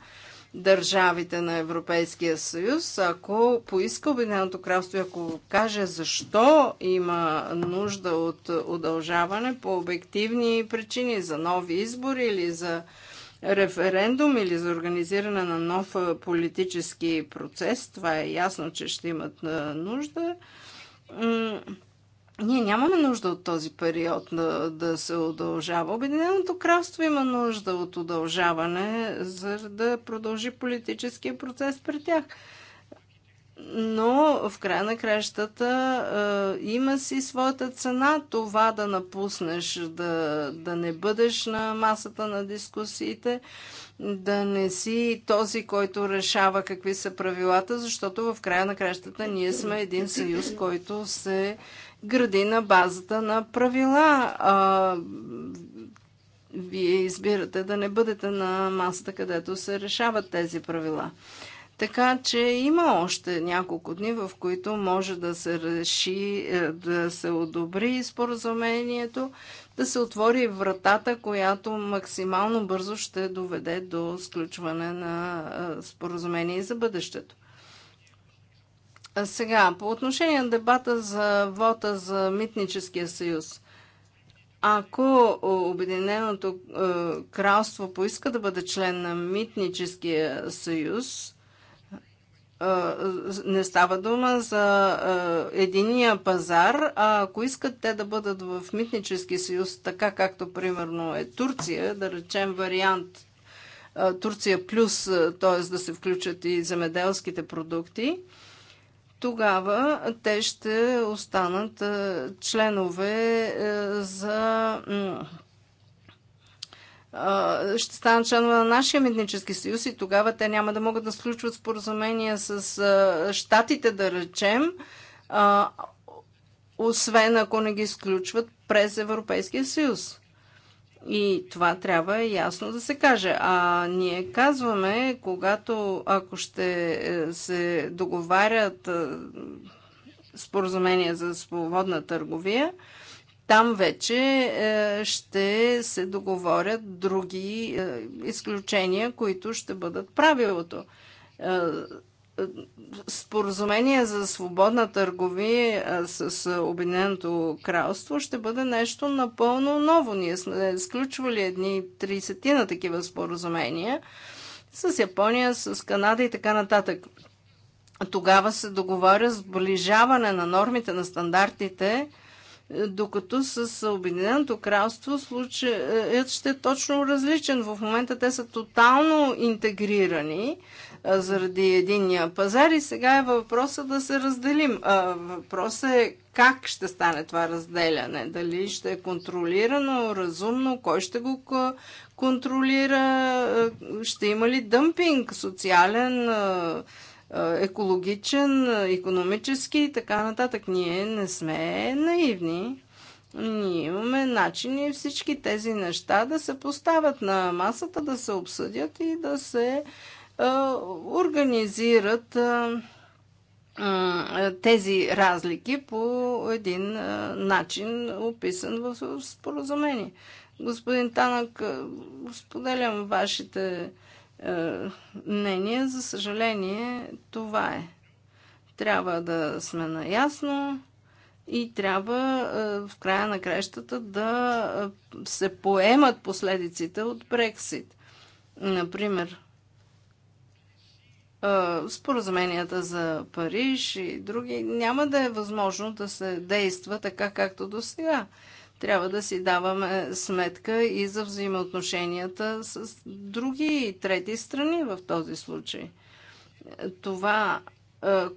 държавите на Европейския съюз, ако поиска Обединеното кралство, и ако каже защо има нужда от удължаване по обективни причини за нови избори или за референдум или за организиране на нов политически процес, това е ясно, че ще имат нужда ние нямаме нужда от този период да, да се удължава. Обединеното кралство има нужда от удължаване, за да продължи политическия процес при тях. Но в края на кращата е, има си своята цена това да напуснеш, да, да не бъдеш на масата на дискусиите, да не си този, който решава какви са правилата, защото в края на кращата ние сме един съюз, който се гради на базата на правила. А, вие избирате да не бъдете на масата, където се решават тези правила. Така че има още няколко дни, в които може да се реши, е, да се одобри споразумението, да се отвори вратата, която максимално бързо ще доведе до сключване на е, споразумение за бъдещето. Сега, по отношение на дебата за вота за Митническия съюз. Ако Обединеното е, кралство поиска да бъде член на Митническия съюз, е, не става дума за е, единия пазар, а ако искат те да бъдат в митнически съюз, така както примерно е Турция, да речем вариант Турция плюс, т.е. да се включат и земеделските продукти, тогава те ще останат членове за ще станат членове на нашия митнически съюз и тогава те няма да могат да сключват споразумения с щатите, да речем, освен ако не ги сключват през Европейския съюз. И това трябва ясно да се каже. А ние казваме, когато ако ще е, се договарят е, споразумения за свободна търговия, там вече е, ще се договорят други изключения, които ще бъдат правилото споразумение за свободна търговия с Обединеното кралство ще бъде нещо напълно ново. Ние сме сключвали едни 30 на такива споразумения с Япония, с Канада и така нататък. Тогава се договаря сближаване на нормите, на стандартите, е, докато с Обединеното кралство случаят ще е точно различен. В момента те са тотално интегрирани заради единния пазар и сега е въпроса да се разделим. Въпросът е как ще стане това разделяне. Дали ще е контролирано, разумно, кой ще го контролира, ще има ли дъмпинг социален, екологичен, економически и така нататък. Ние не сме наивни. Ние имаме начини всички тези неща да се поставят на масата, да се обсъдят и да се организират тези разлики по един начин, описан в споразумение. Господин Танък, споделям вашите мнения. За съжаление, това е. Трябва да сме наясно и трябва в края на кращата да се поемат последиците от Брексит. Например, споразуменията за Париж и други, няма да е възможно да се действа така както до сега. Трябва да си даваме сметка и за взаимоотношенията с други трети страни в този случай. Това,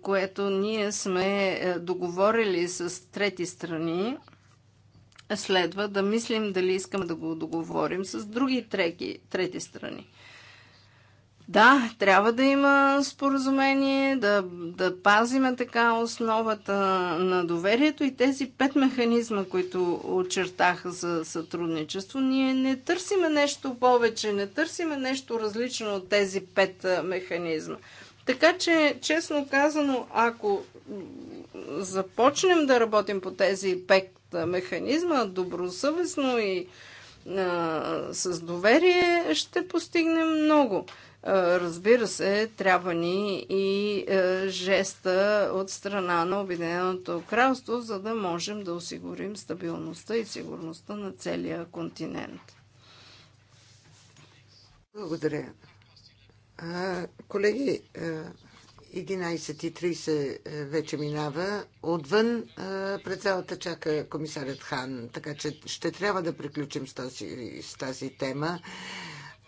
което ние сме е, договорили с трети страни, следва да мислим дали искаме да го договорим с други трети страни. Да, трябва да има споразумение, да, да пазиме така основата на доверието и тези пет механизма, които очертаха за сътрудничество. Ние не търсиме нещо повече, не търсиме нещо различно от тези пет механизма. Така че, честно казано, ако започнем да работим по тези пет механизма добросъвестно и а, с доверие, ще постигнем много. Е, разбира се, трябва ни и е, жеста от страна на Обединеното кралство, за да можем да осигурим стабилността и сигурността на целия континент. Благодаря. Колеги, 11.30 е, вече минава. Отвън пред залата чака комисарят Хан, така че ще трябва да приключим с тази, с тази тема.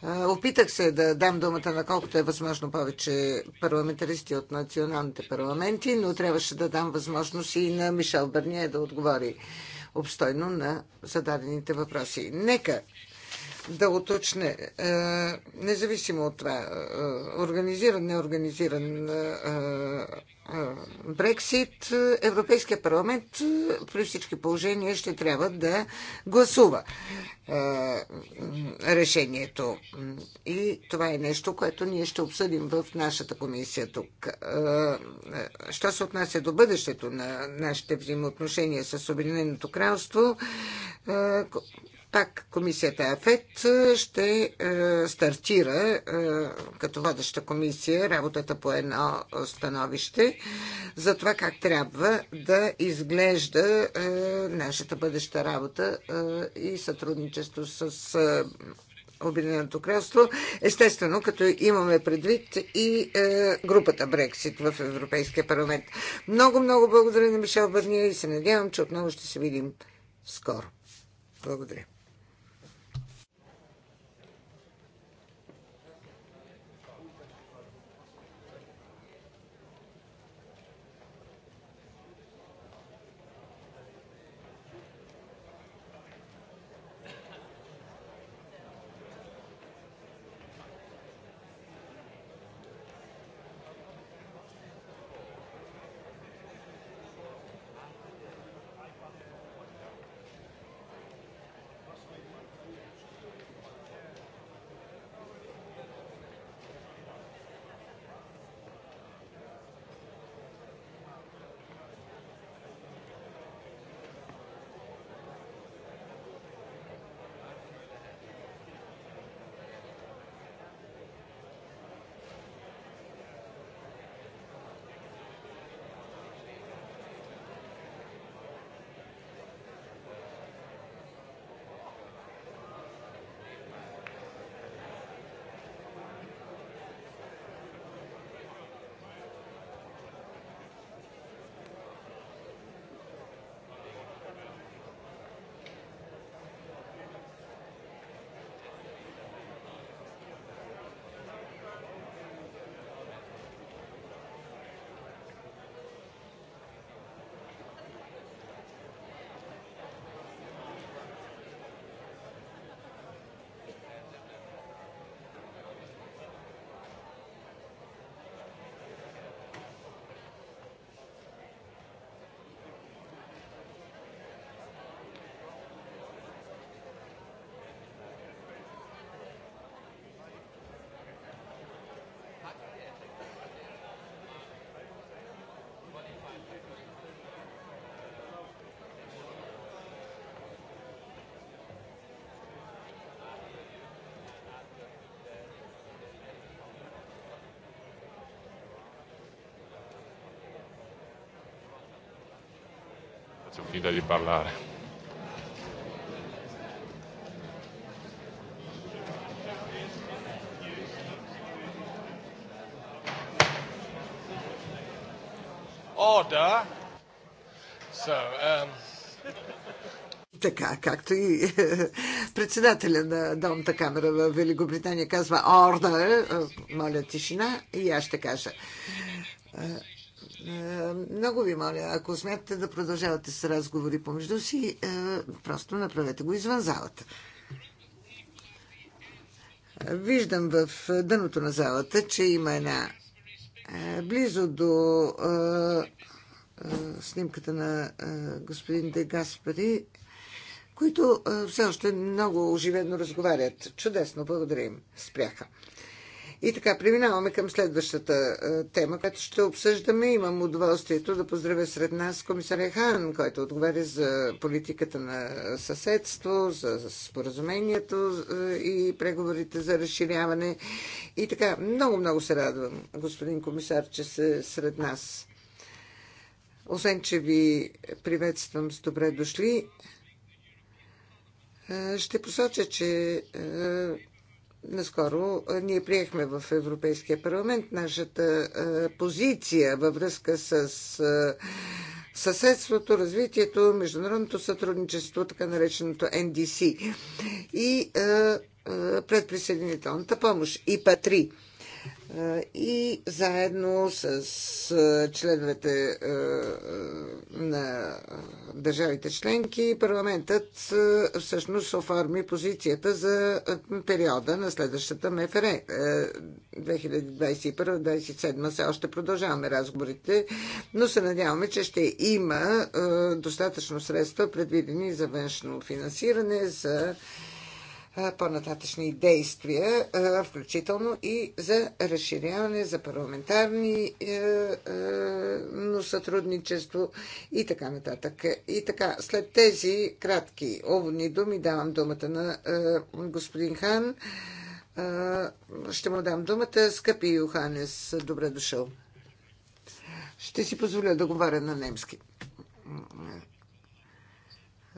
Опитах се да дам думата на колкото е възможно повече парламентаристи от националните парламенти, но трябваше да дам възможност и на Мишел Бърния да отговори обстойно на зададените въпроси. Нека да уточне, е, независимо от това, е, организиран, неорганизиран е, Брексит, Европейския парламент при всички положения ще трябва да гласува решението. И това е нещо, което ние ще обсъдим в нашата комисия тук. Що се отнася до бъдещето на нашите взаимоотношения с Обединеното кралство, пак комисията АФЕТ е, ще е, стартира е, като водеща комисия работата по едно становище за това как трябва да изглежда нашата бъдеща работа и сътрудничество с Обединеното кралство. Естествено, като имаме предвид и е, групата Брексит в Европейския парламент. Много, много благодаря на Мишел Бърния и се надявам, че отново ще се видим скоро. Благодаря. faccio finta di parlare. Order. So, um... Така, както и председателя на Долната камера в Великобритания казва орда, моля тишина, и аз ще кажа. Много ви моля, ако смятате да продължавате с разговори помежду си, е, просто направете го извън залата. Виждам в дъното на залата, че има една е, близо до е, снимката на господин Де Гаспари, които все още много оживено разговарят. Чудесно, благодаря им. Спряха. И така, преминаваме към следващата е, тема, която ще обсъждаме. Имам удоволствието да поздравя сред нас комисаря Хан, който отговаря за политиката на съседство, за споразумението е, и преговорите за разширяване. И така, много-много се радвам, господин комисар, че сте сред нас. Освен, че ви приветствам с добре дошли, е, ще посоча, че Наскоро ние приехме в Европейския парламент нашата позиция във връзка с съседството, развитието, международното сътрудничество, така нареченото НДС и предприсъединителната помощ, ИПА-3 и заедно с членовете на държавите членки парламентът всъщност оформи позицията за периода на следващата МФР. 2021-2027 се още продължаваме разговорите, но се надяваме, че ще има достатъчно средства предвидени за външно финансиране, за по-нататъчни действия, включително и за разширяване за парламентарни е, е, но сътрудничество и така нататък. И така, след тези кратки овни думи давам думата на е, господин Хан. Ще му дам думата. Скъпи Йоханес, добре дошъл. Ще си позволя да говоря на немски.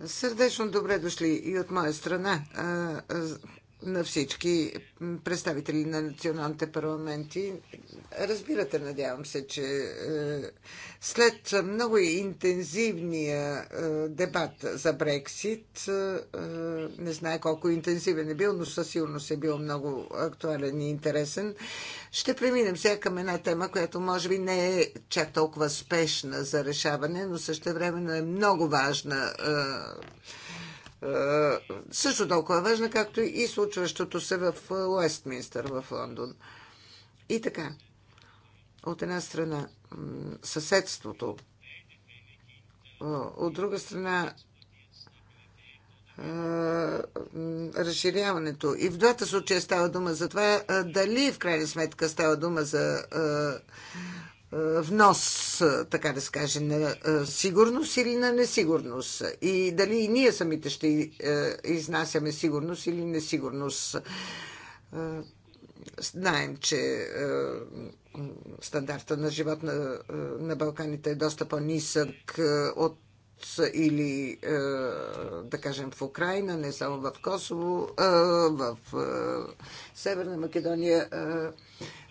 Сърдечно добре дошли и от моя страна на всички представители на националните парламенти. Разбирате, надявам се, че е, след много интензивния е, дебат за Брексит, е, не знае колко интензивен е бил, но със сигурност е бил много актуален и интересен, ще преминем сега към една тема, която може би не е чак толкова спешна за решаване, но също времено е много важна е, също толкова важна, както и случващото се в е, Уестминстър в Лондон. И така, от една страна съседството, е, от друга страна разширяването. И в двата случая става дума за това дали в крайна сметка става дума за е, внос, е, така да се каже, на е, сигурност или на несигурност. И дали и ние самите ще изнасяме сигурност или несигурност. Знаем, че стандарта на живот на, на Балканите е доста по-нисък от или, е, да кажем, в Украина, не само в Косово, е, в е, Северна Македония,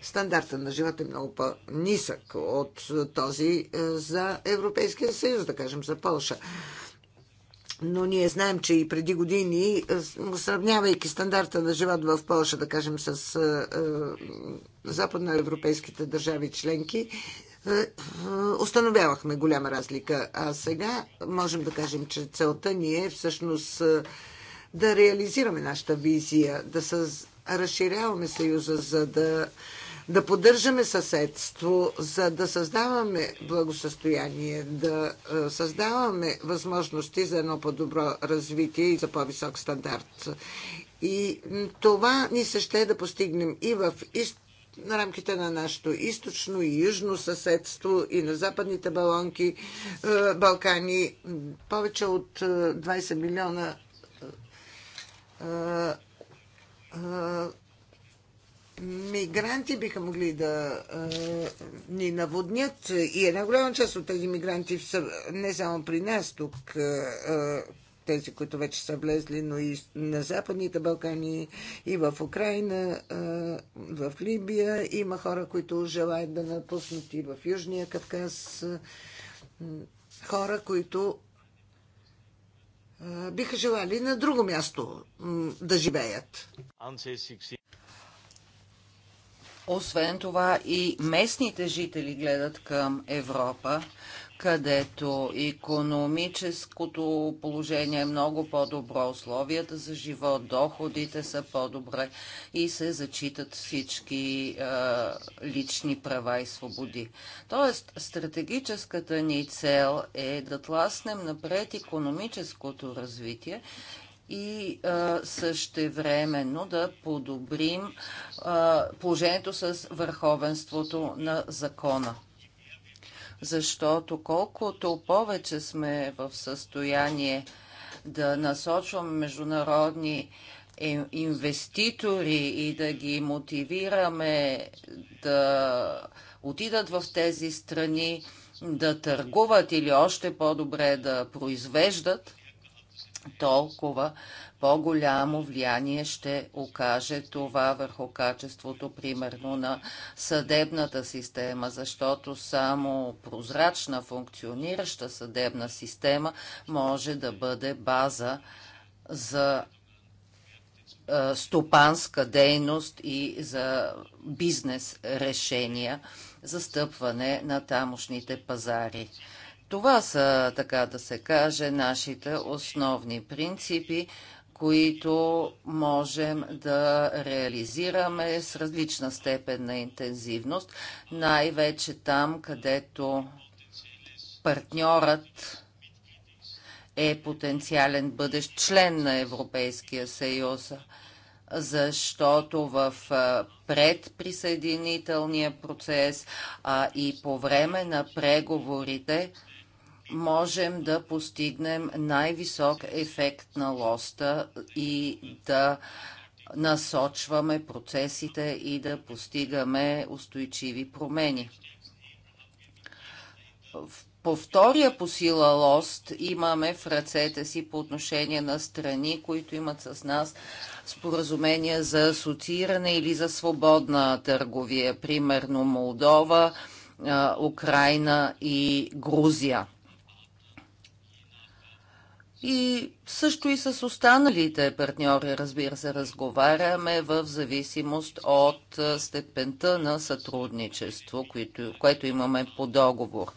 стандарта на живота е много по-нисък от този за Европейския съюз, да кажем, за Полша. Но ние знаем, че и преди години, сравнявайки стандарта на живот в Польша, да кажем, с западноевропейските държави членки, е, е, установявахме голяма разлика. А сега можем да кажем, че целта ни е всъщност е, да реализираме нашата визия, да съз... разширяваме съюза, за да, да поддържаме съседство, за да създаваме благосъстояние, да създаваме възможности за едно по-добро развитие и за по-висок стандарт. И това ни се ще да постигнем и в източната на рамките на нашето източно и южно съседство и на западните балонки, е, Балкани. Повече от 20 е, милиона е, мигранти биха могли да а, ни наводнят и една голяма част от тези мигранти са не само при нас тук, а, тези, които вече са влезли, но и на Западните Балкани, и в Украина, в Либия. Има хора, които желаят да напуснат и в Южния Кавказ. Хора, които биха желали на друго място да живеят. Освен това и местните жители гледат към Европа, където економическото положение е много по-добро, условията за живот, доходите са по-добре и се зачитат всички е, лични права и свободи. Тоест, стратегическата ни цел е да тласнем напред економическото развитие и а, същевременно да подобрим а, положението с върховенството на закона защото колкото повече сме в състояние да насочваме международни инвеститори и да ги мотивираме да отидат в тези страни, да търгуват или още по-добре да произвеждат, толкова по-голямо влияние ще окаже това върху качеството, примерно, на съдебната система, защото само прозрачна, функционираща съдебна система може да бъде база за е, стопанска дейност и за бизнес решения, застъпване на тамошните пазари. Това са, така да се каже, нашите основни принципи, които можем да реализираме с различна степен на интензивност, най-вече там, където партньорът е потенциален бъдещ член на Европейския съюз, защото в предприсъединителния процес а и по време на преговорите – можем да постигнем най-висок ефект на лоста и да насочваме процесите и да постигаме устойчиви промени. по втория по сила лост имаме в ръцете си по отношение на страни, които имат с нас споразумения за асоцииране или за свободна търговия, примерно Молдова, Украина и Грузия. И също и с останалите партньори, разбира се, разговаряме в зависимост от степента на сътрудничество, което, което имаме по договор.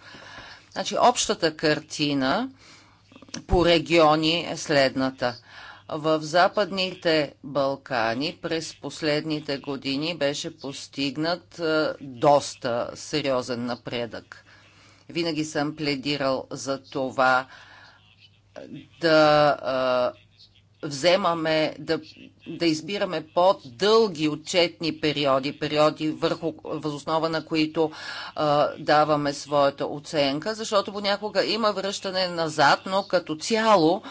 Значи, общата картина по региони е следната. В Западните Балкани през последните години беше постигнат доста сериозен напредък. Винаги съм пледирал за това, да вземаме, да, да избираме по-дълги отчетни периоди, периоди върху, възоснова на които а, даваме своята оценка, защото понякога има връщане назад, но като цяло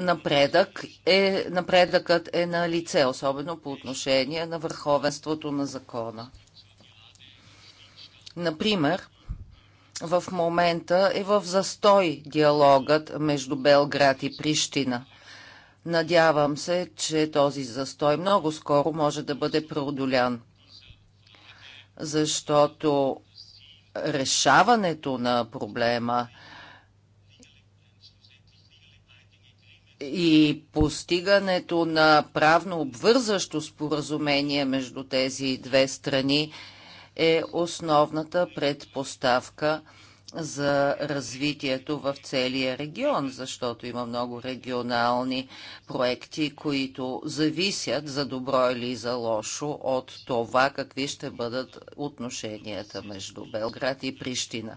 напредък е, напредъкът е на лице, особено по отношение на върховенството на закона. Например, в момента е в застой диалогът между Белград и Прищина. Надявам се, че този застой много скоро може да бъде преодолян, защото решаването на проблема и постигането на правно обвързащо споразумение между тези две страни – е основната предпоставка за развитието в целия регион, защото има много регионални проекти, които зависят за добро или за лошо от това какви ще бъдат отношенията между Белград и Прищина.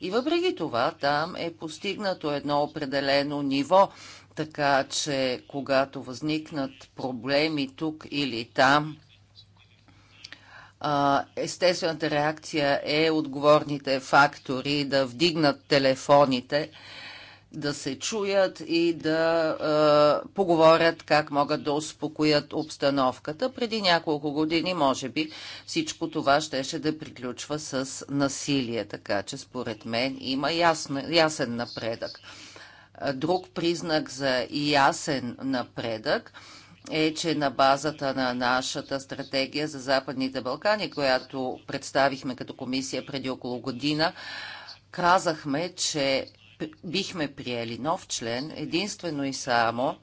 И въпреки това там е постигнато едно определено ниво, така че когато възникнат проблеми тук или там, естествената реакция е отговорните фактори да вдигнат телефоните, да се чуят и да е, поговорят как могат да успокоят обстановката. Преди няколко години, може би, всичко това щеше да приключва с насилие, така че според мен има ясна, ясен напредък. Друг признак за ясен напредък – е, че на базата на нашата стратегия за Западните Балкани, която представихме като комисия преди около година, казахме, че бихме приели нов член единствено и само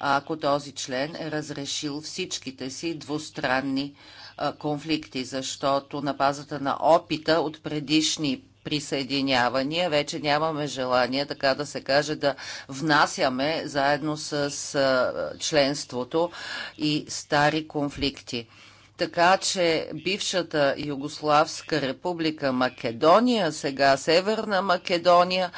ако този член е разрешил всичките си двустранни конфликти, защото на базата на опита от предишни присъединявания. Вече нямаме желание, така да се каже, да внасяме заедно с членството и стари конфликти. Така че бившата Югославска република Македония, сега Северна Македония,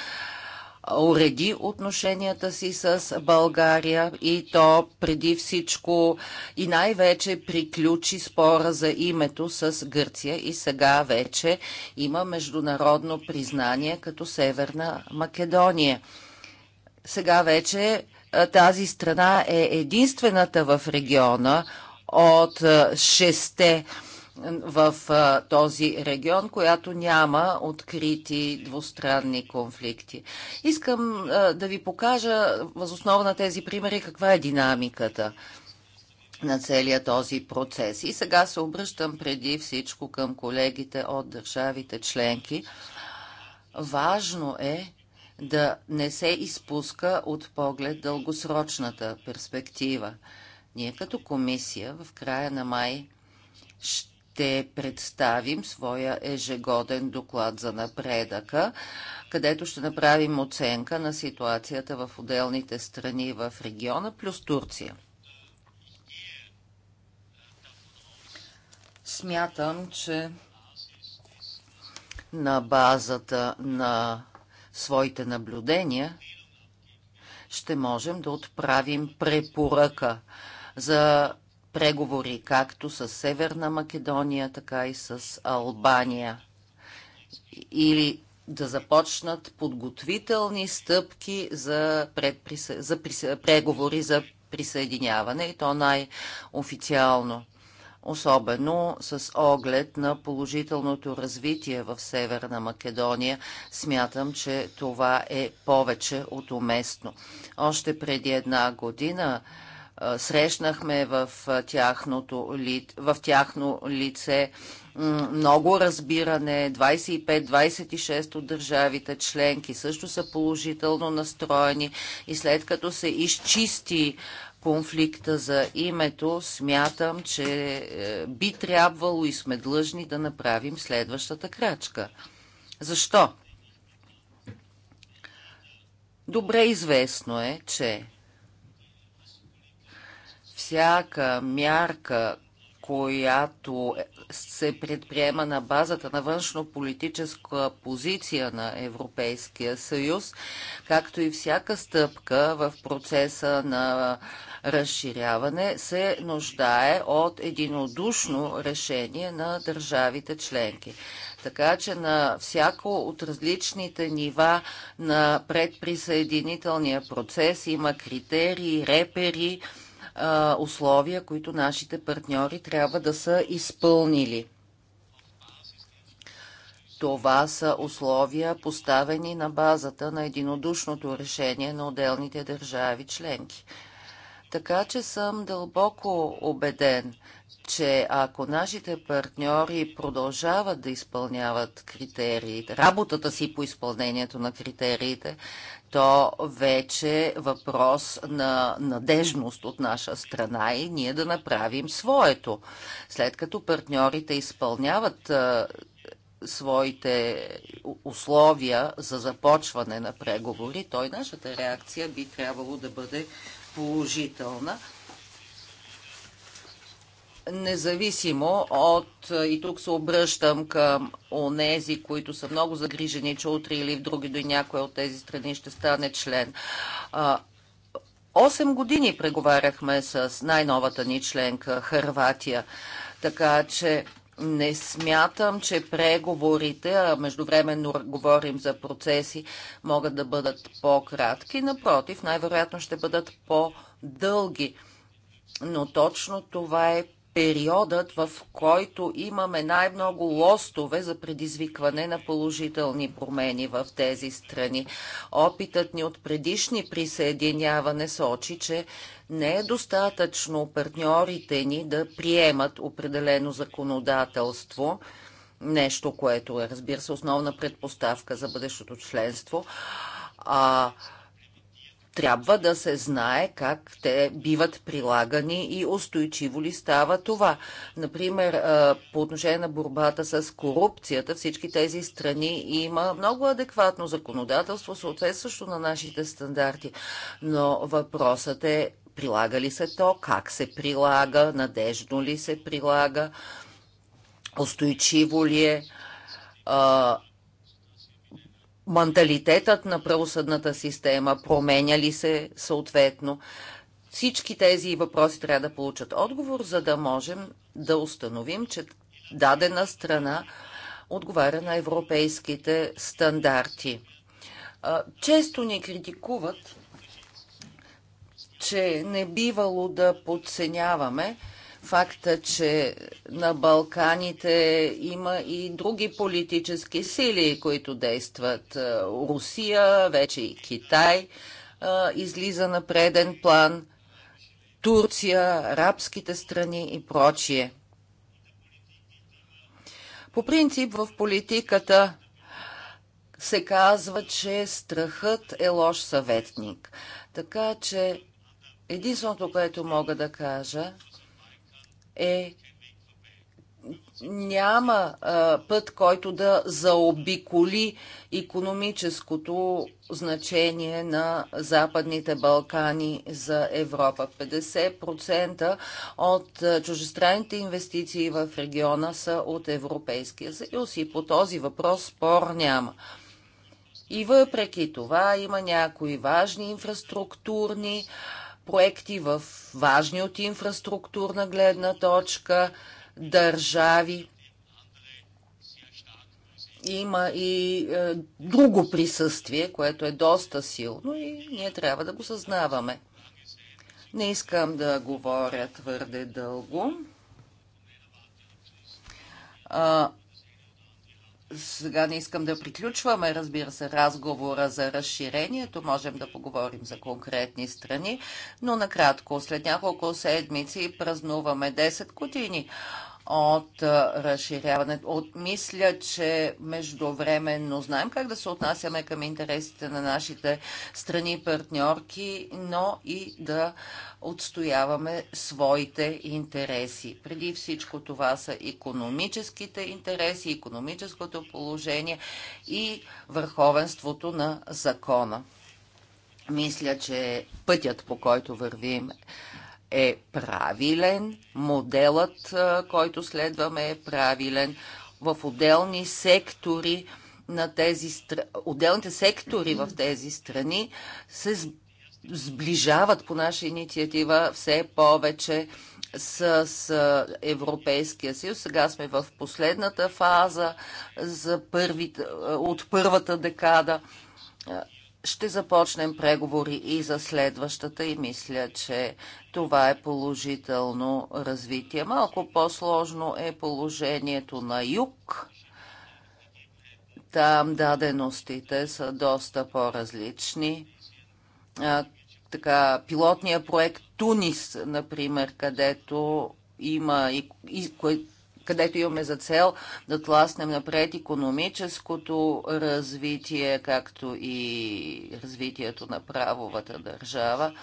уреди отношенията си с България и то преди всичко и най-вече приключи спора за името с Гърция и сега вече има международно признание като Северна Македония. Сега вече тази страна е единствената в региона от шесте в този регион, която няма открити двустранни конфликти. Искам да ви покажа възоснова на тези примери каква е динамиката на целия този процес. И сега се обръщам преди всичко към колегите от държавите членки. Важно е да не се изпуска от поглед дългосрочната перспектива. Ние като комисия в края на май ще ще представим своя ежегоден доклад за напредъка, където ще направим оценка на ситуацията в отделните страни в региона, плюс Турция. Смятам, че на базата на своите наблюдения ще можем да отправим препоръка за преговори както с Северна Македония, така и с Албания. Или да започнат подготвителни стъпки за, предприс... за прис... преговори за присъединяване и то най-официално. Особено с оглед на положителното развитие в Северна Македония, смятам, че това е повече от уместно. Още преди една година срещнахме в, тяхното, ли, в тяхно лице много разбиране. 25-26 от държавите членки също са положително настроени и след като се изчисти конфликта за името, смятам, че е, би трябвало и сме длъжни да направим следващата крачка. Защо? Добре известно е, че всяка мярка, която се предприема на базата на външно-политическа позиция на Европейския съюз, както и всяка стъпка в процеса на разширяване, се нуждае от единодушно решение на държавите членки. Така че на всяко от различните нива на предприсъединителния процес има критерии, репери, а, условия, които нашите партньори трябва да са изпълнили. Това са условия, поставени на базата на единодушното решение на отделните държави членки. Така че съм дълбоко убеден – че ако нашите партньори продължават да изпълняват критериите, работата си по изпълнението на критериите, то вече въпрос на надежност от наша страна и ние да направим своето. След като партньорите изпълняват своите условия за започване на преговори, той нашата реакция би трябвало да бъде положителна независимо от, и тук се обръщам към онези, които са много загрижени, че утре или в други до някоя от тези страни ще стане член. Осем години преговаряхме с най-новата ни членка Харватия, така че не смятам, че преговорите, а междувременно говорим за процеси, могат да бъдат по-кратки. Напротив, най-вероятно ще бъдат по-дълги. Но точно това е периодът, в който имаме най-много лостове за предизвикване на положителни промени в тези страни. Опитът ни от предишни присъединяване сочи, че не е достатъчно партньорите ни да приемат определено законодателство, нещо, което е, разбира се, основна предпоставка за бъдещото членство, а трябва да се знае как те биват прилагани и устойчиво ли става това. Например, по отношение на борбата с корупцията, всички тези страни има много адекватно законодателство, съответстващо на нашите стандарти. Но въпросът е прилага ли се то, как се прилага, надежно ли се прилага, устойчиво ли е. Манталитетът на правосъдната система, променя ли се съответно. Всички тези въпроси трябва да получат отговор, за да можем да установим, че дадена страна отговаря на европейските стандарти. Често ни критикуват, че не бивало да подценяваме факта, че на Балканите има и други политически сили, които действат. Е, Русия, вече и Китай е, излиза на преден план, Турция, арабските страни и прочие. По принцип в политиката се казва, че страхът е лош съветник. Така че единственото, което мога да кажа е няма а, път, който да заобиколи економическото значение на Западните Балкани за Европа. 50% от чужестранните инвестиции в региона са от Европейския съюз и по този въпрос спор няма. И въпреки това има някои важни инфраструктурни а, проекти в важни от инфраструктурна гледна точка държави. Има и е, друго присъствие, което е доста силно и ние трябва да го съзнаваме. Не искам да говоря твърде дълго. А, сега не искам да приключваме, разбира се, разговора за разширението. Можем да поговорим за конкретни страни, но накратко, след няколко седмици празнуваме 10 години от разширяването. От, мисля, че междувременно знаем как да се отнасяме към интересите на нашите страни партньорки, но и да отстояваме своите интереси. Преди всичко това са економическите интереси, економическото положение и върховенството на закона. Мисля, че пътят по който вървим е правилен, моделът, който следваме е правилен. В отделни сектори на тези стр... отделните сектори в тези страни се сближават по наша инициатива все повече с, с Европейския съюз. Сега сме в последната фаза за първите, от първата декада ще започнем преговори и за следващата и мисля, че това е положително развитие. Малко по-сложно е положението на юг. Там даденостите са доста по-различни. Така, пилотният проект Тунис, например, където има и, и където имаме за цел да тласнем напред економическото развитие, както и развитието на правовата държава.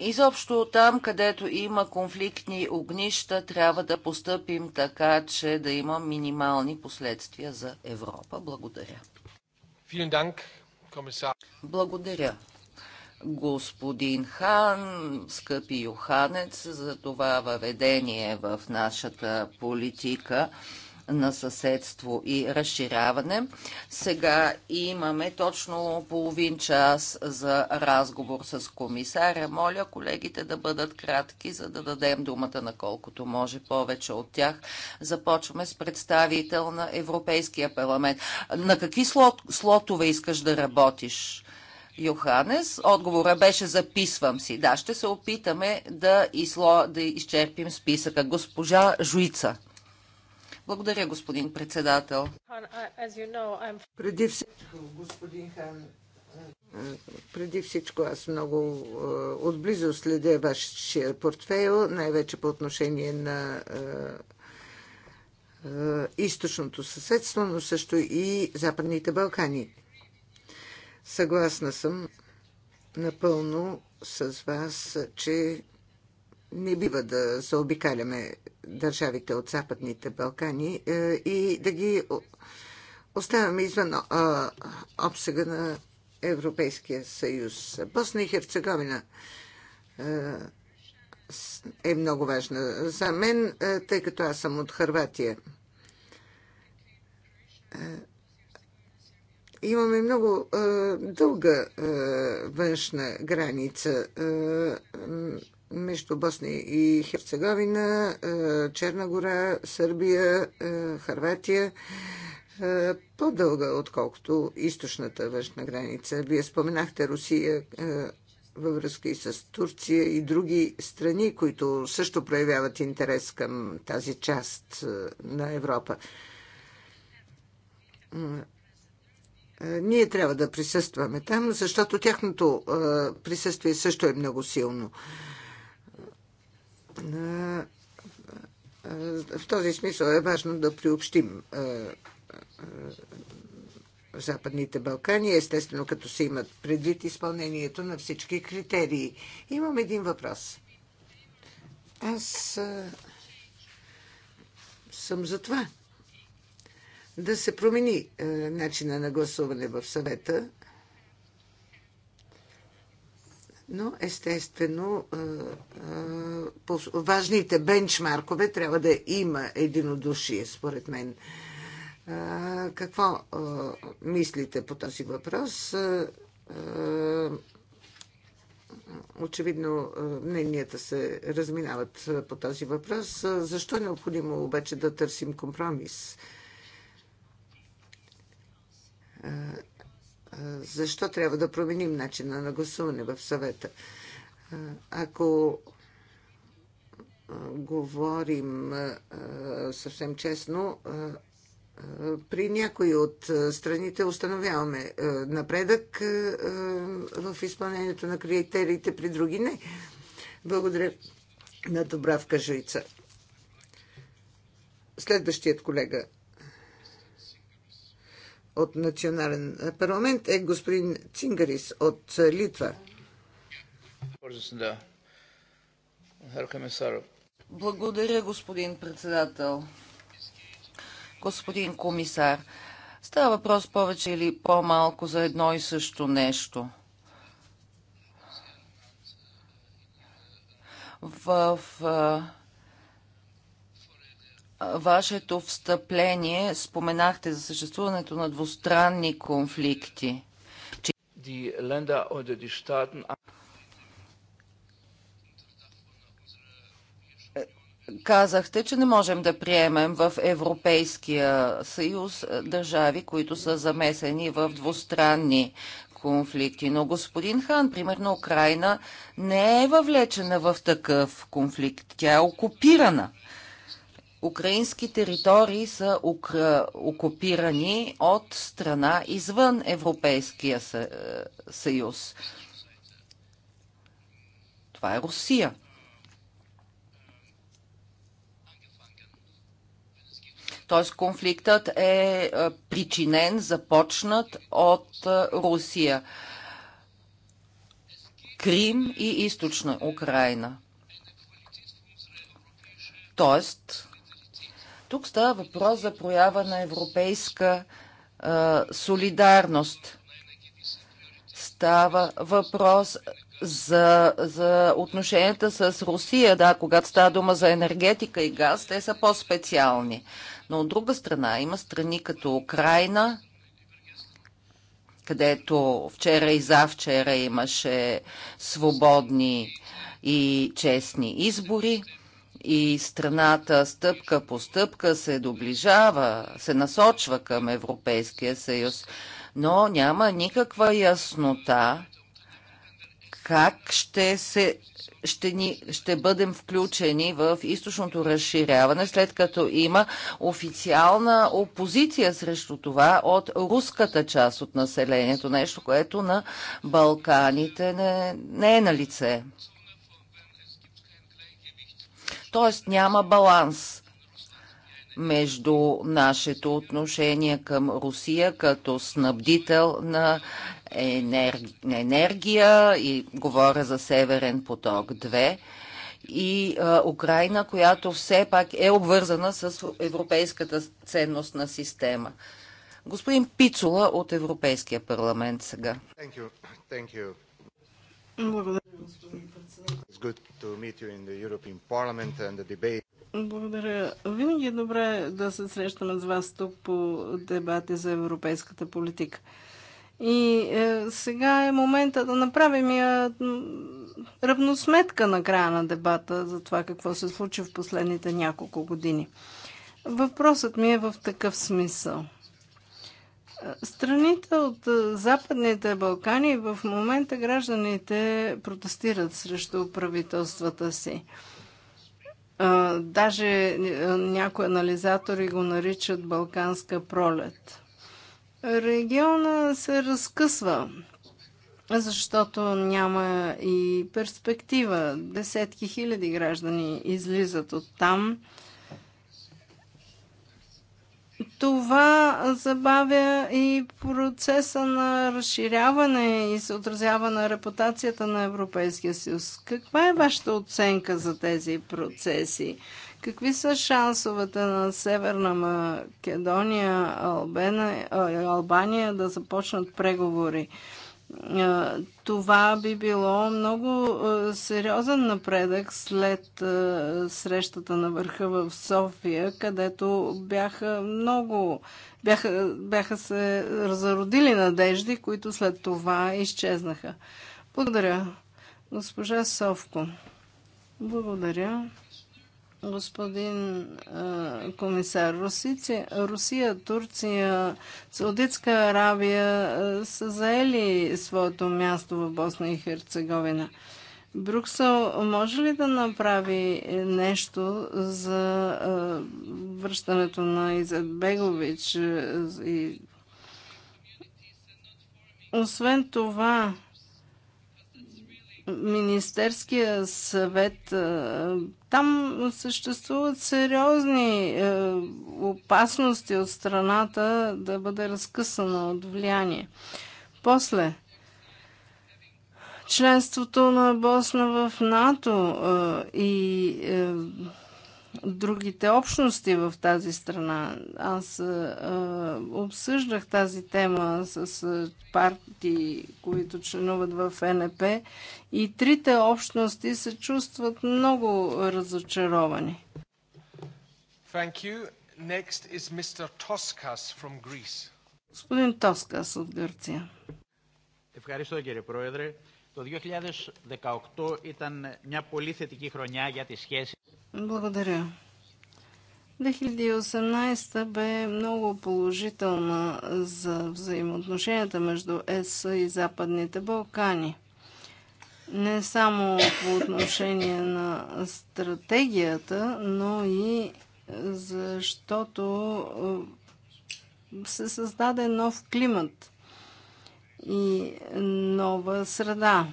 Изобщо там, където има конфликтни огнища, трябва да постъпим така, че да има минимални последствия за Европа. Благодаря. Благодаря, господин Хан, скъпи Йоханец, за това въведение в нашата политика на съседство и разширяване. Сега имаме точно половин час за разговор с комисаря. Моля колегите да бъдат кратки, за да дадем думата на колкото може повече от тях. Започваме с представител на Европейския парламент. На какви слот, слотове искаш да работиш? Йоханес. Отговора беше записвам си. Да, ще се опитаме да, изло, да изчерпим списъка. Госпожа Жуица. Благодаря, господин председател. Преди всичко, господин Хан, преди всичко аз много отблизо следя вашия портфейл, най-вече по отношение на източното съседство, но също и Западните Балкани. Съгласна съм напълно с вас, че не бива да заобикаляме държавите от Западните Балкани е, и да ги оставяме извън обсега на Европейския съюз. Босна и Херцеговина е, е много важна за мен, е, тъй като аз съм от Харватия имаме много а, е, дълга а, е, външна граница а, е, между Босния и Херцеговина, а, Черна гора, Сърбия, а, Харватия. по-дълга, отколкото източната външна граница. Вие споменахте Русия. А, във връзка и с Турция и други страни, които също проявяват интерес към тази част на Европа. Е, ние трябва да присъстваме там, защото тяхното е, присъствие също е много силно. Е, в този смисъл е важно да приобщим Западните Балкани, естествено като се имат предвид изпълнението на всички критерии. Имам един въпрос. Аз съм за това да се промени е, начина на гласуване в съвета. Но естествено, е, е, важните бенчмаркове трябва да има единодушие, според мен. Е, какво е, мислите по този въпрос? Е, очевидно мненията се разминават по този въпрос. Защо е необходимо обаче да търсим компромис? защо трябва да променим начина на гласуване в съвета. Ако говорим съвсем честно, при някои от страните установяваме напредък в изпълнението на критериите, при други не. Благодаря на добра Жуица. Следващият колега от национален парламент е господин Цингарис от Литва. Благодаря, господин председател. Господин комисар, става въпрос повече или по-малко за едно и също нещо. В вашето встъпление споменахте за съществуването на двустранни конфликти. Казахте, че не можем да приемем в Европейския съюз е, държави, които са замесени в двустранни конфликти. Но господин Хан, примерно Украина, не е въвлечена в такъв конфликт. Тя е окупирана украински територии са е, окупирани от страна извън Европейския е, съюз. Това е Русия. Т.е. конфликтът е, е причинен, започнат от Русия. Крим и източна Украина. Тоест, тук става въпрос за проява на европейска а, солидарност. Става въпрос за, за отношенията с Русия, да, когато става дума за енергетика и газ, те са по-специални. Но от друга страна има страни като Украина, където вчера и завчера имаше свободни и честни избори и страната стъпка по стъпка се доближава, се насочва към Европейския съюз, но няма никаква яснота как ще, се, ще, ни, ще бъдем включени в източното разширяване, след като има официална опозиция срещу това от руската част от населението, нещо, което на Балканите не, не е на лице. Т.е. няма баланс между нашето отношение към Русия като снабдител на енергия и говоря за Северен поток 2 и а, Украина, която все пак е обвързана с европейската ценностна система. Господин Пицула от Европейския парламент сега. Thank you. Thank you. Благодаря, председател. Благодаря. Винаги е добре да се срещаме с вас тук по дебати за европейската политика. И е, сега е момента да направим я е, равносметка на края на дебата за това какво се случи в последните няколко години. Въпросът ми е в такъв смисъл – Страните от е, Западните Балкани в момента гражданите протестират срещу правителствата си. Е, даже е, някои анализатори го наричат Балканска пролет. Региона се разкъсва, защото няма и перспектива. Десетки хиляди граждани излизат от там – това забавя и процеса на разширяване и се отразява на репутацията на Европейския съюз. Каква е вашата оценка за тези процеси? Какви са шансовете на Северна Македония, Албена, Албания да започнат преговори? Това би било много сериозен напредък след срещата на върха в София, където бяха много. Бяха, бяха се разродили надежди, които след това изчезнаха. Благодаря, госпожа Совко. Благодаря господин комисар. Русия, Турция, Саудитска Аравия са заели своето място в Босна и Херцеговина. Брюксел може ли да направи нещо за връщането на Бегович и освен това, Министерския съвет. Там съществуват сериозни опасности от страната да бъде разкъсана от влияние. После, членството на Босна в НАТО и другите общности в тази страна. Аз а, обсъждах тази тема с с партии, които членуват в НП и трите общности се чувстват много разочаровани. Thank you. Next is Mr. Toskas from Greece. Господин Тоскас от Гърция. Ευχαριστώ κύριε Πρόεδρε. Το 2018 ήταν μια πολύ θετική χρονιά για τις σχέσεις. Благодаря. 2018 бе много положителна за взаимоотношенията между ЕС и Западните Балкани. Не само по отношение на стратегията, но и защото е, се създаде нов климат и нова среда.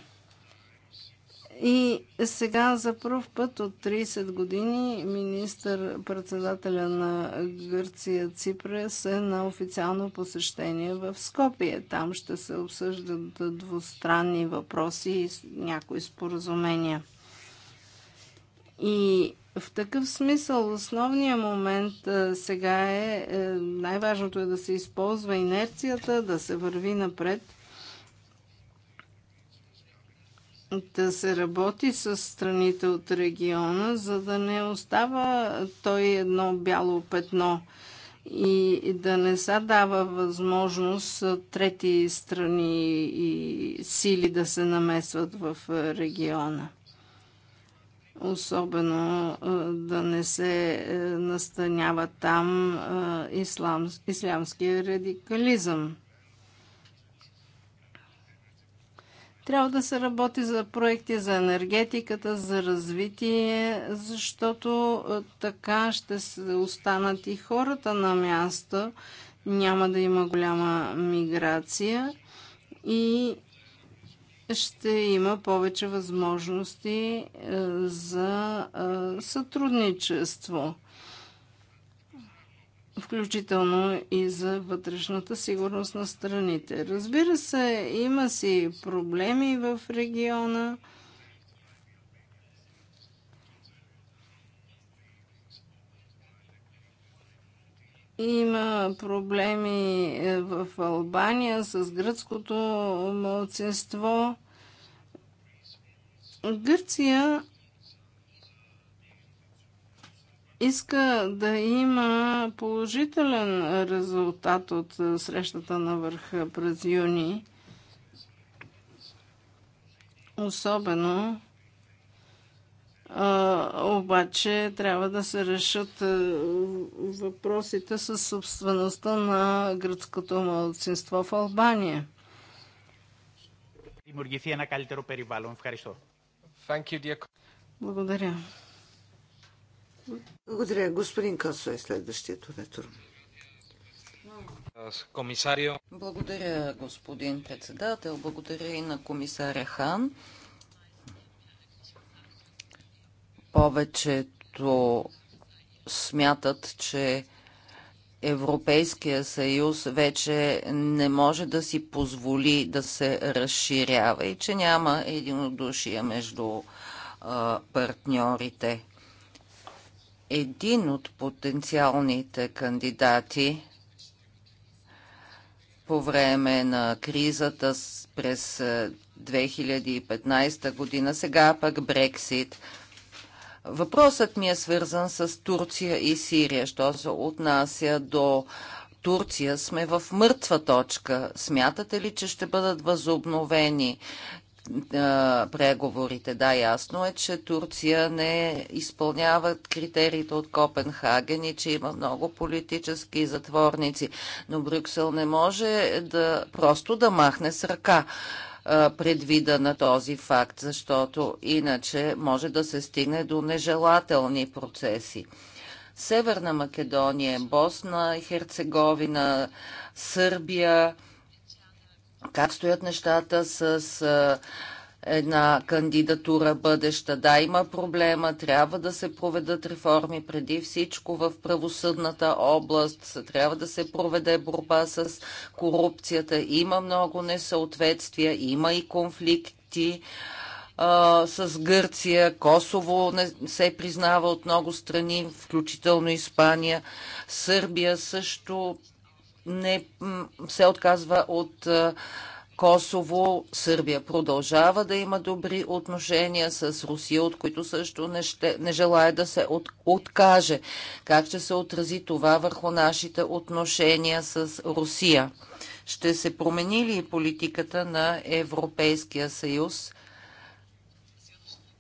И сега за първ път от 30 години министър-председателя на Гърция Ципрес е на официално посещение в Скопие. Там ще се обсъждат двустранни въпроси и някои споразумения. И в такъв смисъл основният момент сега е, е, най-важното е да се използва инерцията, да се върви напред – да се работи с страните от региона, за да не остава той едно бяло петно и да не се дава възможност трети страни и сили да се намесват в региона. Особено е, да не се е, настанява там е, ислам, ислямския радикализъм. Трябва да се работи за проекти за енергетиката, за развитие, защото е, така ще останат и хората на място. Няма да има голяма миграция и ще има повече възможности е, за е, сътрудничество включително и за вътрешната сигурност на страните. Разбира се, има си проблеми в региона. Има проблеми е, в Албания с гръцкото младсинство. Гърция иска да има положителен резултат от е, срещата на върха през юни, особено обаче трябва да се решат е, въпросите с собствеността на гръцкото младсинство в Албания. Благодаря. Благодаря. Господин Косо е следващият оратор. Комисарио. Благодаря, господин председател. Благодаря и на комисаря Хан. Повечето смятат, че Европейския съюз вече не може да си позволи да се разширява и че няма единодушие между партньорите един от потенциалните кандидати по време на кризата през 2015 е, година, сега пък Брексит. Въпросът ми е свързан с Турция и Сирия. Що се отнася до Турция, сме в мъртва точка. Смятате ли, че ще бъдат възобновени преговорите. Да, ясно е, че Турция не изпълняват критериите от Копенхаген и че има много политически затворници. Но Брюксел не може да просто да махне с ръка предвида на този факт, защото иначе може да се стигне до нежелателни процеси. Северна Македония, Босна и Херцеговина, Сърбия – как стоят нещата с една кандидатура бъдеща. Да, има проблема, трябва да се проведат реформи преди всичко в правосъдната област, трябва да се проведе борба с корупцията. Има много несъответствия, има и конфликти а, с Гърция, Косово не се признава от много страни, включително Испания, Сърбия също не се отказва от Косово, Сърбия продължава да има добри отношения с Русия, от които също не, ще, не желая да се от, откаже. Как ще се отрази това върху нашите отношения с Русия? Ще се промени ли политиката на Европейския съюз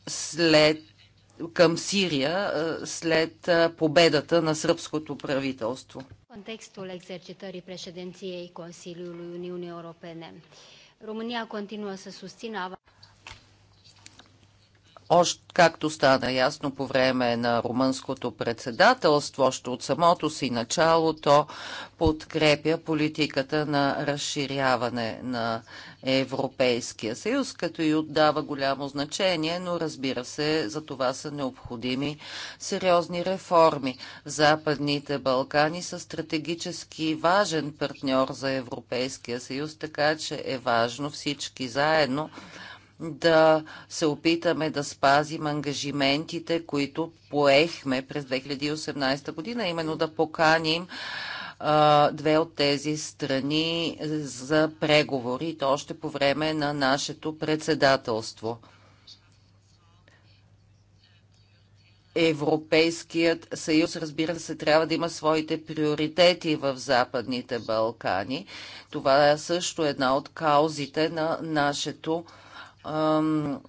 след, към Сирия след победата на сръбското правителство? contextul exercitării președinției Consiliului Uniunii Europene. Румъния continuă се сустинава. Още както стана ясно по време на румънското председателство, още от самото си начало то подкрепя политиката на разширяване на Европейския съюз, като и отдава голямо значение, но разбира се, за това са необходими сериозни реформи. Западните Балкани са стратегически важен партньор за Европейския съюз, така че е важно всички заедно да се опитаме да спазим ангажиментите, които поехме през 2018 година, именно да поканим две от тези страни за преговори, то още по време на нашето председателство. Европейският съюз, разбира се, трябва да има своите приоритети в Западните Балкани. Това е също една от каузите на нашето ам,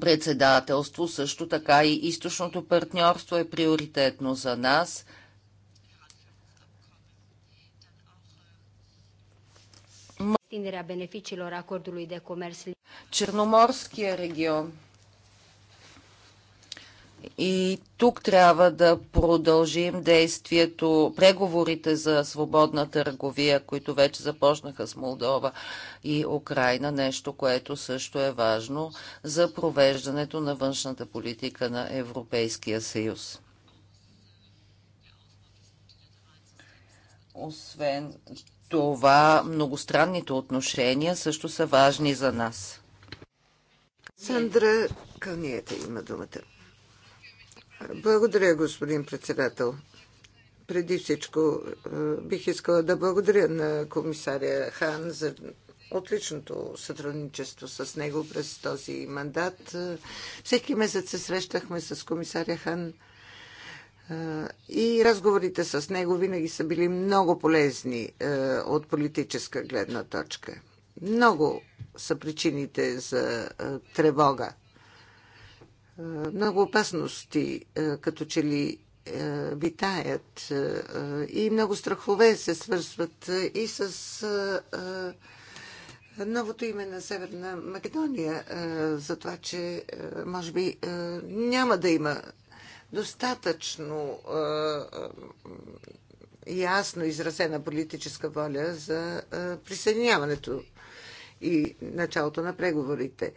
председателство. Също така и източното партньорство е приоритетно за нас – extinderea beneficiilor acordului de comerț. Черноморския регион. И тук трябва да продължим действието, преговорите за свободна търговия, които вече започнаха с Молдова и Украина, нещо, което също е важно за провеждането на външната политика на Европейския съюз. Освен това многостранните отношения също са важни за нас. Сандра Кълниета има думата. Благодаря, господин председател. Преди всичко е, бих искала да благодаря на комисаря Хан за отличното сътрудничество с него през този мандат. Е, всеки месец се срещахме с комисаря Хан и разговорите с него винаги са били много полезни от политическа гледна точка. Много са причините за тревога. Много опасности като че ли витаят и много страхове се свързват и с новото име на Северна Македония, за това, че може би няма да има достатъчно ясно изразена политическа воля за присъединяването и началото на преговорите.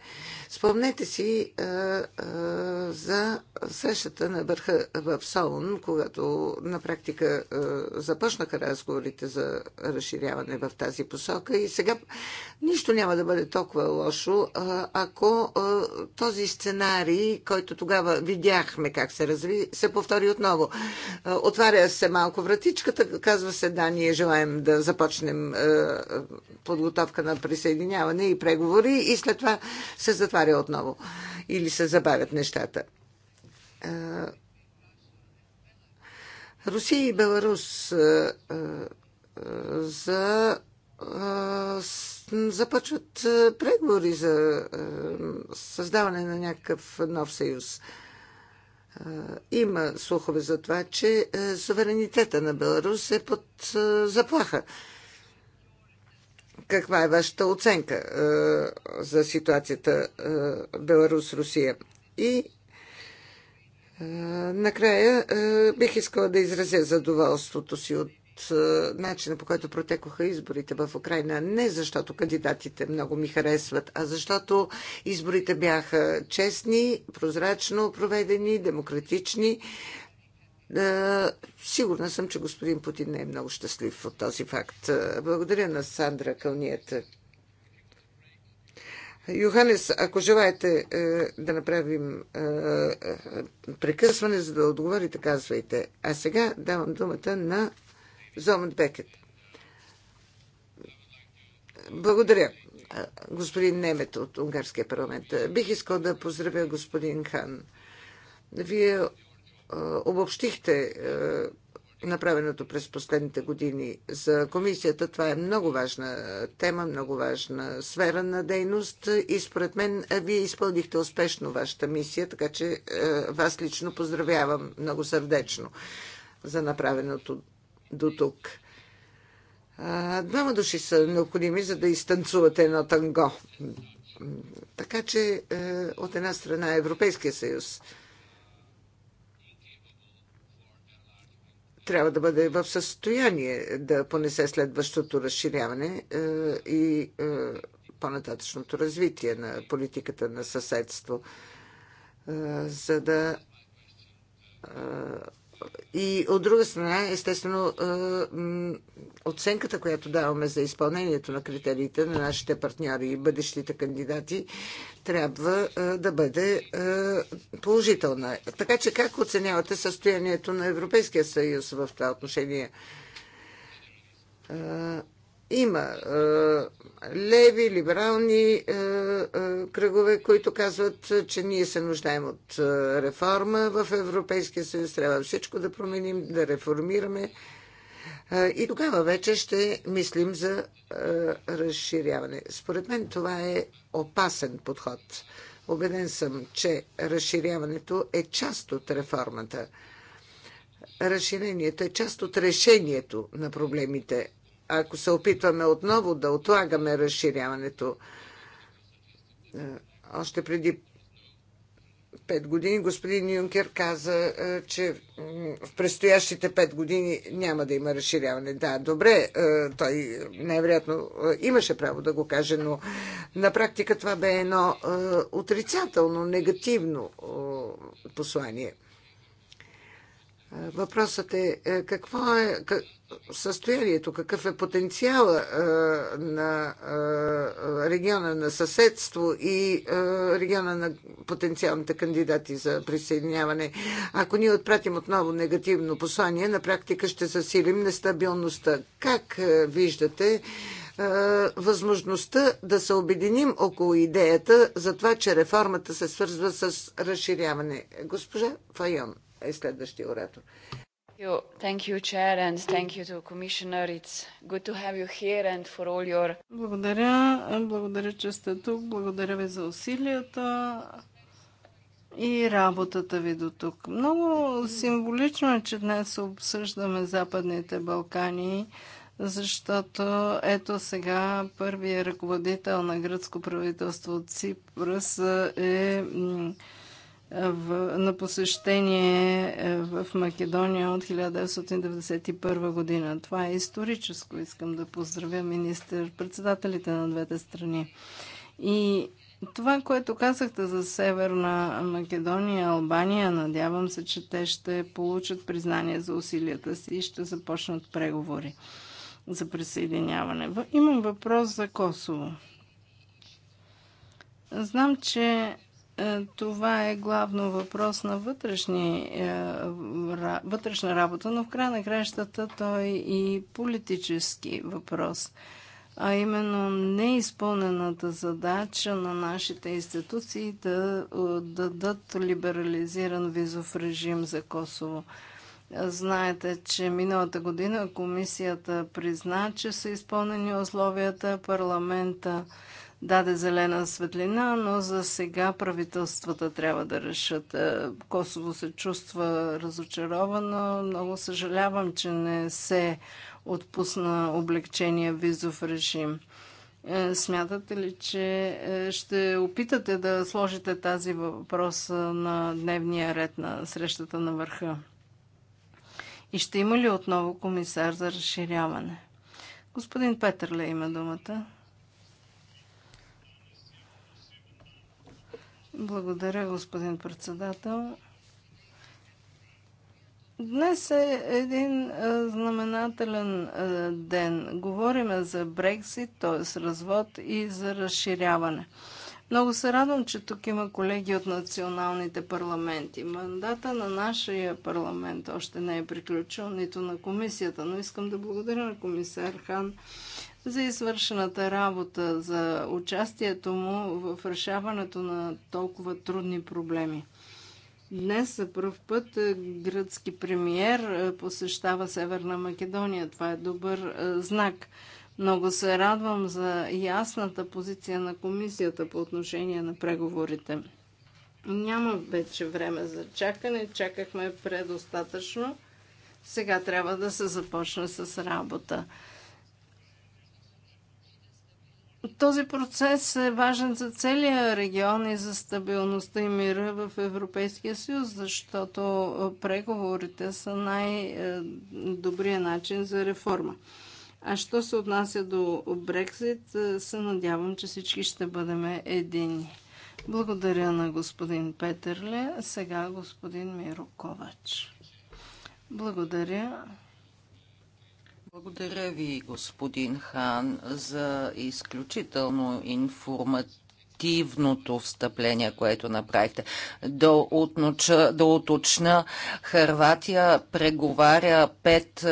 Спомнете си а, е, а, е, за срещата на върха в Солун, когато на практика а, е, започнаха разговорите за разширяване в тази посока и сега нищо няма да бъде толкова лошо, а, ако а, този сценарий, който тогава видяхме как се разви, се повтори отново. А, отваря се малко вратичката, казва се да, ние желаем да започнем а, подготовка на присъединяване обединяване и преговори и след това се затваря отново или се забавят нещата. Русия и Беларус за започват преговори за създаване на някакъв нов съюз. Има слухове за това, че суверенитета на Беларус е под заплаха каква е вашата оценка е, за ситуацията е, Беларус-Русия? И е, накрая е, бих искала да изразя задоволството си от е, начина по който протекоха изборите в Украина. Не защото кандидатите много ми харесват, а защото изборите бяха честни, прозрачно проведени, демократични. Е, е, сигурна съм, че господин Путин не е много щастлив от този факт. Е, благодаря на Сандра Кълнията. Йоханес, ако желаете е, да направим е, е, прекъсване, за да отговорите, казвайте. А сега давам думата на Зомът Бекет. Благодаря, е, господин Немет от Унгарския парламент. Бих искал да поздравя господин Хан. Вие е, обобщихте е, направеното през последните години. За комисията това е много важна тема, много важна сфера на дейност и според мен е, вие изпълнихте успешно вашата мисия, така че вас лично поздравявам много сърдечно за направеното до тук. Двама души са необходими, за да изтанцувате едно танго. Така че от една страна Европейския съюз – трябва да бъде в състояние да понесе следващото разширяване е, и е, по-нататъчното развитие на политиката на съседство, е, за да и от друга страна, естествено, е, оценката, която даваме за изпълнението на критериите на нашите партньори и бъдещите кандидати, трябва е, да бъде е, положителна. Така че как оценявате състоянието на Европейския съюз в това отношение? Има е, леви, либерални е, е, кръгове, които казват, че ние се нуждаем от е, реформа в Европейския съюз. Трябва всичко да променим, да реформираме. Е, и тогава вече ще мислим за е, разширяване. Според мен това е опасен подход. Обеден съм, че разширяването е част от реформата. Разширението е част от решението на проблемите ако се опитваме отново да отлагаме разширяването, е, още преди пет години господин Юнкер каза, е, че в предстоящите пет години няма да има разширяване. Да, добре, е, той най-вероятно имаше право да го каже, но на практика това бе едно отрицателно, негативно послание – Въпросът е, е какво е състоянието, какъв е потенциала е, на е, региона на съседство и региона на потенциалните кандидати за присъединяване. Ако ние отпратим отново негативно послание, на практика ще засилим нестабилността. Как виждате? възможността да се обединим около идеята за това, че реформата се свързва с разширяване. Госпожа Файон е следващия оратор. Благодаря, благодаря, че сте тук, благодаря ви за усилията и работата ви до тук. Много символично е, че днес обсъждаме Западните Балкани, защото ето сега първият ръководител на гръцко правителство от Ципръс е в, на посещение е, в Македония от 1991 година. Това е историческо. Искам да поздравя министър-председателите на двете страни. И това, което казахте за Северна Македония и Албания, надявам се, че те ще получат признание за усилията си и ще започнат преговори за присъединяване. Имам въпрос за Косово. Знам, че е, това е главно въпрос на вътрешни, е, вътрешна работа, но в края на кращата той е и политически въпрос. А именно неизпълнената задача на нашите институции е, да дадат либерализиран визов режим за Косово. Знаете, че миналата година комисията призна, че са изпълнени условията, парламента даде зелена светлина, но за сега правителствата трябва да решат. Е, Косово се чувства разочаровано. Много съжалявам, че не се отпусна облегчения визов режим. Е, смятате ли, че е, ще опитате да сложите тази въпрос на дневния ред на срещата на върха? И ще има ли отново комисар за разширяване? Господин Петърле има думата. Благодаря, господин председател. Днес е един е, знаменателен е, ден. Говориме за Брексит, т.е. развод и за разширяване. Много се радвам, че тук има колеги от националните парламенти. Мандата на нашия парламент още не е приключил, нито на комисията, но искам да благодаря на комисар Хан за извършената работа, за участието му в решаването на толкова трудни проблеми. Днес за първ път е, гръцки премиер е, посещава Северна Македония. Това е добър е, знак. Много се радвам за ясната позиция на комисията по отношение на преговорите. Няма вече време за чакане. Чакахме предостатъчно. Сега трябва да се започне с работа. Този процес е важен за целия регион и за стабилността и мира в Европейския съюз, защото преговорите са най-добрият начин за реформа. А що се отнася до Брексит, се надявам, че всички ще бъдем едини. Благодаря на господин Петърле. Сега господин Миро Ковач. Благодаря. Благодаря ви, господин Хан, за изключително информативно активното встъпление, което направихте. Да, отноча, да уточна, Харватия преговаря 5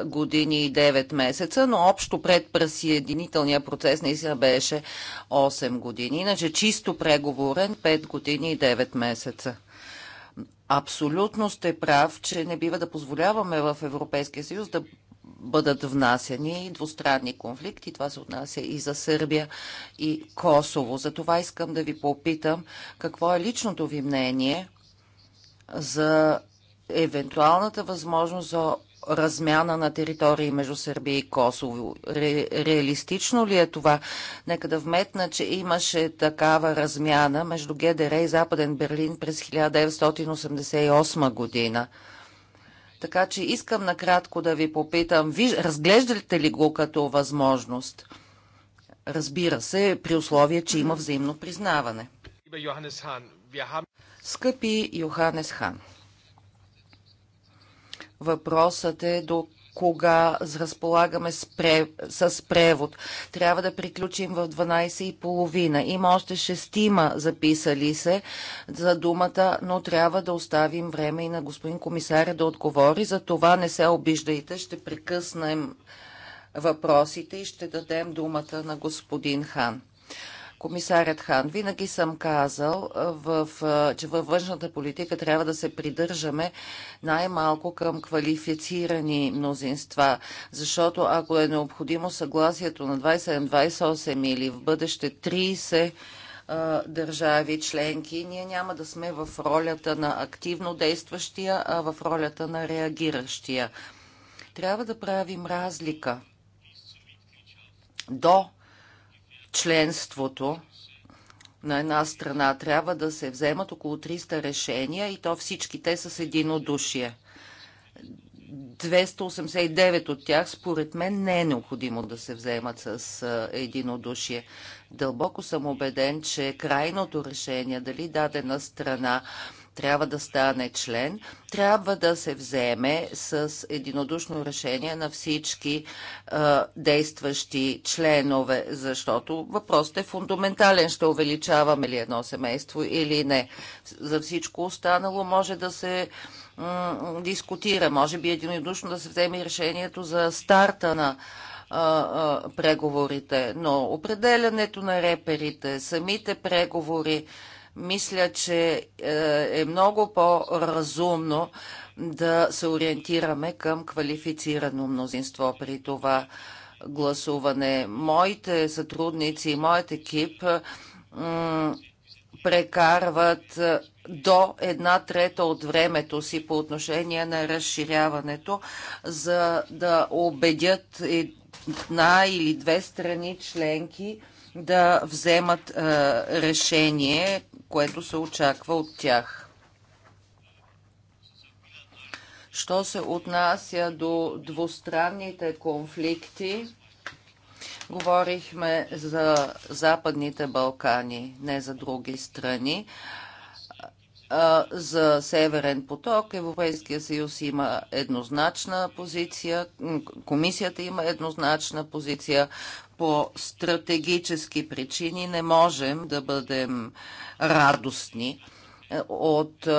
е, години и 9 месеца, но общо пред пресъединителния процес не се беше 8 години. Иначе чисто преговорен 5 години и 9 месеца. Абсолютно сте прав, че не бива да позволяваме в Европейския съюз да бъдат внасяни двустранни конфликти. Това се отнася и за Сърбия и Косово. За това искам да ви попитам какво е личното ви мнение за евентуалната възможност за размяна на територии между Сърбия и Косово. Ре, реалистично ли е това? Нека да вметна, че имаше такава размяна между ГДР и Западен Берлин през 1988 година. Така че искам накратко да ви попитам, ви разглеждате ли го като възможност? Разбира се, при условие, че има взаимно признаване. Скъпи Йоханес Хан, въпросът е до кога разполагаме с, пре, с превод. Трябва да приключим в 12.30. Има още шестима записали се за думата, но трябва да оставим време и на господин комисаря да отговори. За това не се обиждайте, ще прекъснем въпросите и ще дадем думата на господин Хан комисарят Хан. Винаги съм казал, в, че във външната политика трябва да се придържаме най-малко към квалифицирани мнозинства, защото ако е необходимо съгласието на 27, 28 или в бъдеще 30 държави членки, ние няма да сме в ролята на активно действащия, а в ролята на реагиращия. Трябва да правим разлика до членството на една страна. Трябва да се вземат около 300 решения и то всички те с единодушие. 289 от тях, според мен, не е необходимо да се вземат с единодушие. Дълбоко съм убеден, че крайното решение, дали дадена страна трябва да стане член, трябва да се вземе с единодушно решение на всички а, е, действащи членове, защото въпросът е фундаментален. Ще увеличаваме ли едно семейство или не. За всичко останало може да се дискутира. Може би единодушно да се вземе решението за старта на преговорите, но определянето на реперите, самите преговори, мисля, че е, е много по-разумно да се ориентираме към квалифицирано мнозинство при това гласуване. Моите сътрудници и моят екип прекарват е, до една трета от времето си по отношение на разширяването, за да убедят една или две страни членки, да вземат решение, което се очаква от тях. Що се отнася до двустранните конфликти, говорихме за Западните Балкани, не за други страни. за Северен поток Европейския съюз има еднозначна позиция, комисията има еднозначна позиция, по стратегически причини не можем да бъдем радостни е, от е,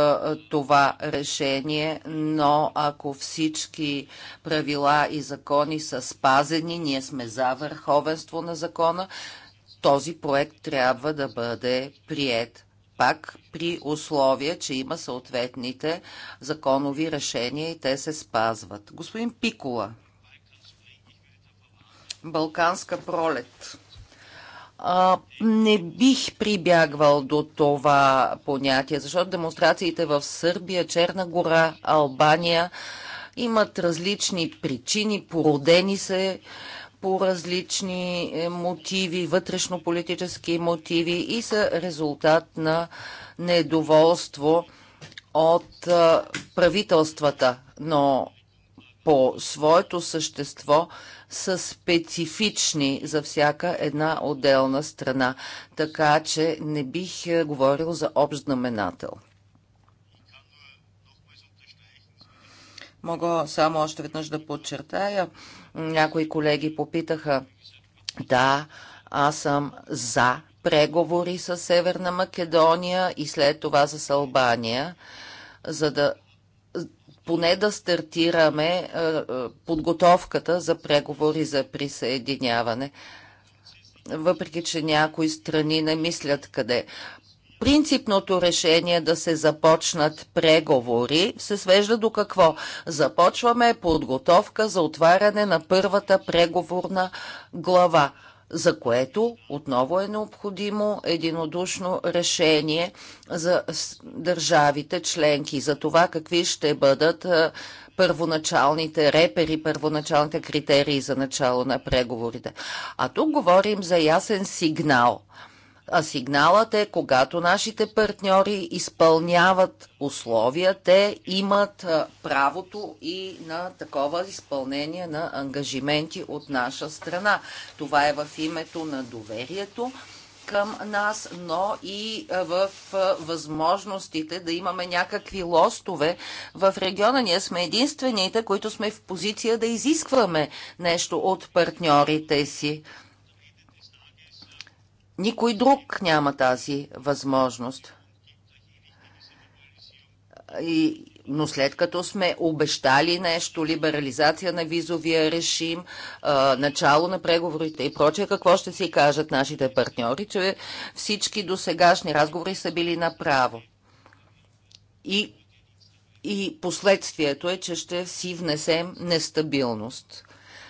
това решение, но ако всички правила и закони са спазени, ние сме за върховенство на закона, този проект трябва да бъде прият пак при условие, че има съответните законови решения и те се спазват. Господин Пикола. Балканска пролет. А, не бих прибягвал до това понятие, защото демонстрациите в Сърбия, Черна гора, Албания имат различни причини, породени се по различни е, мотиви, вътрешно-политически мотиви и са резултат на недоволство от е, правителствата. Но по своето същество са специфични за всяка една отделна страна, така че не бих е, говорил за общ знаменател. Мога само още веднъж да подчертая. Някои колеги попитаха, да, аз съм за преговори с Северна Македония и след това с Албания, за да поне да стартираме е, е, подготовката за преговори за присъединяване, въпреки че някои страни не мислят къде. Принципното решение да се започнат преговори се свежда до какво? Започваме подготовка за отваряне на първата преговорна глава за което отново е необходимо единодушно решение за държавите членки, за това какви ще бъдат първоначалните репери, първоначалните критерии за начало на преговорите. А тук говорим за ясен сигнал – а сигналът е, когато нашите партньори изпълняват условия, те имат правото и на такова изпълнение на ангажименти от наша страна. Това е в името на доверието към нас, но и в възможностите да имаме някакви лостове в региона. Ние сме единствените, които сме в позиция да изискваме нещо от партньорите си. Никой друг няма тази възможност. И, но след като сме обещали нещо, либерализация на визовия режим, а, начало на преговорите и прочее, какво ще си кажат нашите партньори, че всички досегашни разговори са били направо. И, и последствието е, че ще си внесем нестабилност.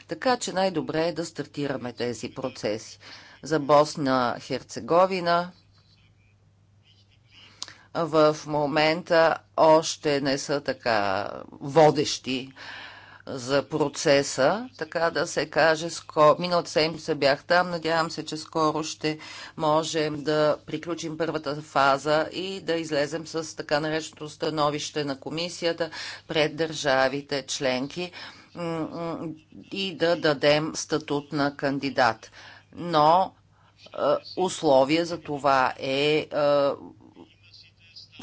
Така че най-добре е да стартираме тези процеси за Босна Херцеговина. В момента още не са така водещи за процеса, така да се каже. Скоро, миналата седмица бях там. Надявам се, че скоро ще можем да приключим първата фаза и да излезем с така нареченото становище на комисията пред държавите членки и да дадем статут на кандидат но е, условие за това е, е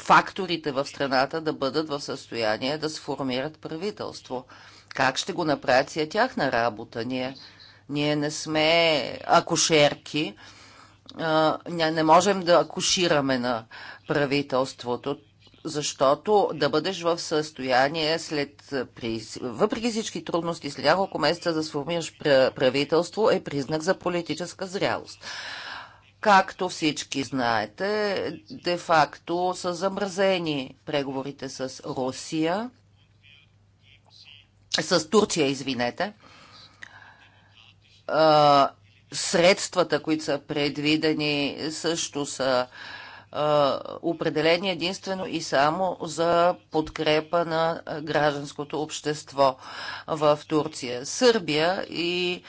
факторите в страната да бъдат в състояние да сформират правителство. Как ще го направят си е тяхна работа. Ние, ние не сме акушерки, е, не можем да акушираме на правителството защото да бъдеш в състояние след, при, въпреки всички трудности, след няколко месеца да сформираш правителство е признак за политическа зрялост. Както всички знаете, де-факто са замразени преговорите с Русия, с Турция, извинете. Средствата, които са предвидени, също са определени единствено и само за подкрепа на гражданското общество в Турция. Сърбия и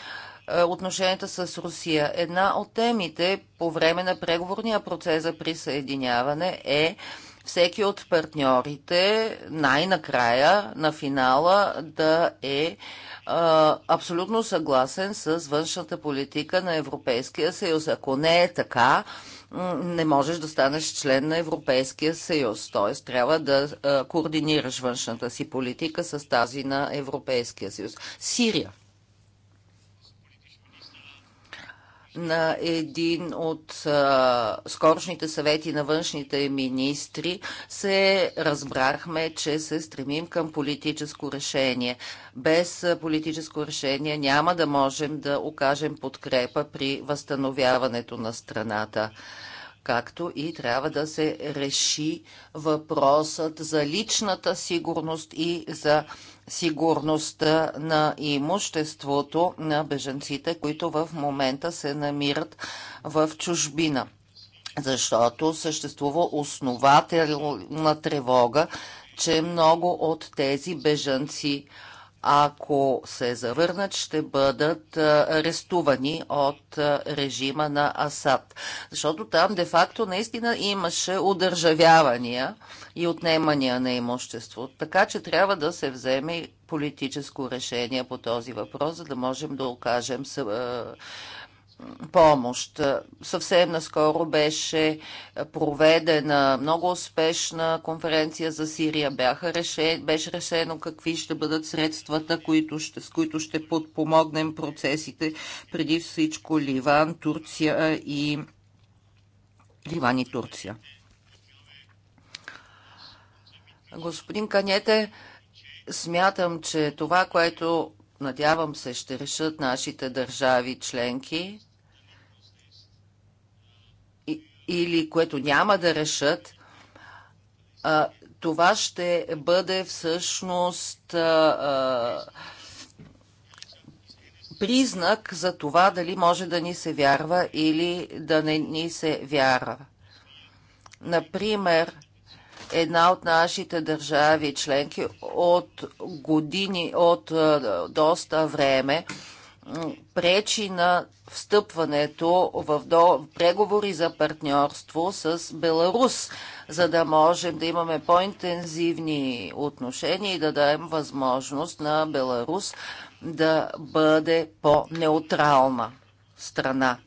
отношенията с Русия. Една от темите по време на преговорния процес за присъединяване е всеки от партньорите най-накрая на финала да е а, абсолютно съгласен с външната политика на Европейския съюз. Ако не е така, не можеш да станеш член на Европейския съюз. Т.е. трябва да координираш външната си политика с тази на Европейския съюз. Сирия. на един от а, скорошните съвети на външните министри се разбрахме, че се стремим към политическо решение. Без политическо решение няма да можем да окажем подкрепа при възстановяването на страната както и трябва да се реши въпросът за личната сигурност и за сигурността на имуществото на беженците, които в момента се намират в чужбина. Защото съществува основателна тревога, че много от тези бежанци ако се завърнат, ще бъдат арестувани от режима на Асад. Защото там де-факто наистина имаше удържавявания и отнемания на имущество. Така че трябва да се вземе политическо решение по този въпрос, за да можем да окажем помощ. Съвсем наскоро беше проведена много успешна конференция за Сирия. Бяха решен, беше решено какви ще бъдат средствата, които ще, с които ще подпомогнем процесите, преди всичко Ливан, Турция и Ливан и Турция. Господин Канете, смятам, че това, което надявам се ще решат нашите държави членки, или което няма да решат, това ще бъде всъщност признак за това дали може да ни се вярва или да не ни се вярва. Например, една от нашите държави членки от години, от доста време, пречи на встъпването в до... преговори за партньорство с Беларус, за да можем да имаме по-интензивни отношения и да дадем възможност на Беларус да бъде по-неутрална страна.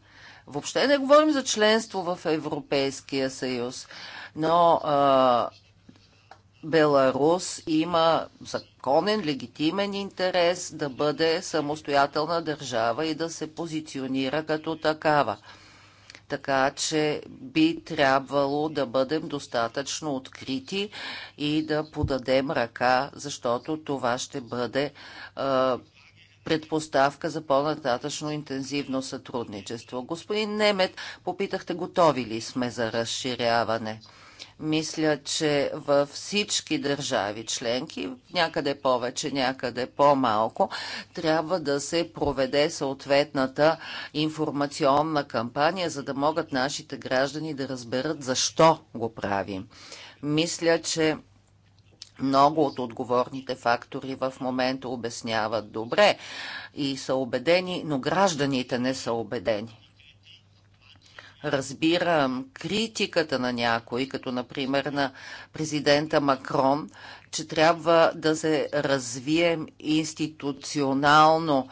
Въобще не говорим за членство в Европейския съюз, но а, Беларус има за законен, легитимен интерес да бъде самостоятелна държава и да се позиционира като такава. Така че би трябвало да бъдем достатъчно открити и да подадем ръка, защото това ще бъде предпоставка за по-нататъчно интензивно сътрудничество. Господин Немет, попитахте готови ли сме за разширяване. Мисля, че във всички държави членки, някъде повече, някъде по-малко, трябва да се проведе съответната информационна кампания, за да могат нашите граждани да разберат защо го правим. Мисля, че много от отговорните фактори в момента обясняват добре и са убедени, но гражданите не са убедени разбирам критиката на някой, като например на президента Макрон, че трябва да се развием институционално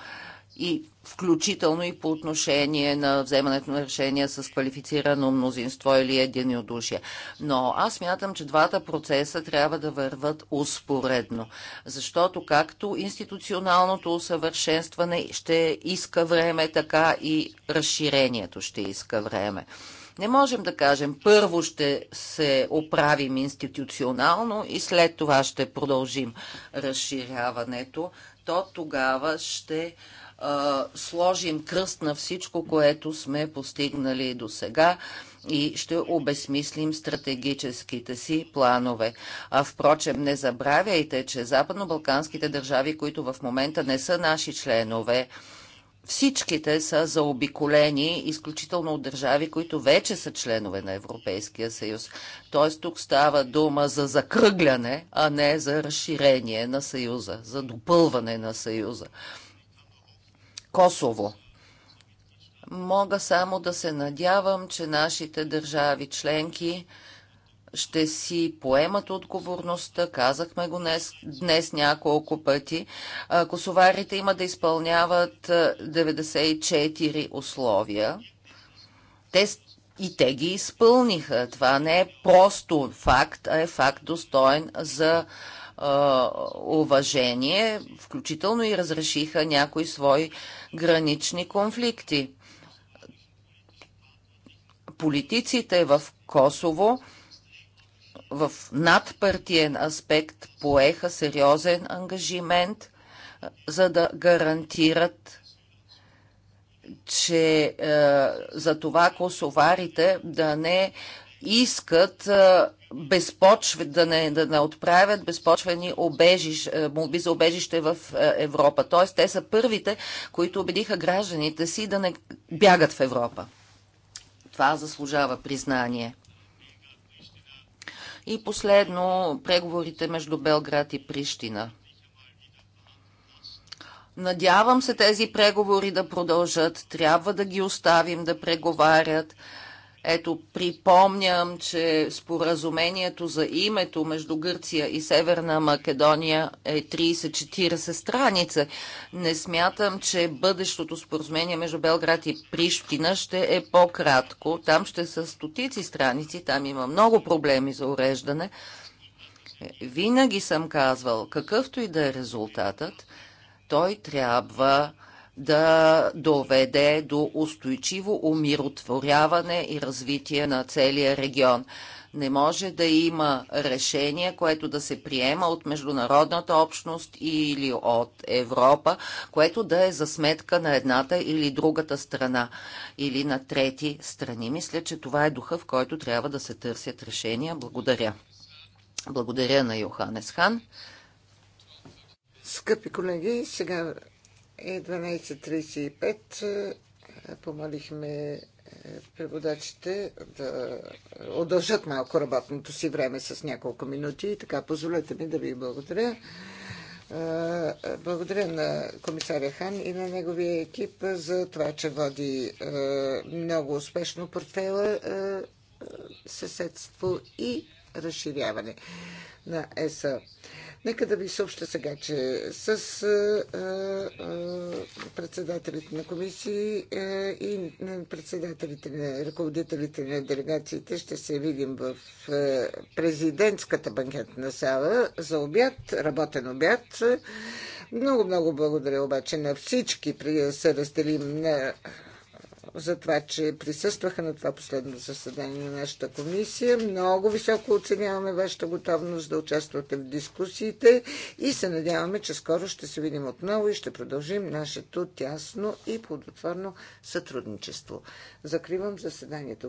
и включително и по отношение на вземането на решения с квалифицирано мнозинство или единодушие. Но аз мятам, че двата процеса трябва да върват успоредно, защото както институционалното усъвършенстване ще иска време, така и разширението ще иска време. Не можем да кажем първо ще се оправим институционално и след това ще продължим разширяването. То тогава ще а, сложим кръст на всичко, което сме постигнали до сега и ще обесмислим стратегическите си планове. А впрочем, не забравяйте, че западно-балканските държави, които в момента не са наши членове, Всичките са заобиколени изключително от държави, които вече са членове на Европейския съюз. Т.е. тук става дума за закръгляне, а не за разширение на съюза, за допълване на съюза. Косово. Мога само да се надявам, че нашите държави членки ще си поемат отговорността. Казахме го днес, днес няколко пъти. Косоварите има да изпълняват 94 условия. Те и те ги изпълниха. Това не е просто факт, а е факт достоен за уважение, включително и разрешиха някои свои гранични конфликти. Политиците в Косово в надпартиен аспект поеха сериозен ангажимент, за да гарантират, че е, за това косоварите да не искат безпочв... да, не, да не отправят безпочвени обежиш... Е, молби за обежище в е, Европа. Тоест, те са първите, които убедиха гражданите си да не бягат в Европа. Това заслужава признание. И последно, преговорите между Белград и Прищина. Надявам се тези преговори да продължат. Трябва да ги оставим да преговарят ето, припомням, че споразумението за името между Гърция и Северна Македония е 30-40 страница. Не смятам, че бъдещото споразумение между Белград и Прищина ще е по-кратко. Там ще са стотици страници, там има много проблеми за уреждане. Винаги съм казвал, какъвто и да е резултатът, той трябва да доведе до устойчиво умиротворяване и развитие на целия регион. Не може да има решение, което да се приема от международната общност или от Европа, което да е за сметка на едната или другата страна или на трети страни. Мисля, че това е духа, в който трябва да се търсят решения. Благодаря. Благодаря на Йоханес Хан. Скъпи колеги, сега е 12.35. Е, помолихме е, преводачите да удължат малко работното си време с няколко минути. И така, позволете ми да ви благодаря. Е, благодаря на комисаря Хан и на неговия екип за това, че води много успешно портфела съседство и разширяване на ЕС. Нека да ви съобща сега, че с а, е, а, е, е, председателите на комисии а, и председателите на ръководителите на делегациите ще се видим в а, президентската банкетна сала за обяд, работен обяд. Много, много благодаря обаче на всички, преди да се разделим на за това, че присъстваха на това последно заседание на нашата комисия. Много високо оценяваме вашата готовност да участвате в дискусиите и се надяваме, че скоро ще се видим отново и ще продължим нашето тясно и плодотворно сътрудничество. Закривам заседанието.